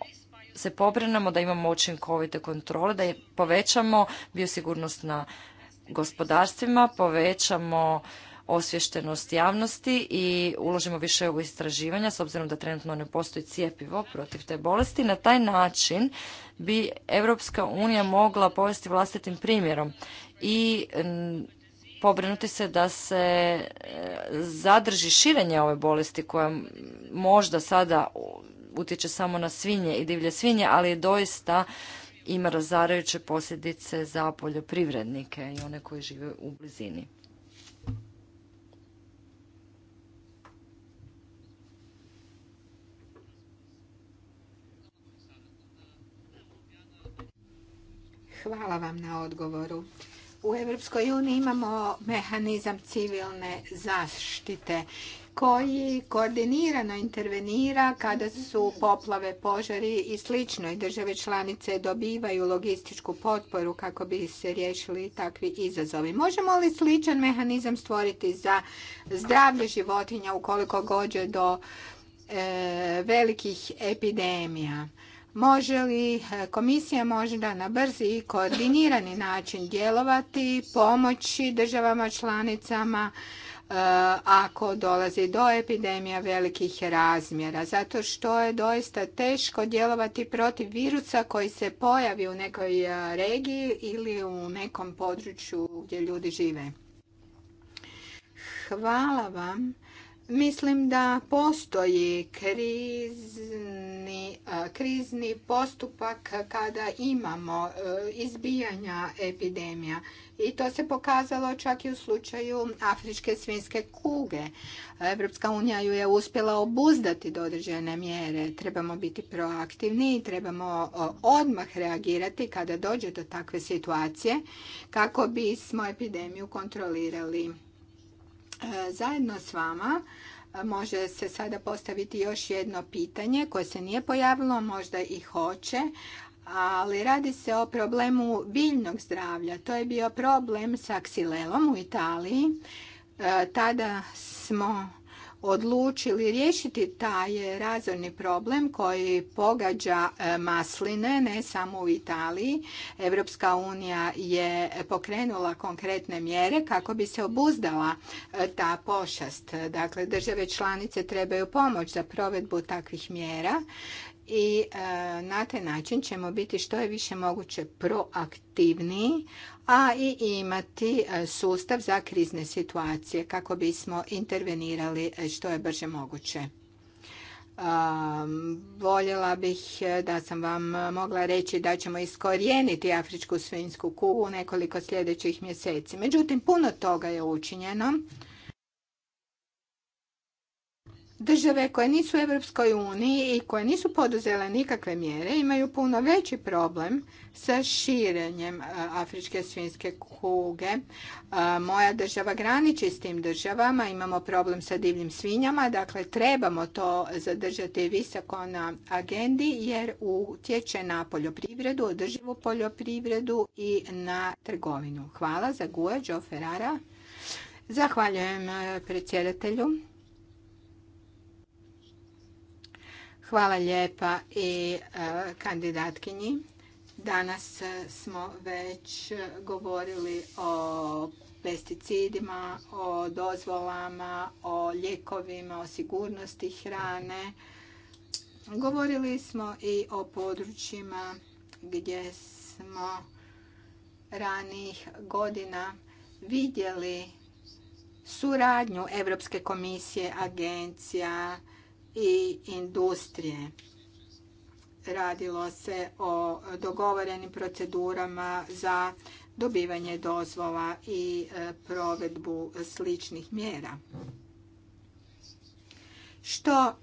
se pobrinemo da imamo učinkovite kontrole, da povećamo biosigurnost na gospodarstvima, povećamo osvještenost javnosti i uložimo više u istraživanja s obzirom da trenutno ne postoji cijepivo protiv te bolesti. Na taj način bi Europska unija mogla povesti vlastitim primjerom i pobrinuti se da se e, zadrži širenje ove bolesti koja možda sada utječe samo na svinje i divlje svinje, ali je doista ima razarajuće posljedice za poljoprivrednike i one koji žive u blizini. Hvala vam na odgovoru. U EU imamo mehanizam civilne zaštite koji koordinirano intervenira kada su poplave, požari i slično i države članice dobivaju logističku potporu kako bi se riješili takvi izazovi. Možemo li sličan mehanizam stvoriti za zdravlje životinja ukoliko gođe do e, velikih epidemija? Može li e, komisija možda na brzi i koordinirani način djelovati, pomoći državama članicama Eh, ako dolazi do epidemija velikih razmjera, zato što je doista teško djelovati protiv virusa koji se pojavi u nekoj eh, regiji ili u nekom području gdje ljudi žive. Hvala vam Mislim da postoji krizni, e, krizni postupak kada imamo e, izbijanja epidemija i to se pokazalo čak i u slučaju afričke svinske kuge. Evropska unija ju je uspjela obuzdati do određene mjere. Trebamo biti proaktivni i trebamo e, odmah reagirati kada dođe do takve situacije kako bismo epidemiju kontrolirali. E, zajedno s vama e, može se sada postaviti još jedno pitanje koje se nije pojavilo, možda i hoće, ali radi se o problemu biljnog zdravlja. To je bio problem sa ksilelom u Italiji. E, tada smo odlučili riješiti taj razorni problem koji pogađa e, masline, ne samo u Italiji. Evropska unija je pokrenula konkretne mjere kako bi se obuzdala e, ta pošast. Dakle, države članice trebaju pomoć za provedbu takvih mjera i e, na taj način ćemo biti što je više moguće proaktivniji, a i imati e, sustav za krizne situacije kako bismo intervenirali što je brže moguće. Voljela bih e, da sam vam mogla reći da ćemo iskorijeniti afričku svinjsku kugu u nekoliko sljedećih mjeseci. Međutim, puno toga je učinjeno. Države koje nisu u Europskoj uniji i koje nisu poduzele nikakve mjere imaju puno veći problem sa širenjem e, afričke svinske kuge. E, moja država graniči s tim državama, imamo problem sa divljim svinjama, dakle trebamo to zadržati visoko na agendi jer utječe na poljoprivredu, održivu poljoprivredu i na trgovinu. Hvala za Guje, Joe Ferrara. Zahvaljujem e, predsjedatelju. Hvala lijepa i e, kandidatkinji. Danas e, smo već govorili o pesticidima, o dozvolama, o ljekovima, o sigurnosti hrane. Govorili smo i o područjima gdje smo ranih godina vidjeli suradnju Europske komisije, agencija, i industrije. Radilo se o dogovorenim procedurama za dobivanje dozvola i e, provedbu sličnih mjera. Što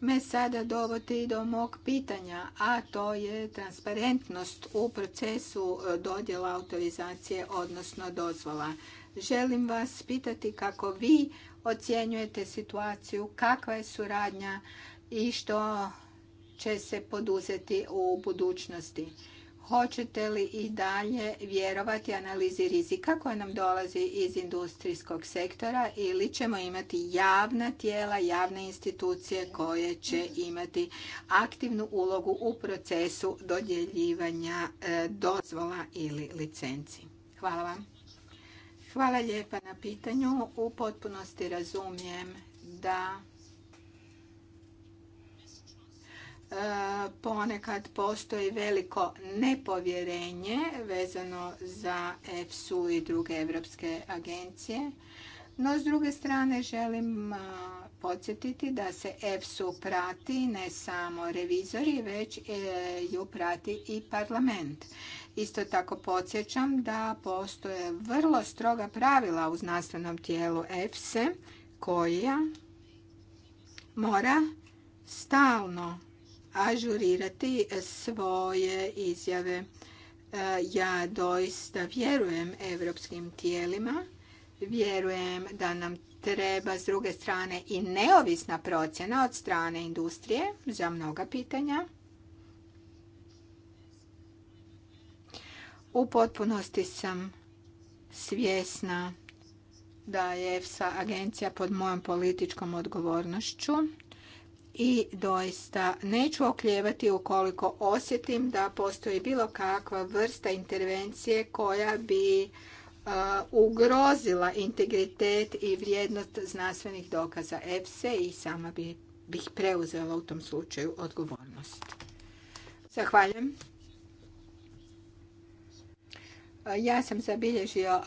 me sada dovodi do mog pitanja, a to je transparentnost u procesu e, dodjela autorizacije, odnosno dozvola. Želim vas pitati kako vi ocjenjujete situaciju, kakva je suradnja i što će se poduzeti u budućnosti. Hoćete li i dalje vjerovati analizi rizika koja nam dolazi iz industrijskog sektora ili ćemo imati javna tijela, javne institucije koje će imati aktivnu ulogu u procesu dodjeljivanja e, dozvola ili licenci? Hvala vam. Hvala lijepa na pitanju. U potpunosti razumijem da e, ponekad postoji veliko nepovjerenje vezano za EFSU i druge evropske agencije. No, s druge strane, želim e, podsjetiti da se EFSU prati ne samo revizori, već e, ju prati i parlament. Isto tako podsjećam da postoje vrlo stroga pravila u znanstvenom tijelu EFSE koja mora stalno ažurirati svoje izjave. E, ja doista vjerujem evropskim tijelima, vjerujem da nam treba s druge strane i neovisna procjena od strane industrije za mnoga pitanja. U potpunosti sam svjesna da je EFSA agencija pod mojom političkom odgovornošću i doista neću okljevati ukoliko osjetim da postoji bilo kakva vrsta intervencije koja bi uh, ugrozila integritet i vrijednost znanstvenih dokaza EFSE i sama bih preuzela u tom slučaju odgovornost. Zahvaljujem. Ja sam zabilježio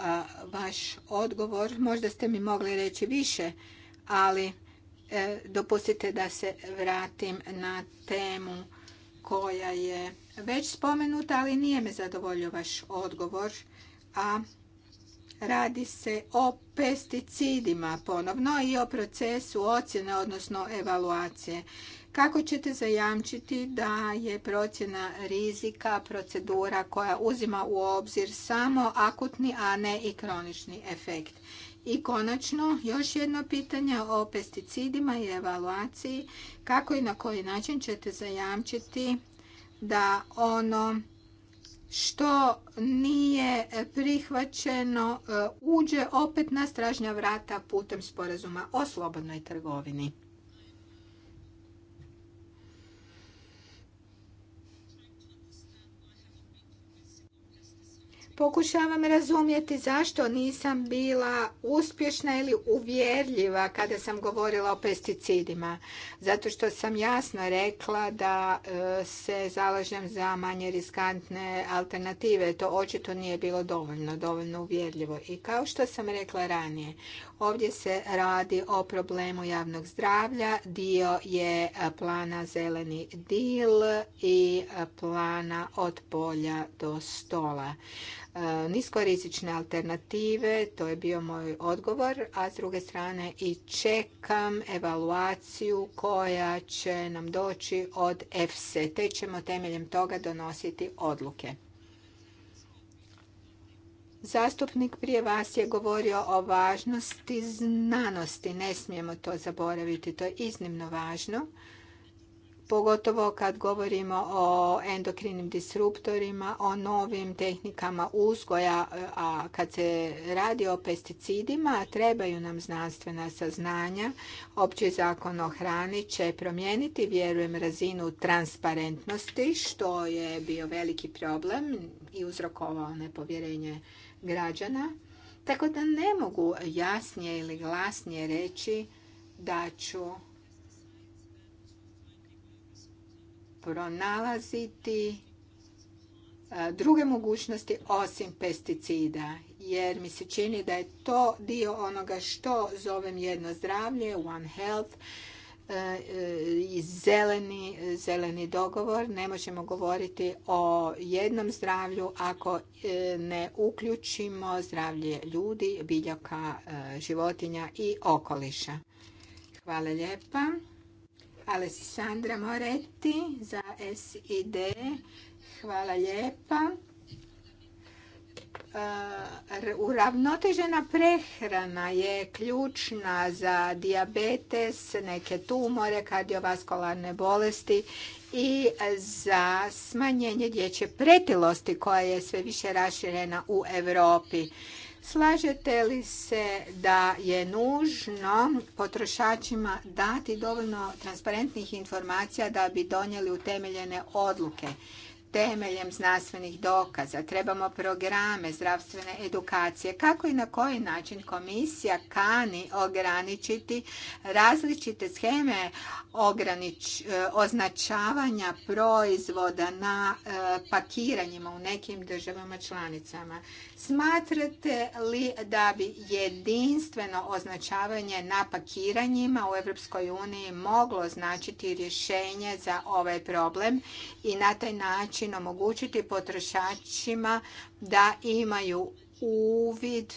vaš odgovor. Možda ste mi mogli reći više, ali e, dopustite da se vratim na temu koja je već spomenuta, ali nije me zadovoljio vaš odgovor. A radi se o pesticidima ponovno i o procesu ocjene, odnosno evaluacije. Kako ćete zajamčiti da je procjena rizika procedura koja uzima u obzir samo akutni, a ne i kronični efekt? I konačno, još jedno pitanje o pesticidima i evaluaciji. Kako i na koji način ćete zajamčiti da ono što nije prihvaćeno e, uđe opet na stražnja vrata putem sporazuma o slobodnoj trgovini? pokušavam razumjeti zašto nisam bila uspješna ili uvjerljiva kada sam govorila o pesticidima. Zato što sam jasno rekla da e, se zalažem za manje riskantne alternative. To očito nije bilo dovoljno, dovoljno uvjerljivo. I kao što sam rekla ranije, ovdje se radi o problemu javnog zdravlja. Dio je e, plana zeleni dil i e, plana od polja do stola. E, niskorizične alternative, to je bio moj odgovor, a s druge strane i čekam evaluaciju koja će nam doći od EFSE, te ćemo temeljem toga donositi odluke. Zastupnik prije vas je govorio o važnosti znanosti, ne smijemo to zaboraviti, to je iznimno važno pogotovo kad govorimo o endokrinim disruptorima, o novim tehnikama uzgoja, a kad se radi o pesticidima, trebaju nam znanstvena saznanja. Opći zakon o hrani će promijeniti, vjerujem, razinu transparentnosti, što je bio veliki problem i uzrokovao nepovjerenje građana. Tako da ne mogu jasnije ili glasnije reći da ću pronalaziti e, druge mogućnosti osim pesticida jer mi se čini da je to dio onoga što zovem jedno zdravlje, One Health e, e, i zeleni, zeleni dogovor. Ne možemo govoriti o jednom zdravlju ako ne uključimo zdravlje ljudi, biljaka, životinja i okoliša. Hvala lijepa. Alessandra Moretti za SID. Hvala lijepa. E, uravnotežena prehrana je ključna za diabetes, neke tumore, kardiovaskularne bolesti i za smanjenje dječje pretilosti koja je sve više raširena u Europi. Slažete li se da je nužno potrošačima dati dovoljno transparentnih informacija da bi donijeli utemeljene odluke? temeljem znanstvenih dokaza. Trebamo programe zdravstvene edukacije. Kako i na koji način komisija kani ograničiti različite scheme ogranič, e, označavanja proizvoda na e, pakiranjima u nekim državama članicama. Smatrate li da bi jedinstveno označavanje na pakiranjima u EU moglo značiti rješenje za ovaj problem i na taj način način omogućiti potrošačima da imaju uvid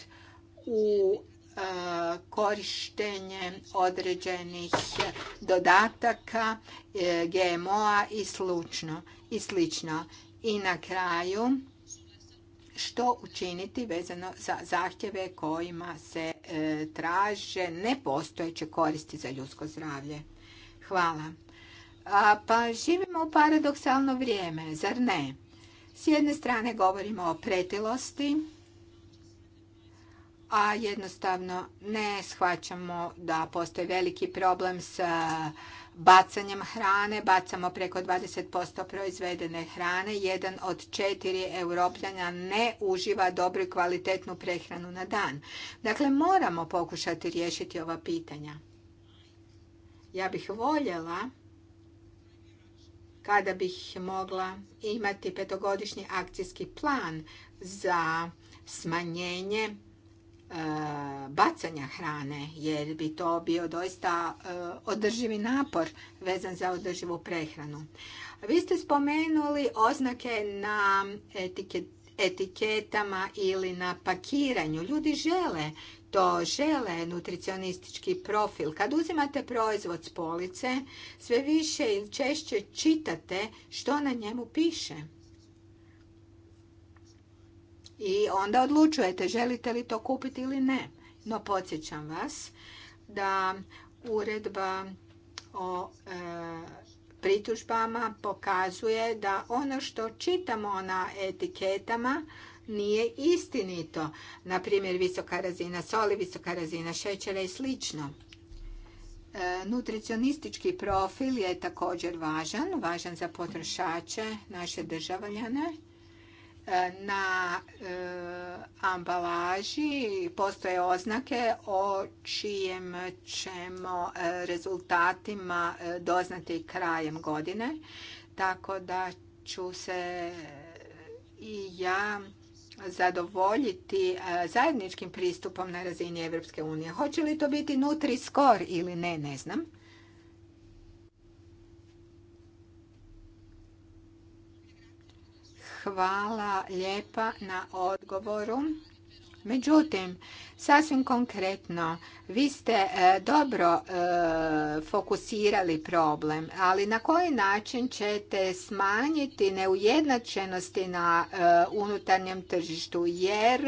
u e, korištenje određenih dodataka, e, GMO-a i, sl. i slično. I na kraju, što učiniti vezano za zahtjeve kojima se e, traže nepostojeće koristi za ljudsko zdravlje. Hvala. A, pa živimo u paradoksalno vrijeme, zar ne? S jedne strane govorimo o pretilosti, a jednostavno ne shvaćamo da postoji veliki problem s bacanjem hrane. Bacamo preko 20% proizvedene hrane. Jedan od četiri europljana ne uživa dobru i kvalitetnu prehranu na dan. Dakle, moramo pokušati riješiti ova pitanja. Ja bih voljela kada bih mogla imati petogodišnji akcijski plan za smanjenje e, bacanja hrane jer bi to bio doista e, održivi napor vezan za održivu prehranu. Vi ste spomenuli oznake na etiketama ili na pakiranju. Ljudi žele to žele nutricionistički profil. Kad uzimate proizvod s police, sve više i češće čitate što na njemu piše. I onda odlučujete želite li to kupiti ili ne. No podsjećam vas da uredba o e, pritužbama pokazuje da ono što čitamo na etiketama nije istinito. Na primjer, visoka razina soli, visoka razina šećera i sl. E, nutricionistički profil je također važan, važan za potrošače, naše državljane. E, na e, ambalaži postoje oznake o čijem ćemo rezultatima doznati krajem godine. Tako da ću se i ja zadovoljiti e, zajedničkim pristupom na razini Evropske unije. Hoće li to biti nutri skor ili ne, ne znam. Hvala lijepa na odgovoru. Međutim, Sasvim konkretno, vi ste e, dobro e, fokusirali problem, ali na koji način ćete smanjiti neujednačenosti na e, unutarnjem tržištu, jer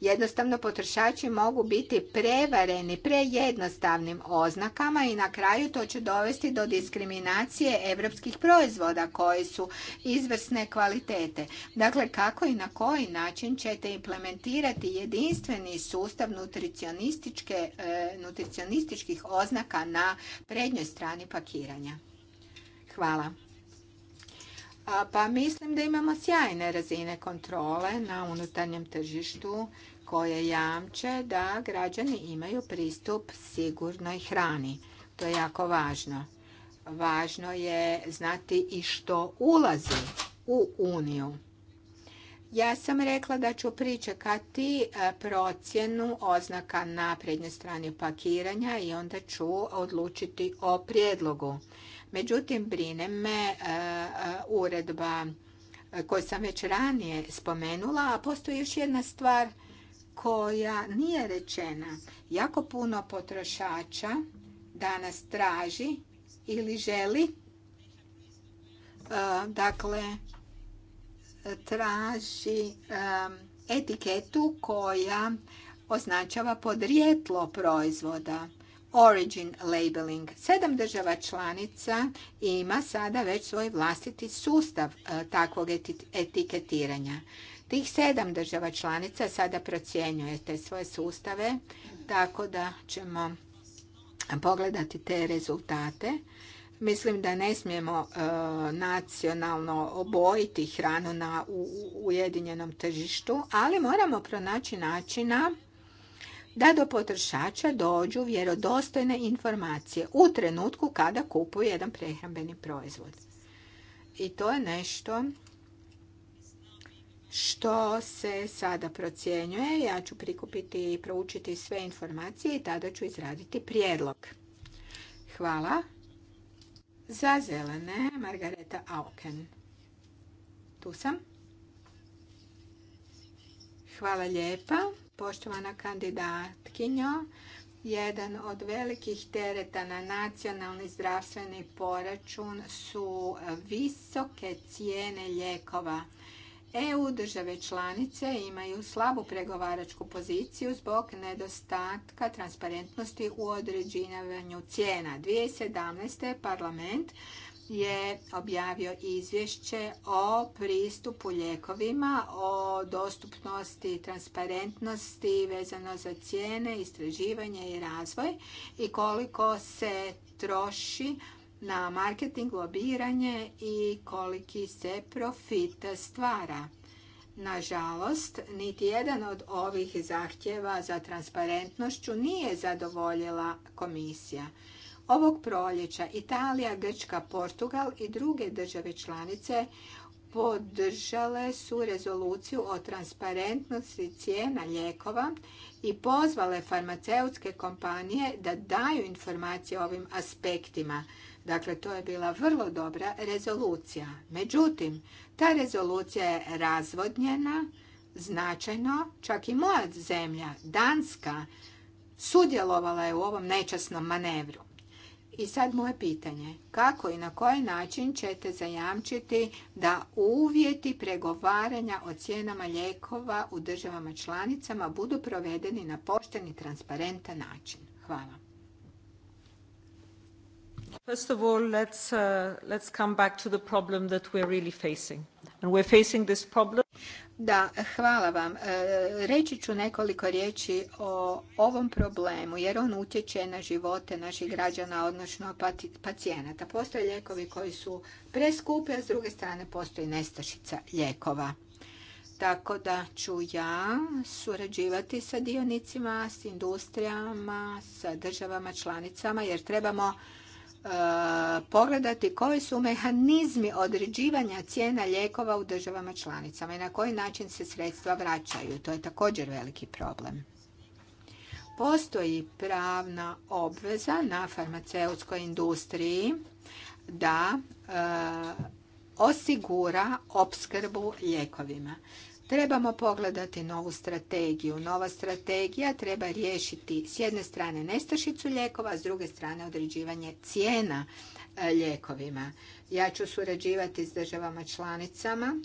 jednostavno potrošači mogu biti prevareni prejednostavnim oznakama i na kraju to će dovesti do diskriminacije evropskih proizvoda koji su izvrsne kvalitete. Dakle, kako i na koji način ćete implementirati jedinstveni sustav nutricionističke, e, nutricionističkih oznaka na prednjoj strani pakiranja. Hvala. Pa mislim da imamo sjajne razine kontrole na unutarnjem tržištu koje jamče da građani imaju pristup sigurnoj hrani. To je jako važno. Važno je znati i što ulazi u Uniju. Ja sam rekla da ću pričekati e, procjenu oznaka na prednjoj strani pakiranja i onda ću odlučiti o prijedlogu. Međutim, brine me e, e, uredba koju sam već ranije spomenula, a postoji još jedna stvar koja nije rečena. Jako puno potrošača danas traži ili želi dakle traži etiketu koja označava podrijetlo proizvoda. Origin Labeling. Sedam država članica ima sada već svoj vlastiti sustav e, takvog etiketiranja. Tih sedam država članica sada procjenjujete te svoje sustave, tako da ćemo pogledati te rezultate. Mislim da ne smijemo e, nacionalno obojiti hranu na ujedinjenom tržištu, ali moramo pronaći načina da do potrošača dođu vjerodostojne informacije u trenutku kada kupuje jedan prehrambeni proizvod. I to je nešto što se sada procjenjuje. Ja ću prikupiti i proučiti sve informacije i tada ću izraditi prijedlog. Hvala. Za zelene, Margareta Auken. Tu sam. Hvala lijepa, poštovana kandidatkinjo. Jedan od velikih tereta na nacionalni zdravstveni poračun su visoke cijene lijekova. EU države članice imaju slabu pregovaračku poziciju zbog nedostatka transparentnosti u određivanju cijena. 2017. parlament je objavio izvješće o pristupu ljekovima, o dostupnosti i transparentnosti vezano za cijene, istraživanje i razvoj i koliko se troši na marketing, lobiranje i koliki se profit stvara. Nažalost, niti jedan od ovih zahtjeva za transparentnošću nije zadovoljila komisija. Ovog proljeća Italija, Grčka, Portugal i druge države članice podržale su rezoluciju o transparentnosti cijena lijekova i pozvale farmaceutske kompanije da daju informacije o ovim aspektima. Dakle, to je bila vrlo dobra rezolucija. Međutim, ta rezolucija je razvodnjena značajno. Čak i moja zemlja, Danska, sudjelovala je u ovom nečasnom manevru. I sad moje pitanje, kako i na koji način ćete zajamčiti da uvjeti pregovaranja o cijenama lijekova u državama članicama budu provedeni na pošten i transparentan način? Hvala. First of all, uh, let's, come back to the problem that really facing. And facing this problem. Da, hvala vam. E, reći ću nekoliko riječi o ovom problemu, jer on utječe na živote naših građana, odnosno pacijenata. Postoje lijekovi koji su preskupi, a s druge strane postoji nestašica lijekova. Tako da ću ja surađivati sa dionicima, s industrijama, sa državama, članicama, jer trebamo E, pogledati koji su mehanizmi određivanja cijena lijekova u državama članicama i na koji način se sredstva vraćaju. To je također veliki problem. Postoji pravna obveza na farmaceutskoj industriji da e, osigura opskrbu lijekovima. Trebamo pogledati novu strategiju. Nova strategija treba riješiti s jedne strane nestašicu lijekova, a s druge strane određivanje cijena e, lijekovima. Ja ću surađivati s državama članicama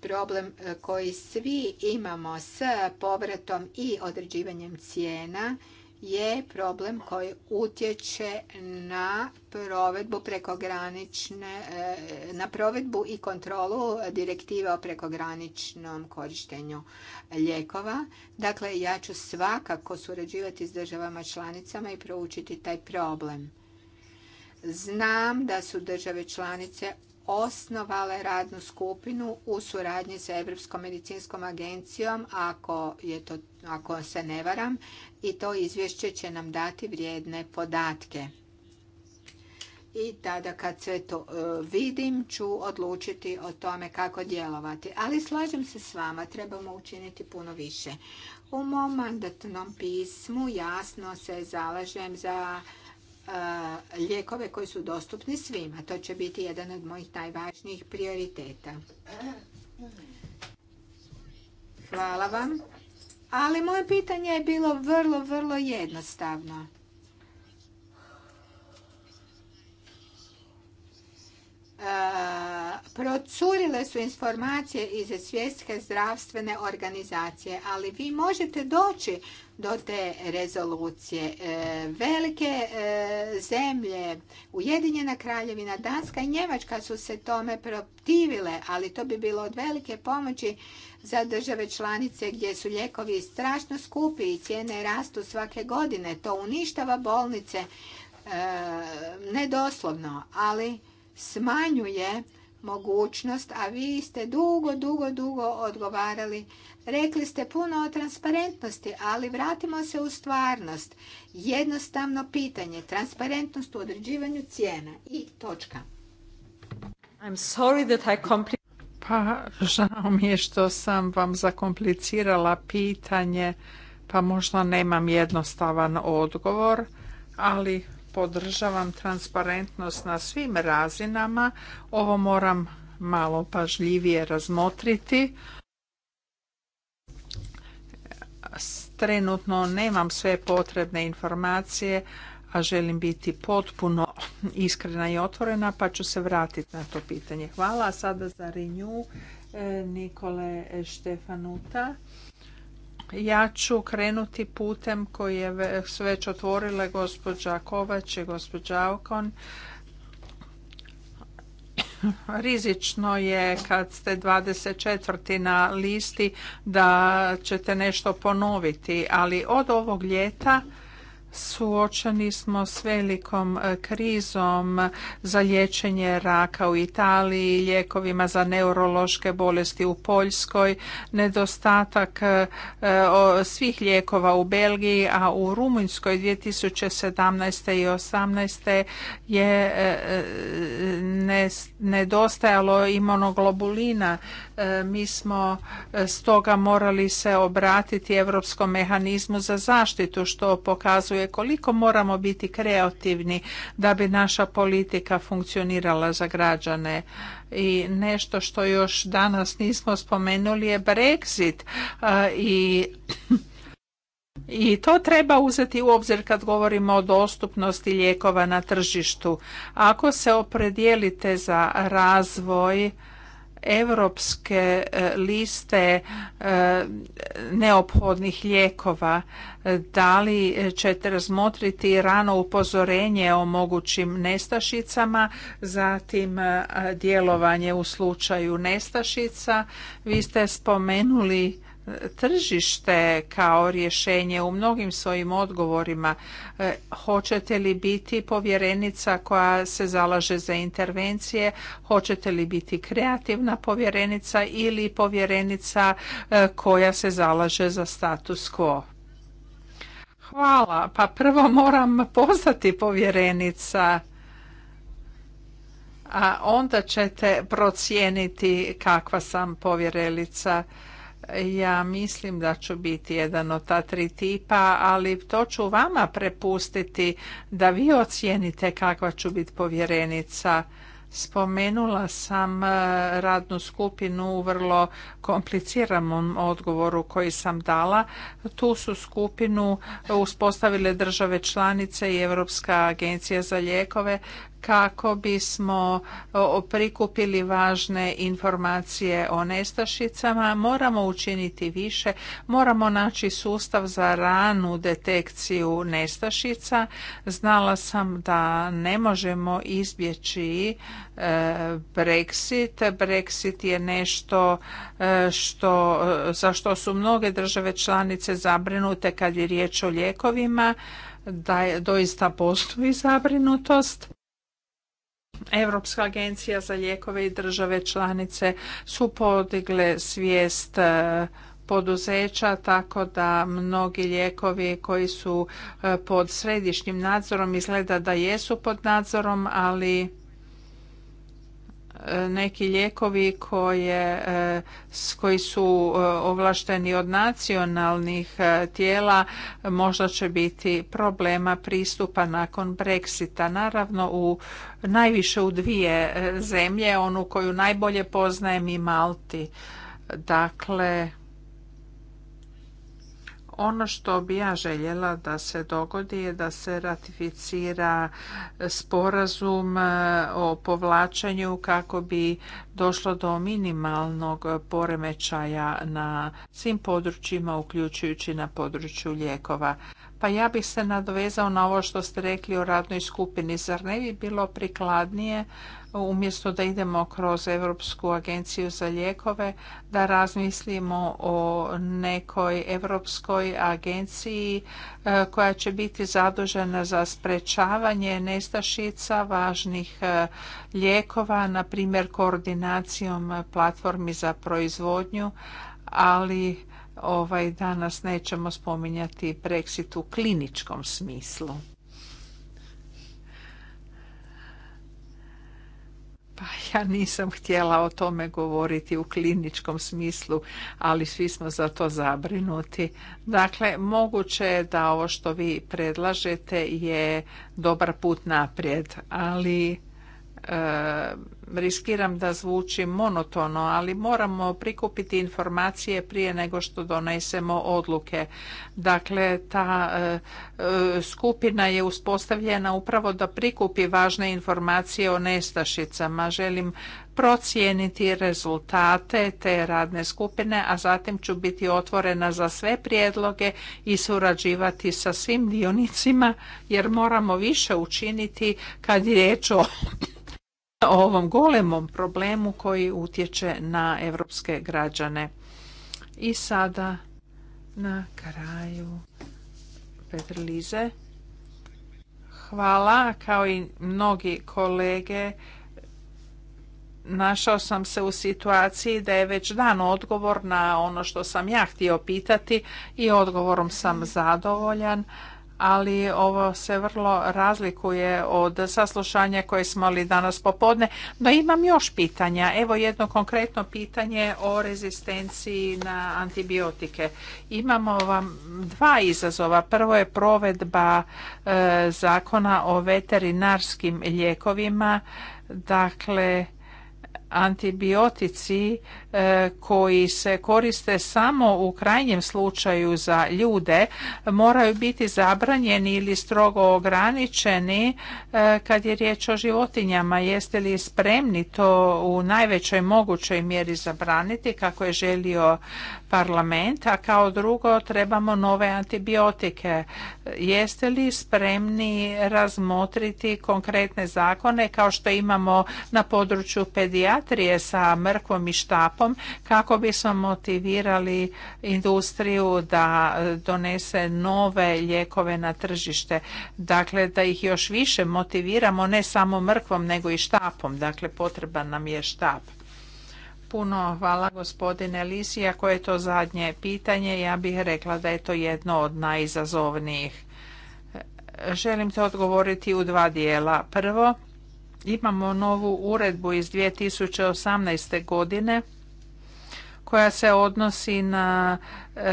problem e, koji svi imamo s povratom i određivanjem cijena je problem koji utječe na provedbu prekogranične, eh, na provedbu i kontrolu direktive o prekograničnom korištenju lijekova. Dakle, ja ću svakako surađivati s državama članicama i proučiti taj problem. Znam da su države članice osnovale radnu skupinu u suradnji sa Europskom medicinskom agencijom, ako, je to, ako se ne varam, i to izvješće će nam dati vrijedne podatke. I tada kad sve to e, vidim ću odlučiti o tome kako djelovati. Ali slažem se s vama, trebamo učiniti puno više. U mom mandatnom pismu jasno se zalažem za e, lijekove koji su dostupni svima. To će biti jedan od mojih najvažnijih prioriteta. Hvala vam. Ali moje pitanje je bilo vrlo, vrlo jednostavno. E, procurile su informacije iz Svjetske zdravstvene organizacije, ali vi možete doći do te rezolucije. E, velike e, zemlje, Ujedinjena kraljevina, Danska i Njemačka su se tome protivile, ali to bi bilo od velike pomoći za države članice gdje su ljekovi strašno skupi i cijene rastu svake godine. To uništava bolnice e, nedoslovno, ali smanjuje mogućnost, a vi ste dugo, dugo, dugo odgovarali. Rekli ste puno o transparentnosti, ali vratimo se u stvarnost. Jednostavno pitanje, transparentnost u određivanju cijena i točka. I'm sorry that I pa žao mi je što sam vam zakomplicirala pitanje, pa možda nemam jednostavan odgovor, ali podržavam transparentnost na svim razinama. Ovo moram malo pažljivije razmotriti. Trenutno nemam sve potrebne informacije, a želim biti potpuno iskrena i otvorena, pa ću se vratiti na to pitanje. Hvala. A sada za Renju e, Nikole Štefanuta. Ja ću krenuti putem koji je već otvorile gospođa Kovač i gospođa Aukon. Rizično je kad ste 24. na listi da ćete nešto ponoviti, ali od ovog ljeta Suočeni smo s velikom e, krizom za liječenje raka u Italiji, lijekovima za neurološke bolesti u Poljskoj, nedostatak e, e, svih lijekova u Belgiji, a u Rumunjskoj 2017. i 2018. je nedostajalo imunoglobulina. Mi smo stoga morali se obratiti Europskom mehanizmu za zaštitu, što pokazuje koliko moramo biti kreativni da bi naša politika funkcionirala za građane. I nešto što još danas nismo spomenuli je Brexit i i to treba uzeti u obzir kad govorimo o dostupnosti lijekova na tržištu. Ako se opredijelite za razvoj europske e, liste e, neophodnih lijekova. Da li ćete razmotriti rano upozorenje o mogućim nestašicama, zatim e, djelovanje u slučaju nestašica. Vi ste spomenuli tržište kao rješenje u mnogim svojim odgovorima. E, hoćete li biti povjerenica koja se zalaže za intervencije? Hoćete li biti kreativna povjerenica ili povjerenica e, koja se zalaže za status quo? Hvala. Pa prvo moram postati povjerenica a onda ćete procijeniti kakva sam povjerenica. Ja mislim da ću biti jedan od ta tri tipa, ali to ću vama prepustiti da vi ocijenite kakva ću biti povjerenica. Spomenula sam e, radnu skupinu u vrlo kompliciranom odgovoru koji sam dala. Tu su skupinu uspostavile države članice i Europska agencija za lijekove kako bismo prikupili važne informacije o nestašicama. Moramo učiniti više, moramo naći sustav za ranu detekciju nestašica. Znala sam da ne možemo izbjeći e, Brexit. Brexit je nešto e, što, e, za što su mnoge države članice zabrinute kad je riječ o lijekovima da doista postoji zabrinutost Europska agencija za lijekove i države članice su podigle svijest e, poduzeća tako da mnogi lijekovi koji su e, pod središnjim nadzorom izgleda da jesu pod nadzorom, ali neki lijekovi koje, e, koji su e, ovlašteni od nacionalnih e, tijela možda će biti problema pristupa nakon Brexita. Naravno u najviše u dvije zemlje, onu koju najbolje poznajem i Malti. Dakle, ono što bi ja željela da se dogodi je da se ratificira sporazum e, o povlačenju kako bi došlo do minimalnog poremećaja na svim područjima, uključujući na području lijekova. Pa ja bih se nadovezao na ovo što ste rekli o radnoj skupini. Zar ne bi bilo prikladnije umjesto da idemo kroz Europsku agenciju za lijekove, da razmislimo o nekoj Europskoj agenciji e, koja će biti zadužena za sprečavanje nestašica važnih e, lijekova, na primjer koordinacijom platformi za proizvodnju, ali ovaj danas nećemo spominjati Brexit u kliničkom smislu. Pa ja nisam htjela o tome govoriti u kliničkom smislu, ali svi smo za to zabrinuti. Dakle, moguće je da ovo što vi predlažete je dobar put naprijed, ali E, riskiram da zvuči monotono, ali moramo prikupiti informacije prije nego što donesemo odluke. Dakle, ta e, e, skupina je uspostavljena upravo da prikupi važne informacije o nestašicama. Želim procijeniti rezultate te radne skupine, a zatim ću biti otvorena za sve prijedloge i surađivati sa svim dionicima jer moramo više učiniti kad je riječ o o ovom golemom problemu koji utječe na evropske građane. I sada na kraju Petr Lize. Hvala, kao i mnogi kolege, našao sam se u situaciji da je već dan odgovor na ono što sam ja htio pitati i odgovorom sam zadovoljan ali ovo se vrlo razlikuje od saslušanja koje smo imali danas popodne. No imam još pitanja. Evo jedno konkretno pitanje o rezistenciji na antibiotike. Imamo vam dva izazova. Prvo je provedba e, zakona o veterinarskim lijekovima. Dakle, antibiotici E, koji se koriste samo u krajnjem slučaju za ljude moraju biti zabranjeni ili strogo ograničeni e, kad je riječ o životinjama. Jeste li spremni to u najvećoj mogućoj mjeri zabraniti kako je želio parlament, a kao drugo trebamo nove antibiotike. Jeste li spremni razmotriti konkretne zakone kao što imamo na području pedijatrije sa mrkvom i štapom kako bismo motivirali industriju da donese nove lijekove na tržište. Dakle, da ih još više motiviramo ne samo mrkvom nego i štapom. Dakle, potreban nam je štap puno hvala gospodine Lisi. Ako je to zadnje pitanje, ja bih rekla da je to jedno od najizazovnijih. Želim to odgovoriti u dva dijela. Prvo, imamo novu uredbu iz 2018. godine koja se odnosi na e,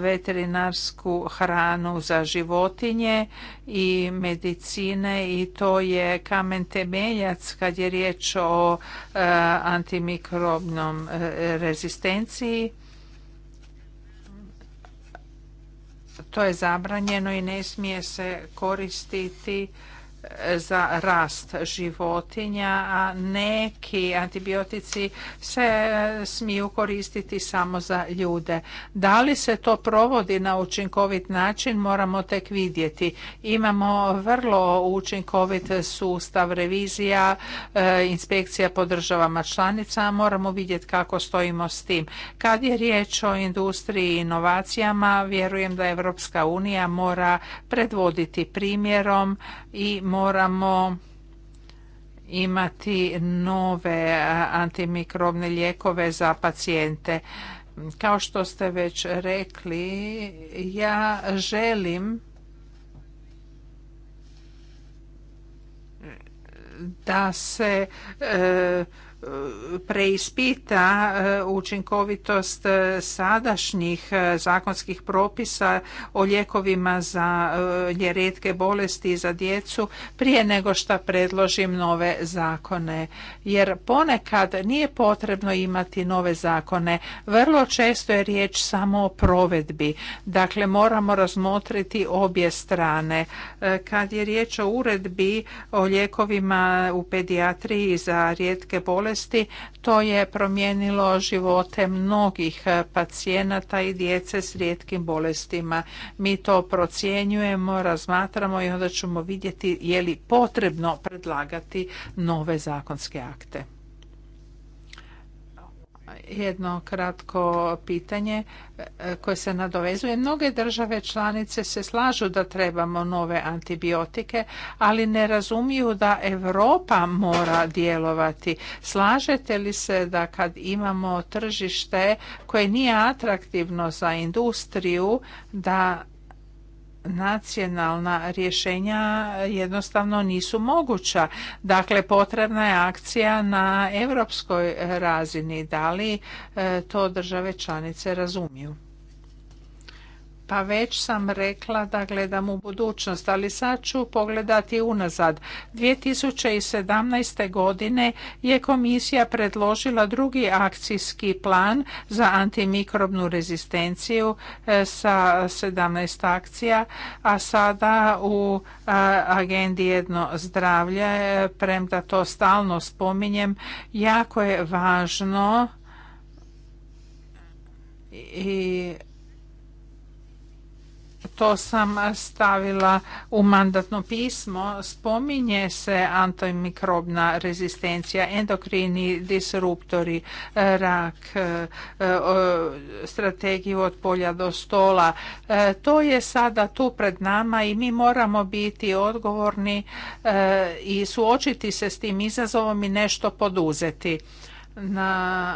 veterinarsku hranu za životinje i medicine i to je kamen temeljac kad je riječ o e, antimikrobnom e, rezistenciji. To je zabranjeno i ne smije se koristiti za rast životinja, a neki antibiotici se smiju koristiti samo za ljude. Da li se to provodi na učinkovit način, moramo tek vidjeti. Imamo vrlo učinkovit sustav revizija, e, inspekcija po državama članica, moramo vidjeti kako stojimo s tim. Kad je riječ o industriji i inovacijama, vjerujem da Europska unija mora predvoditi primjerom i moramo imati nove antimikrobne lijekove za pacijente. Kao što ste već rekli, ja želim da se e, preispita e, učinkovitost e, sadašnjih e, zakonskih propisa o lijekovima za rijetke bolesti za djecu prije nego što predložim nove zakone. Jer ponekad nije potrebno imati nove zakone. Vrlo često je riječ samo o provedbi. Dakle, moramo razmotriti obje strane. Kad je riječ o uredbi o lijekovima u pedijatriji za rijetke bolesti, bolesti. To je promijenilo živote mnogih eh, pacijenata i djece s rijetkim bolestima. Mi to procjenjujemo, razmatramo i onda ćemo vidjeti je li potrebno predlagati nove zakonske akte jedno kratko pitanje e, koje se nadovezuje. Mnoge države članice se slažu da trebamo nove antibiotike, ali ne razumiju da Europa mora djelovati. Slažete li se da kad imamo tržište koje nije atraktivno za industriju, da nacionalna rješenja jednostavno nisu moguća. Dakle, potrebna je akcija na europskoj razini. Da li e, to države članice razumiju? Pa već sam rekla da gledam u budućnost, ali sad ću pogledati unazad. 2017. godine je komisija predložila drugi akcijski plan za antimikrobnu rezistenciju e, sa 17 akcija, a sada u e, agendi jedno zdravlje, e, premda to stalno spominjem, jako je važno i to sam stavila u mandatno pismo, spominje se antimikrobna rezistencija, endokrini disruptori, rak, e, strategiju od polja do stola. E, to je sada tu pred nama i mi moramo biti odgovorni e, i suočiti se s tim izazovom i nešto poduzeti. Na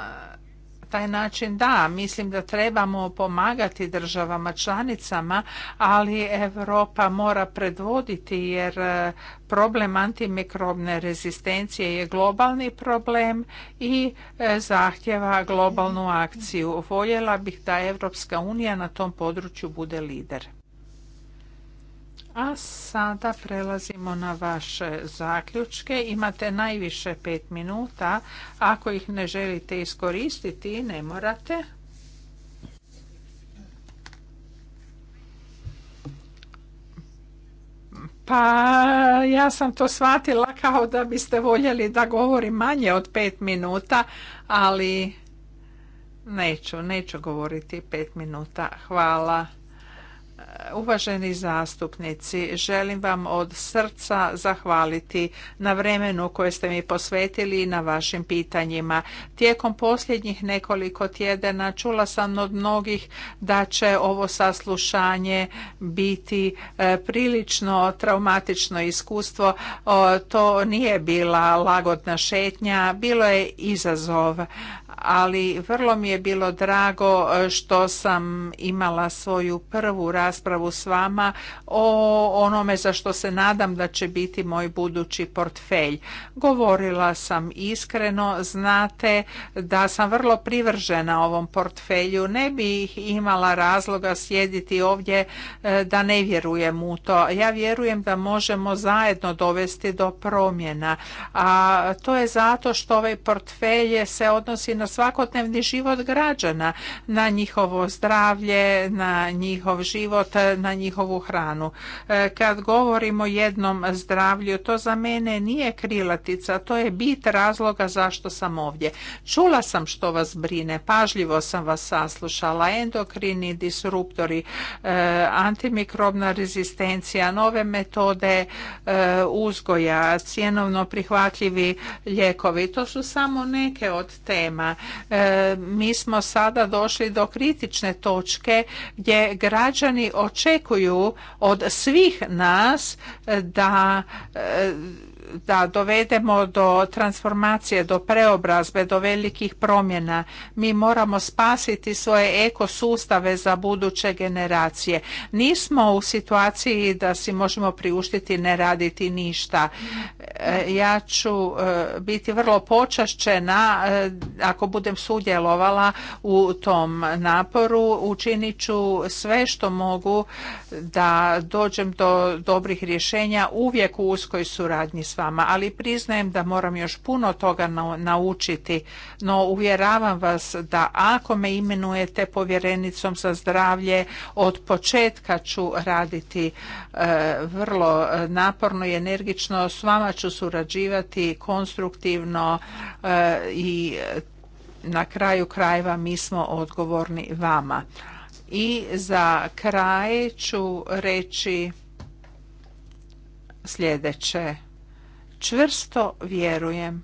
taj način da, mislim da trebamo pomagati državama članicama, ali Europa mora predvoditi jer e, problem antimikrobne rezistencije je globalni problem i e, zahtjeva globalnu akciju. Voljela bih da Europska unija na tom području bude lider. A sada prelazimo na vaše zaključke. Imate najviše pet minuta. Ako ih ne želite iskoristiti, ne morate. Pa ja sam to shvatila kao da biste voljeli da govori manje od pet minuta, ali neću, neću govoriti pet minuta. Hvala. Uvaženi zastupnici, želim vam od srca zahvaliti na vremenu koje ste mi posvetili i na vašim pitanjima. Tijekom posljednjih nekoliko tjedana čula sam od mnogih da će ovo saslušanje biti e, prilično traumatično iskustvo. To nije bila lagodna šetnja, bilo je izazov ali vrlo mi je bilo drago e, što sam imala svoju prvu raspravu s vama o onome za što se nadam da će biti moj budući portfelj. Govorila sam iskreno, znate da sam vrlo privržena ovom portfelju, ne bih imala razloga sjediti ovdje e, da ne vjerujem u to. Ja vjerujem da možemo zajedno dovesti do promjena, a to je zato što ovaj portfelj se odnosi na na svakodnevni život građana, na njihovo zdravlje, na njihov život, na njihovu hranu. E, kad govorimo jednom zdravlju, to za mene nije krilatica, to je bit razloga zašto sam ovdje. Čula sam što vas brine, pažljivo sam vas saslušala, endokrini disruptori, e, antimikrobna rezistencija, nove metode e, uzgoja, cjenovno prihvatljivi lijekovi. To su samo neke od tema. E, mi smo sada došli do kritične točke gdje građani očekuju od svih nas da e, da dovedemo do transformacije, do preobrazbe, do velikih promjena. Mi moramo spasiti svoje ekosustave za buduće generacije. Nismo u situaciji da si možemo priuštiti ne raditi ništa. E, ja ću e, biti vrlo počašćena e, ako budem sudjelovala u tom naporu. Učinit ću sve što mogu da dođem do dobrih rješenja uvijek u uskoj suradnji s vama, ali priznajem da moram još puno toga naučiti, no uvjeravam vas da ako me imenujete povjerenicom za zdravlje, od početka ću raditi e, vrlo e, naporno i energično, s vama ću surađivati konstruktivno e, i na kraju krajeva mi smo odgovorni vama. I za kraj ću reći sljedeće čvrsto vjerujem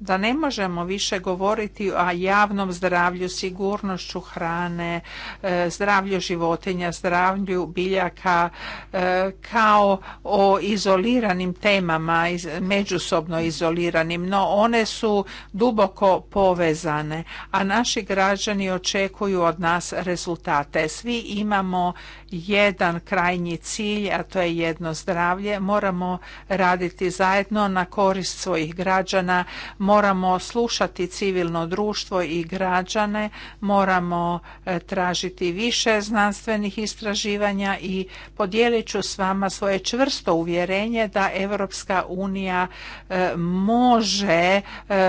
da ne možemo više govoriti o javnom zdravlju, sigurnošću hrane, e, zdravlju životinja, zdravlju biljaka e, kao o izoliranim temama, međusobno izoliranim, no one su duboko povezane, a naši građani očekuju od nas rezultate. Svi imamo jedan krajnji cilj, a to je jedno zdravlje. Moramo raditi zajedno na korist svojih građana, moramo slušati civilno društvo i građane, moramo e, tražiti više znanstvenih istraživanja i podijelit ću s vama svoje čvrsto uvjerenje da Europska unija e, može e,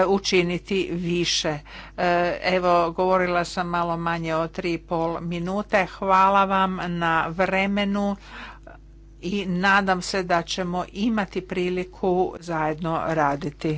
učiniti više. Evo, govorila sam malo manje od 3,5 minute. Hvala vam na na vremenu i nadam se da ćemo imati priliku zajedno raditi.